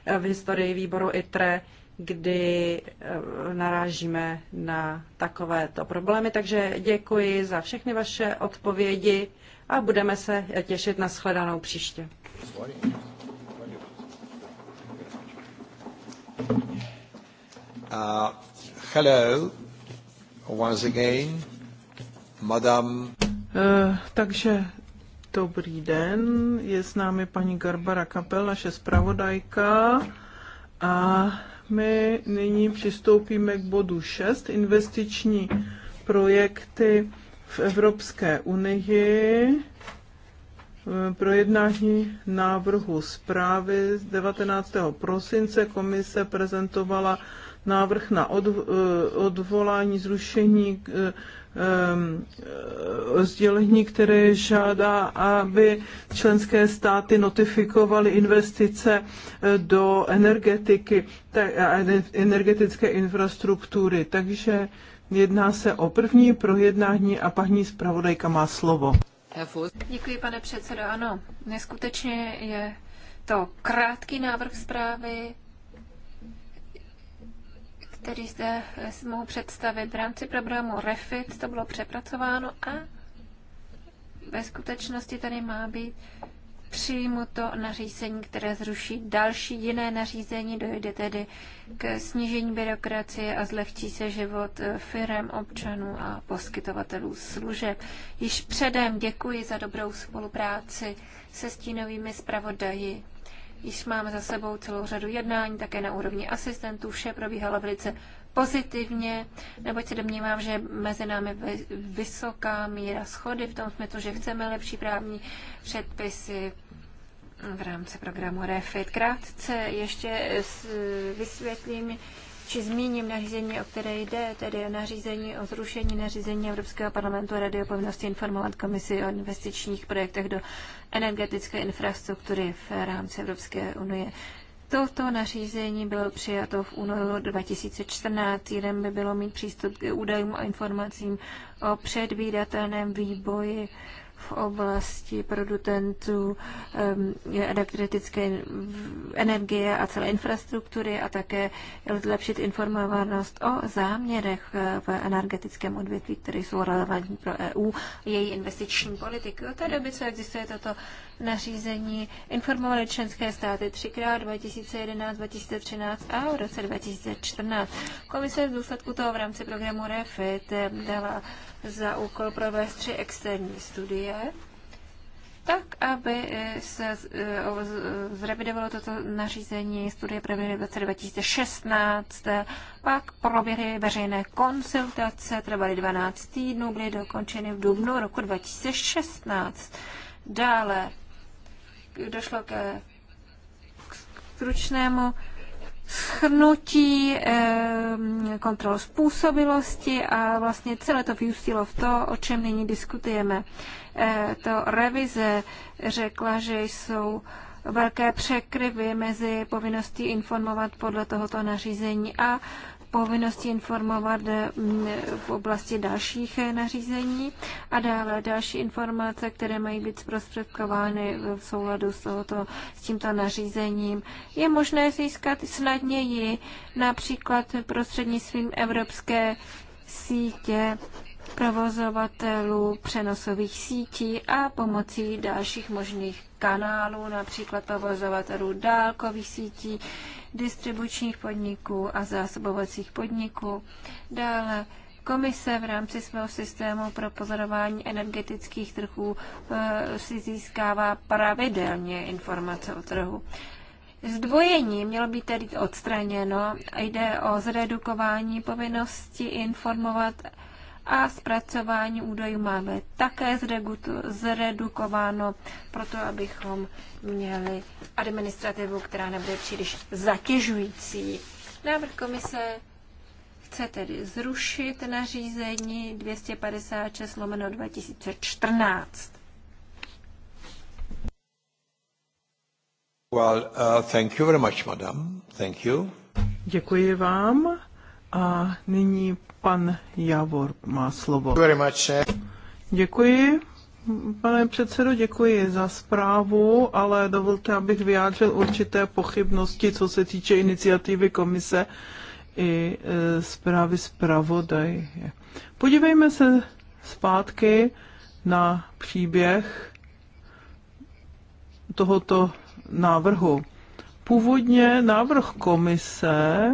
eh, v historii výboru ITRE, kdy eh, narážíme na takovéto problémy. Takže děkuji za všechny vaše odpovědi a budeme se těšit na shledanou příště. Uh, Hello, once again, madam. Uh, eh, takže dobrý den, je s námi paní Garbara Kapel, naše zpravodajka a my nyní přistoupíme k bodu 6, investiční projekty v Evropské unii eh, projednání návrhu zprávy z 19. prosince komise prezentovala návrh na eh, odvolání, zrušení eh, eh, sdělení, které žádá, aby členské státy notifikovaly investice do energetiky a energetické infrastruktury. Takže jedná se o první projednání a paní zpravodajka má slovo. Děkuji, pane předsedo. Ano, neskutečně je to krátký návrh zprávy, který zde eh, mohu představit v rámci programu REFIT, to bylo přepracováno a ve skutečnosti tady má být to nařízení, které zruší další jiné nařízení, dojde tedy k snížení byrokracie a zlehčí se život eh, firem, občanů a poskytovatelů služeb. Již předem děkuji za dobrou spolupráci se stínovými zpravodaji Již máme za sebou celou řadu jednání, také na úrovni asistentů. Vše probíhalo velice pozitivně, neboť se domnívám, že mezi námi vysoká míra schody v tom smyslu, že chceme lepší právní předpisy v rámci programu REFIT. Krátce ještě vysvětlím, či zmíním nařízení, o které jde, tedy nařízení o zrušení nařízení Evropského parlamentu a Rady o povinnosti informovat komisi o investičních projektech do energetické infrastruktury v rámci Evropské unie. Toto nařízení bylo přijato v únoru 2014. Cílem by bylo mít přístup k údajům a informacím o předvídatelném výboji v oblasti producentů elektrické energie a celé infrastruktury a také zlepšit informovanost o záměrech eh, v energetickém odvětví, které jsou relevantní pro EU a její investiční politiky. Od té doby, co existuje toto nařízení, informovaly členské státy třikrát 2011, 2013 a v roce 2014. Komise v důsledku toho v rámci programu REFIT eh, dala za úkol provést tři externí studie, tak, aby eh, se eh, zrevidovalo toto nařízení studie proběhly v roce 2016, pak proběhly veřejné konsultace, trvaly 12 týdnů, byly dokončeny v dubnu roku 2016. Dále došlo ke stručnému schrnutí ehm, kontrol způsobilosti a vlastně celé to vyústilo v to, o čem nyní diskutujeme. Eh, to revize řekla, že jsou velké překryvy mezi povinností informovat podle tohoto nařízení a povinnosti informovat eh, v oblasti dalších eh, nařízení a dále další informace, které mají být zprostředkovány v souladu s, tohoto, s tímto nařízením. Je možné získat snadněji například prostřednictvím Evropské sítě provozovatelů přenosových sítí a pomocí dalších možných kanálů, například provozovatelů dálkových sítí, distribučních podniků a zásobovacích podniků. Dále Komise v rámci svého systému pro pozorování energetických trhů e, si získává pravidelně informace o trhu. Zdvojení mělo být tedy odstraněno a jde o zredukování povinnosti informovat a zpracování údajů máme také zredukováno, proto abychom měli administrativu, která nebude příliš zatěžující. Návrh komise chce tedy zrušit nařízení 256 lomeno 2014. Well, uh, thank you very much, madam. Thank you. Děkuji vám. A nyní pan Javor má slovo. Eh. Děkuji. Pane předsedo, děkuji za zprávu, ale dovolte, abych vyjádřil určité pochybnosti, co se týče iniciativy komise i e, zprávy zpravodaje. Podívejme se zpátky na příběh tohoto návrhu. Původně návrh komise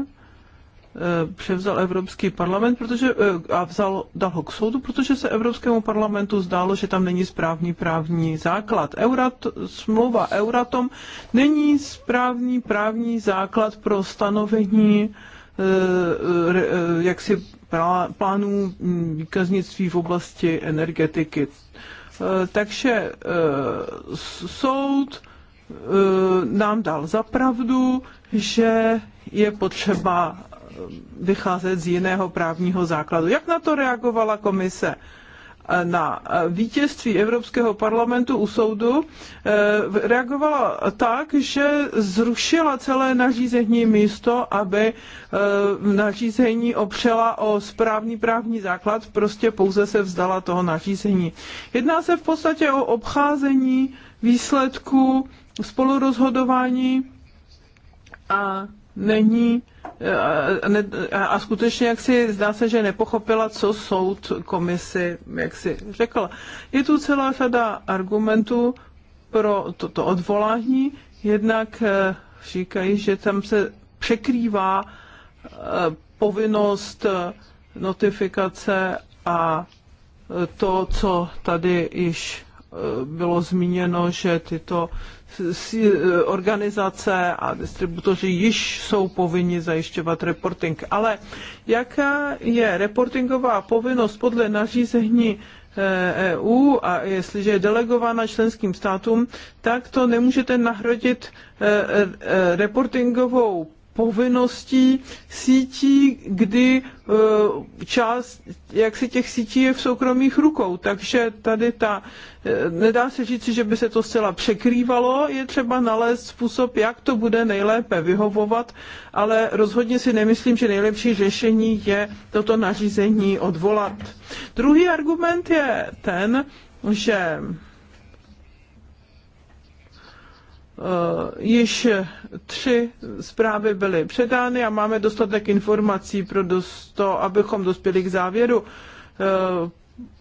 Eh, převzal Evropský parlament protože, eh, a vzal, dal ho k soudu, protože se Evropskému parlamentu zdálo, že tam není správný právní základ. Eurat, smlouva Euratom není správný právní základ pro stanovení eh, jaksi plánů mm, výkaznictví v oblasti energetiky. Takže soud nám dal za pravdu, že je potřeba vycházet z jiného právního základu. Jak na to reagovala komise? na vítězství Evropského parlamentu u soudu eh, reagovala tak, že zrušila celé nařízení místo, aby eh, nařízení opřela o správný právní základ, prostě pouze se vzdala toho nařízení. Jedná se v podstatě o obcházení výsledků spolurozhodování a není a, eh, ne, a skutečně jak si zdá se, že nepochopila, co soud komisi jak si řekla. Je tu celá řada argumentů pro toto odvolání, jednak eh, říkají, že tam se překrývá eh, povinnost notifikace a to, co tady již bylo zmíněno, že tyto Eh, organizace a distributoři již jsou povinni zajišťovat reporting. Ale jaká je reportingová povinnost podle nařízení EU eh, e a jestliže je delegována členským státům, tak to nemůžete nahradit eh, reportingovou povinností sítí, kdy e, část jak si těch sítí je v soukromých rukou. Takže tady ta, e, nedá se říct, že by se to zcela překrývalo, je třeba nalézt způsob, jak to bude nejlépe vyhovovat, ale rozhodně si nemyslím, že nejlepší řešení je toto nařízení odvolat. Druhý argument je ten, že Eh, již tři zprávy byly předány a máme dostatek informací pro to, abychom dospěli k závěru. Eh,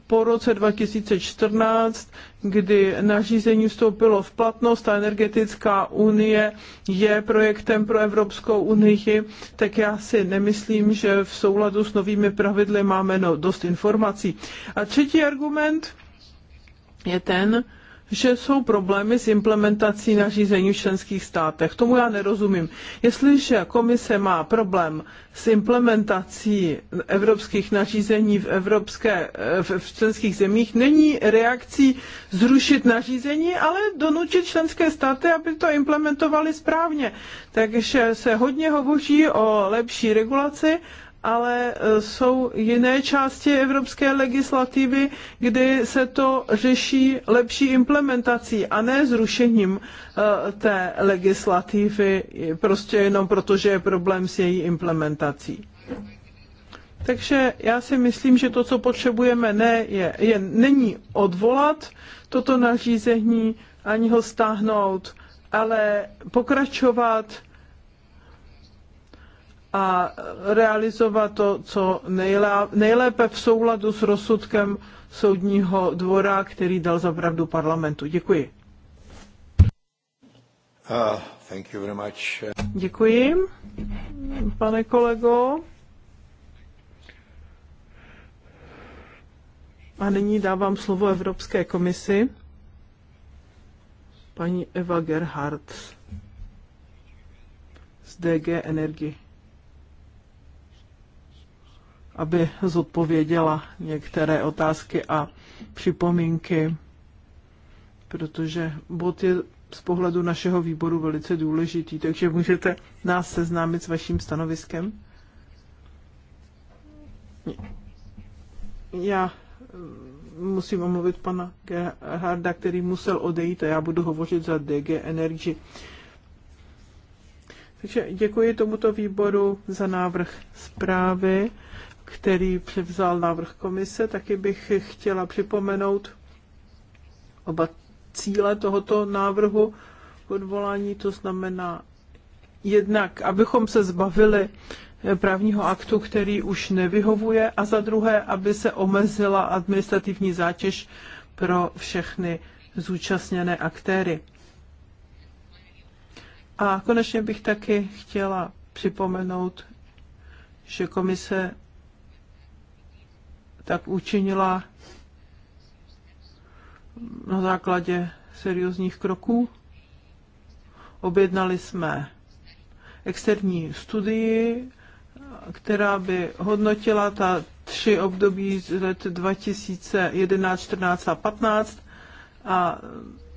po roce 2014, kdy nařízení vstoupilo v platnost, a energetická unie je projektem pro Evropskou unii, tak já si nemyslím, že v souladu s novými pravidly máme no, dost informací. A třetí argument je ten, že jsou problémy s implementací nařízení v členských státech. Tomu já nerozumím. Jestliže komise má problém s implementací evropských nařízení v, evropské, v členských zemích, není reakcí zrušit nařízení, ale donutit členské státy, aby to implementovali správně. Takže se hodně hovoří o lepší regulaci, ale e, jsou jiné části evropské legislativy, kdy se to řeší lepší implementací a ne zrušením e, té legislativy, prostě jenom proto, že je problém s její implementací. Takže já si myslím, že to, co potřebujeme, ne, je, je, není odvolat toto nařízení ani ho stáhnout, ale pokračovat a realizovat to, co nejlépe v souladu s rozsudkem soudního dvora, který dal za pravdu parlamentu. Děkuji. Uh, thank you very much. Děkuji, pane kolego. A nyní dávám slovo Evropské komisi. Paní Eva Gerhardt z DG Energie aby zodpověděla některé otázky a připomínky, protože bod je z pohledu našeho výboru velice důležitý, takže můžete nás seznámit s vaším stanoviskem? Já eh, musím omluvit pana Gerharda, který musel odejít a já budu hovořit za DG Energy. Takže děkuji tomuto výboru za návrh zprávy který převzal návrh komise, taky bych chtěla připomenout oba cíle tohoto návrhu odvolání, to znamená jednak, abychom se zbavili právního aktu, který už nevyhovuje, a za druhé, aby se omezila administrativní zátěž pro všechny zúčastněné aktéry. A konečně bych taky chtěla připomenout, že komise tak učinila na základě seriózních kroků. Objednali jsme externí studii, která by hodnotila ta tři období z let 2011, 14 a 15 a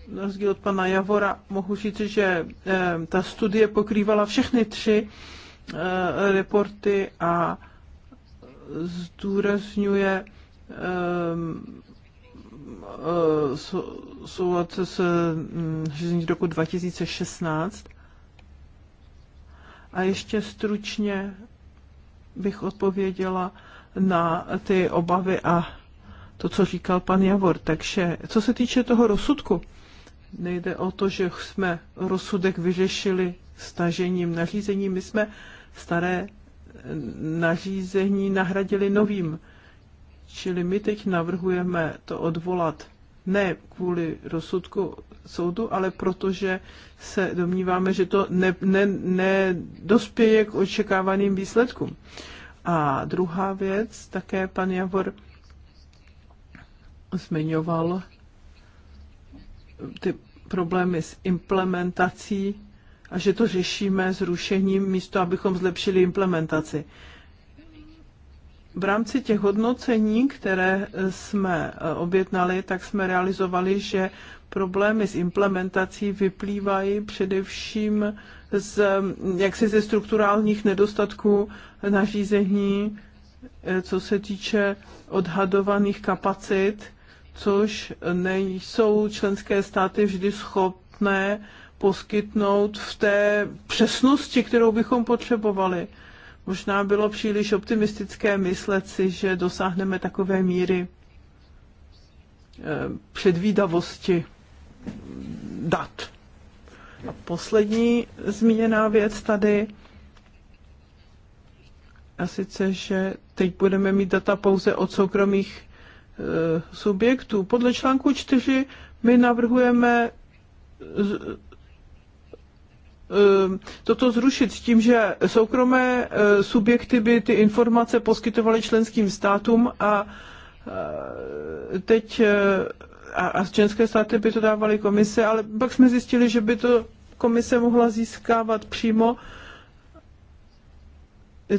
na rozdíl od pana Javora mohu říct, že eh, ta studie pokrývala všechny tři eh, reporty a zdůrazňuje ehm, eh, soulad se mm, řízení roku 2016. A ještě stručně bych odpověděla na ty obavy a to, co říkal pan Javor. Takže co se týče toho rozsudku, nejde o to, že jsme rozsudek vyřešili stažením nařízení. My jsme staré nařízení nahradili novým. Čili my teď navrhujeme to odvolat ne kvůli rozsudku soudu, ale protože se domníváme, že to nedospěje ne, ne, k očekávaným výsledkům. A druhá věc, také pan Javor zmiňoval ty problémy s implementací a že to řešíme zrušením místo, abychom zlepšili implementaci. V rámci těch hodnocení, které eh, jsme eh, objednali, tak jsme realizovali, že problémy s implementací vyplývají především z, mm, jaksi ze strukturálních nedostatků nařízení, eh, co se týče odhadovaných kapacit, což nejsou členské státy vždy schopné poskytnout v té přesnosti, kterou bychom potřebovali. Možná bylo příliš optimistické myslet si, že dosáhneme takové míry eh, předvídavosti mm, dat. A poslední zmíněná věc tady, a sice, že teď budeme mít data pouze od soukromých e, subjektů. Podle článku 4 my navrhujeme Ehm, toto zrušit s tím, že soukromé eh, subjekty by ty informace poskytovaly členským státům a eh, teď eh, a, a členské státy by to dávaly komise, ale pak jsme zjistili, že by to komise mohla získávat přímo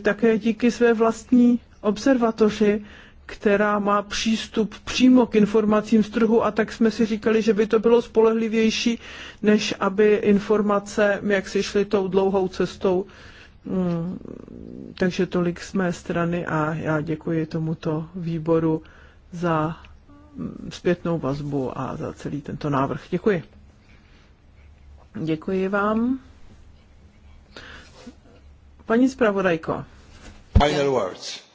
také díky své vlastní observatoři která má přístup přímo k informacím z trhu a tak jsme si říkali, že by to bylo spolehlivější, než aby informace, jak si šly tou dlouhou cestou. Hmm, takže tolik z mé strany a já děkuji tomuto výboru za hmm, zpětnou vazbu a za celý tento návrh. Děkuji. Děkuji vám. Paní zpravodajko. Final words.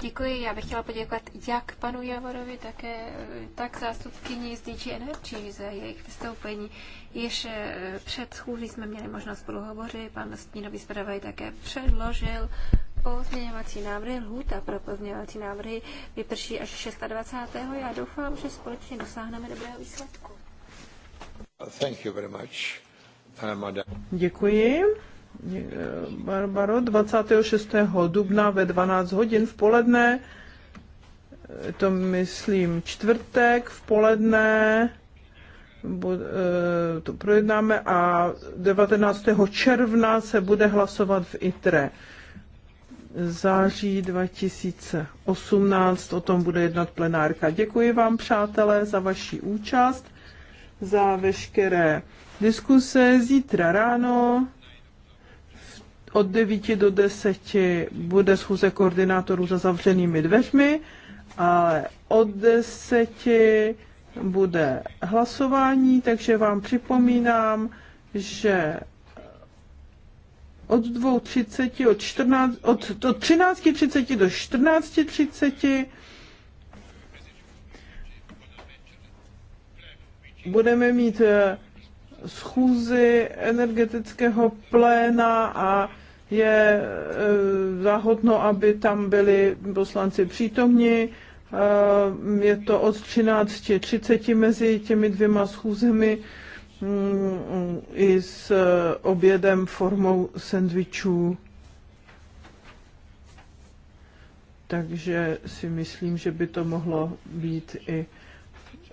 Děkuji, já bych chtěla poděkovat jak panu Javorovi, také, eh, tak zástupkyni z DG Energy za jejich vystoupení. Již eh, před schůzí jsme měli možnost spolu hovořit, pan Stínový zpravaj také předložil pozměňovací návrhy, lhůta pro pozměňovací návrhy vyprší až 26. Já doufám, že společně dosáhneme dobrého výsledku. Thank you very much, Děkuji. Barbaro 26. dubna ve 12 hodin v poledne, to myslím čtvrtek v poledne, eh, to projednáme a 19. června se bude hlasovat v ITRE. Září 2018 o tom bude jednat plenárka. Děkuji vám, přátelé, za vaši účast, za veškeré diskuse. Zítra ráno od 9 do 10 bude schůze koordinátorů za zavřenými dveřmi, ale od 10 bude hlasování, takže vám připomínám, že od 2.30, od, 14, od, od 13.30 do 14.30 budeme mít eh, schůzy energetického pléna a je e, záhodno, aby tam byli poslanci přítomni. E, je to od 13.30 mezi těmi dvěma schůzemi mm, i s e, obědem formou sendvičů. Takže si myslím, že by to mohlo být i,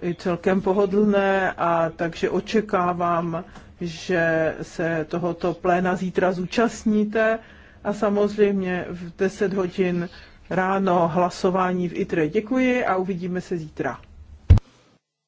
i celkem pohodlné a takže očekávám že se tohoto pléna zítra zúčastníte a samozřejmě v 10 hodin ráno hlasování v ITRE. Děkuji a uvidíme se zítra.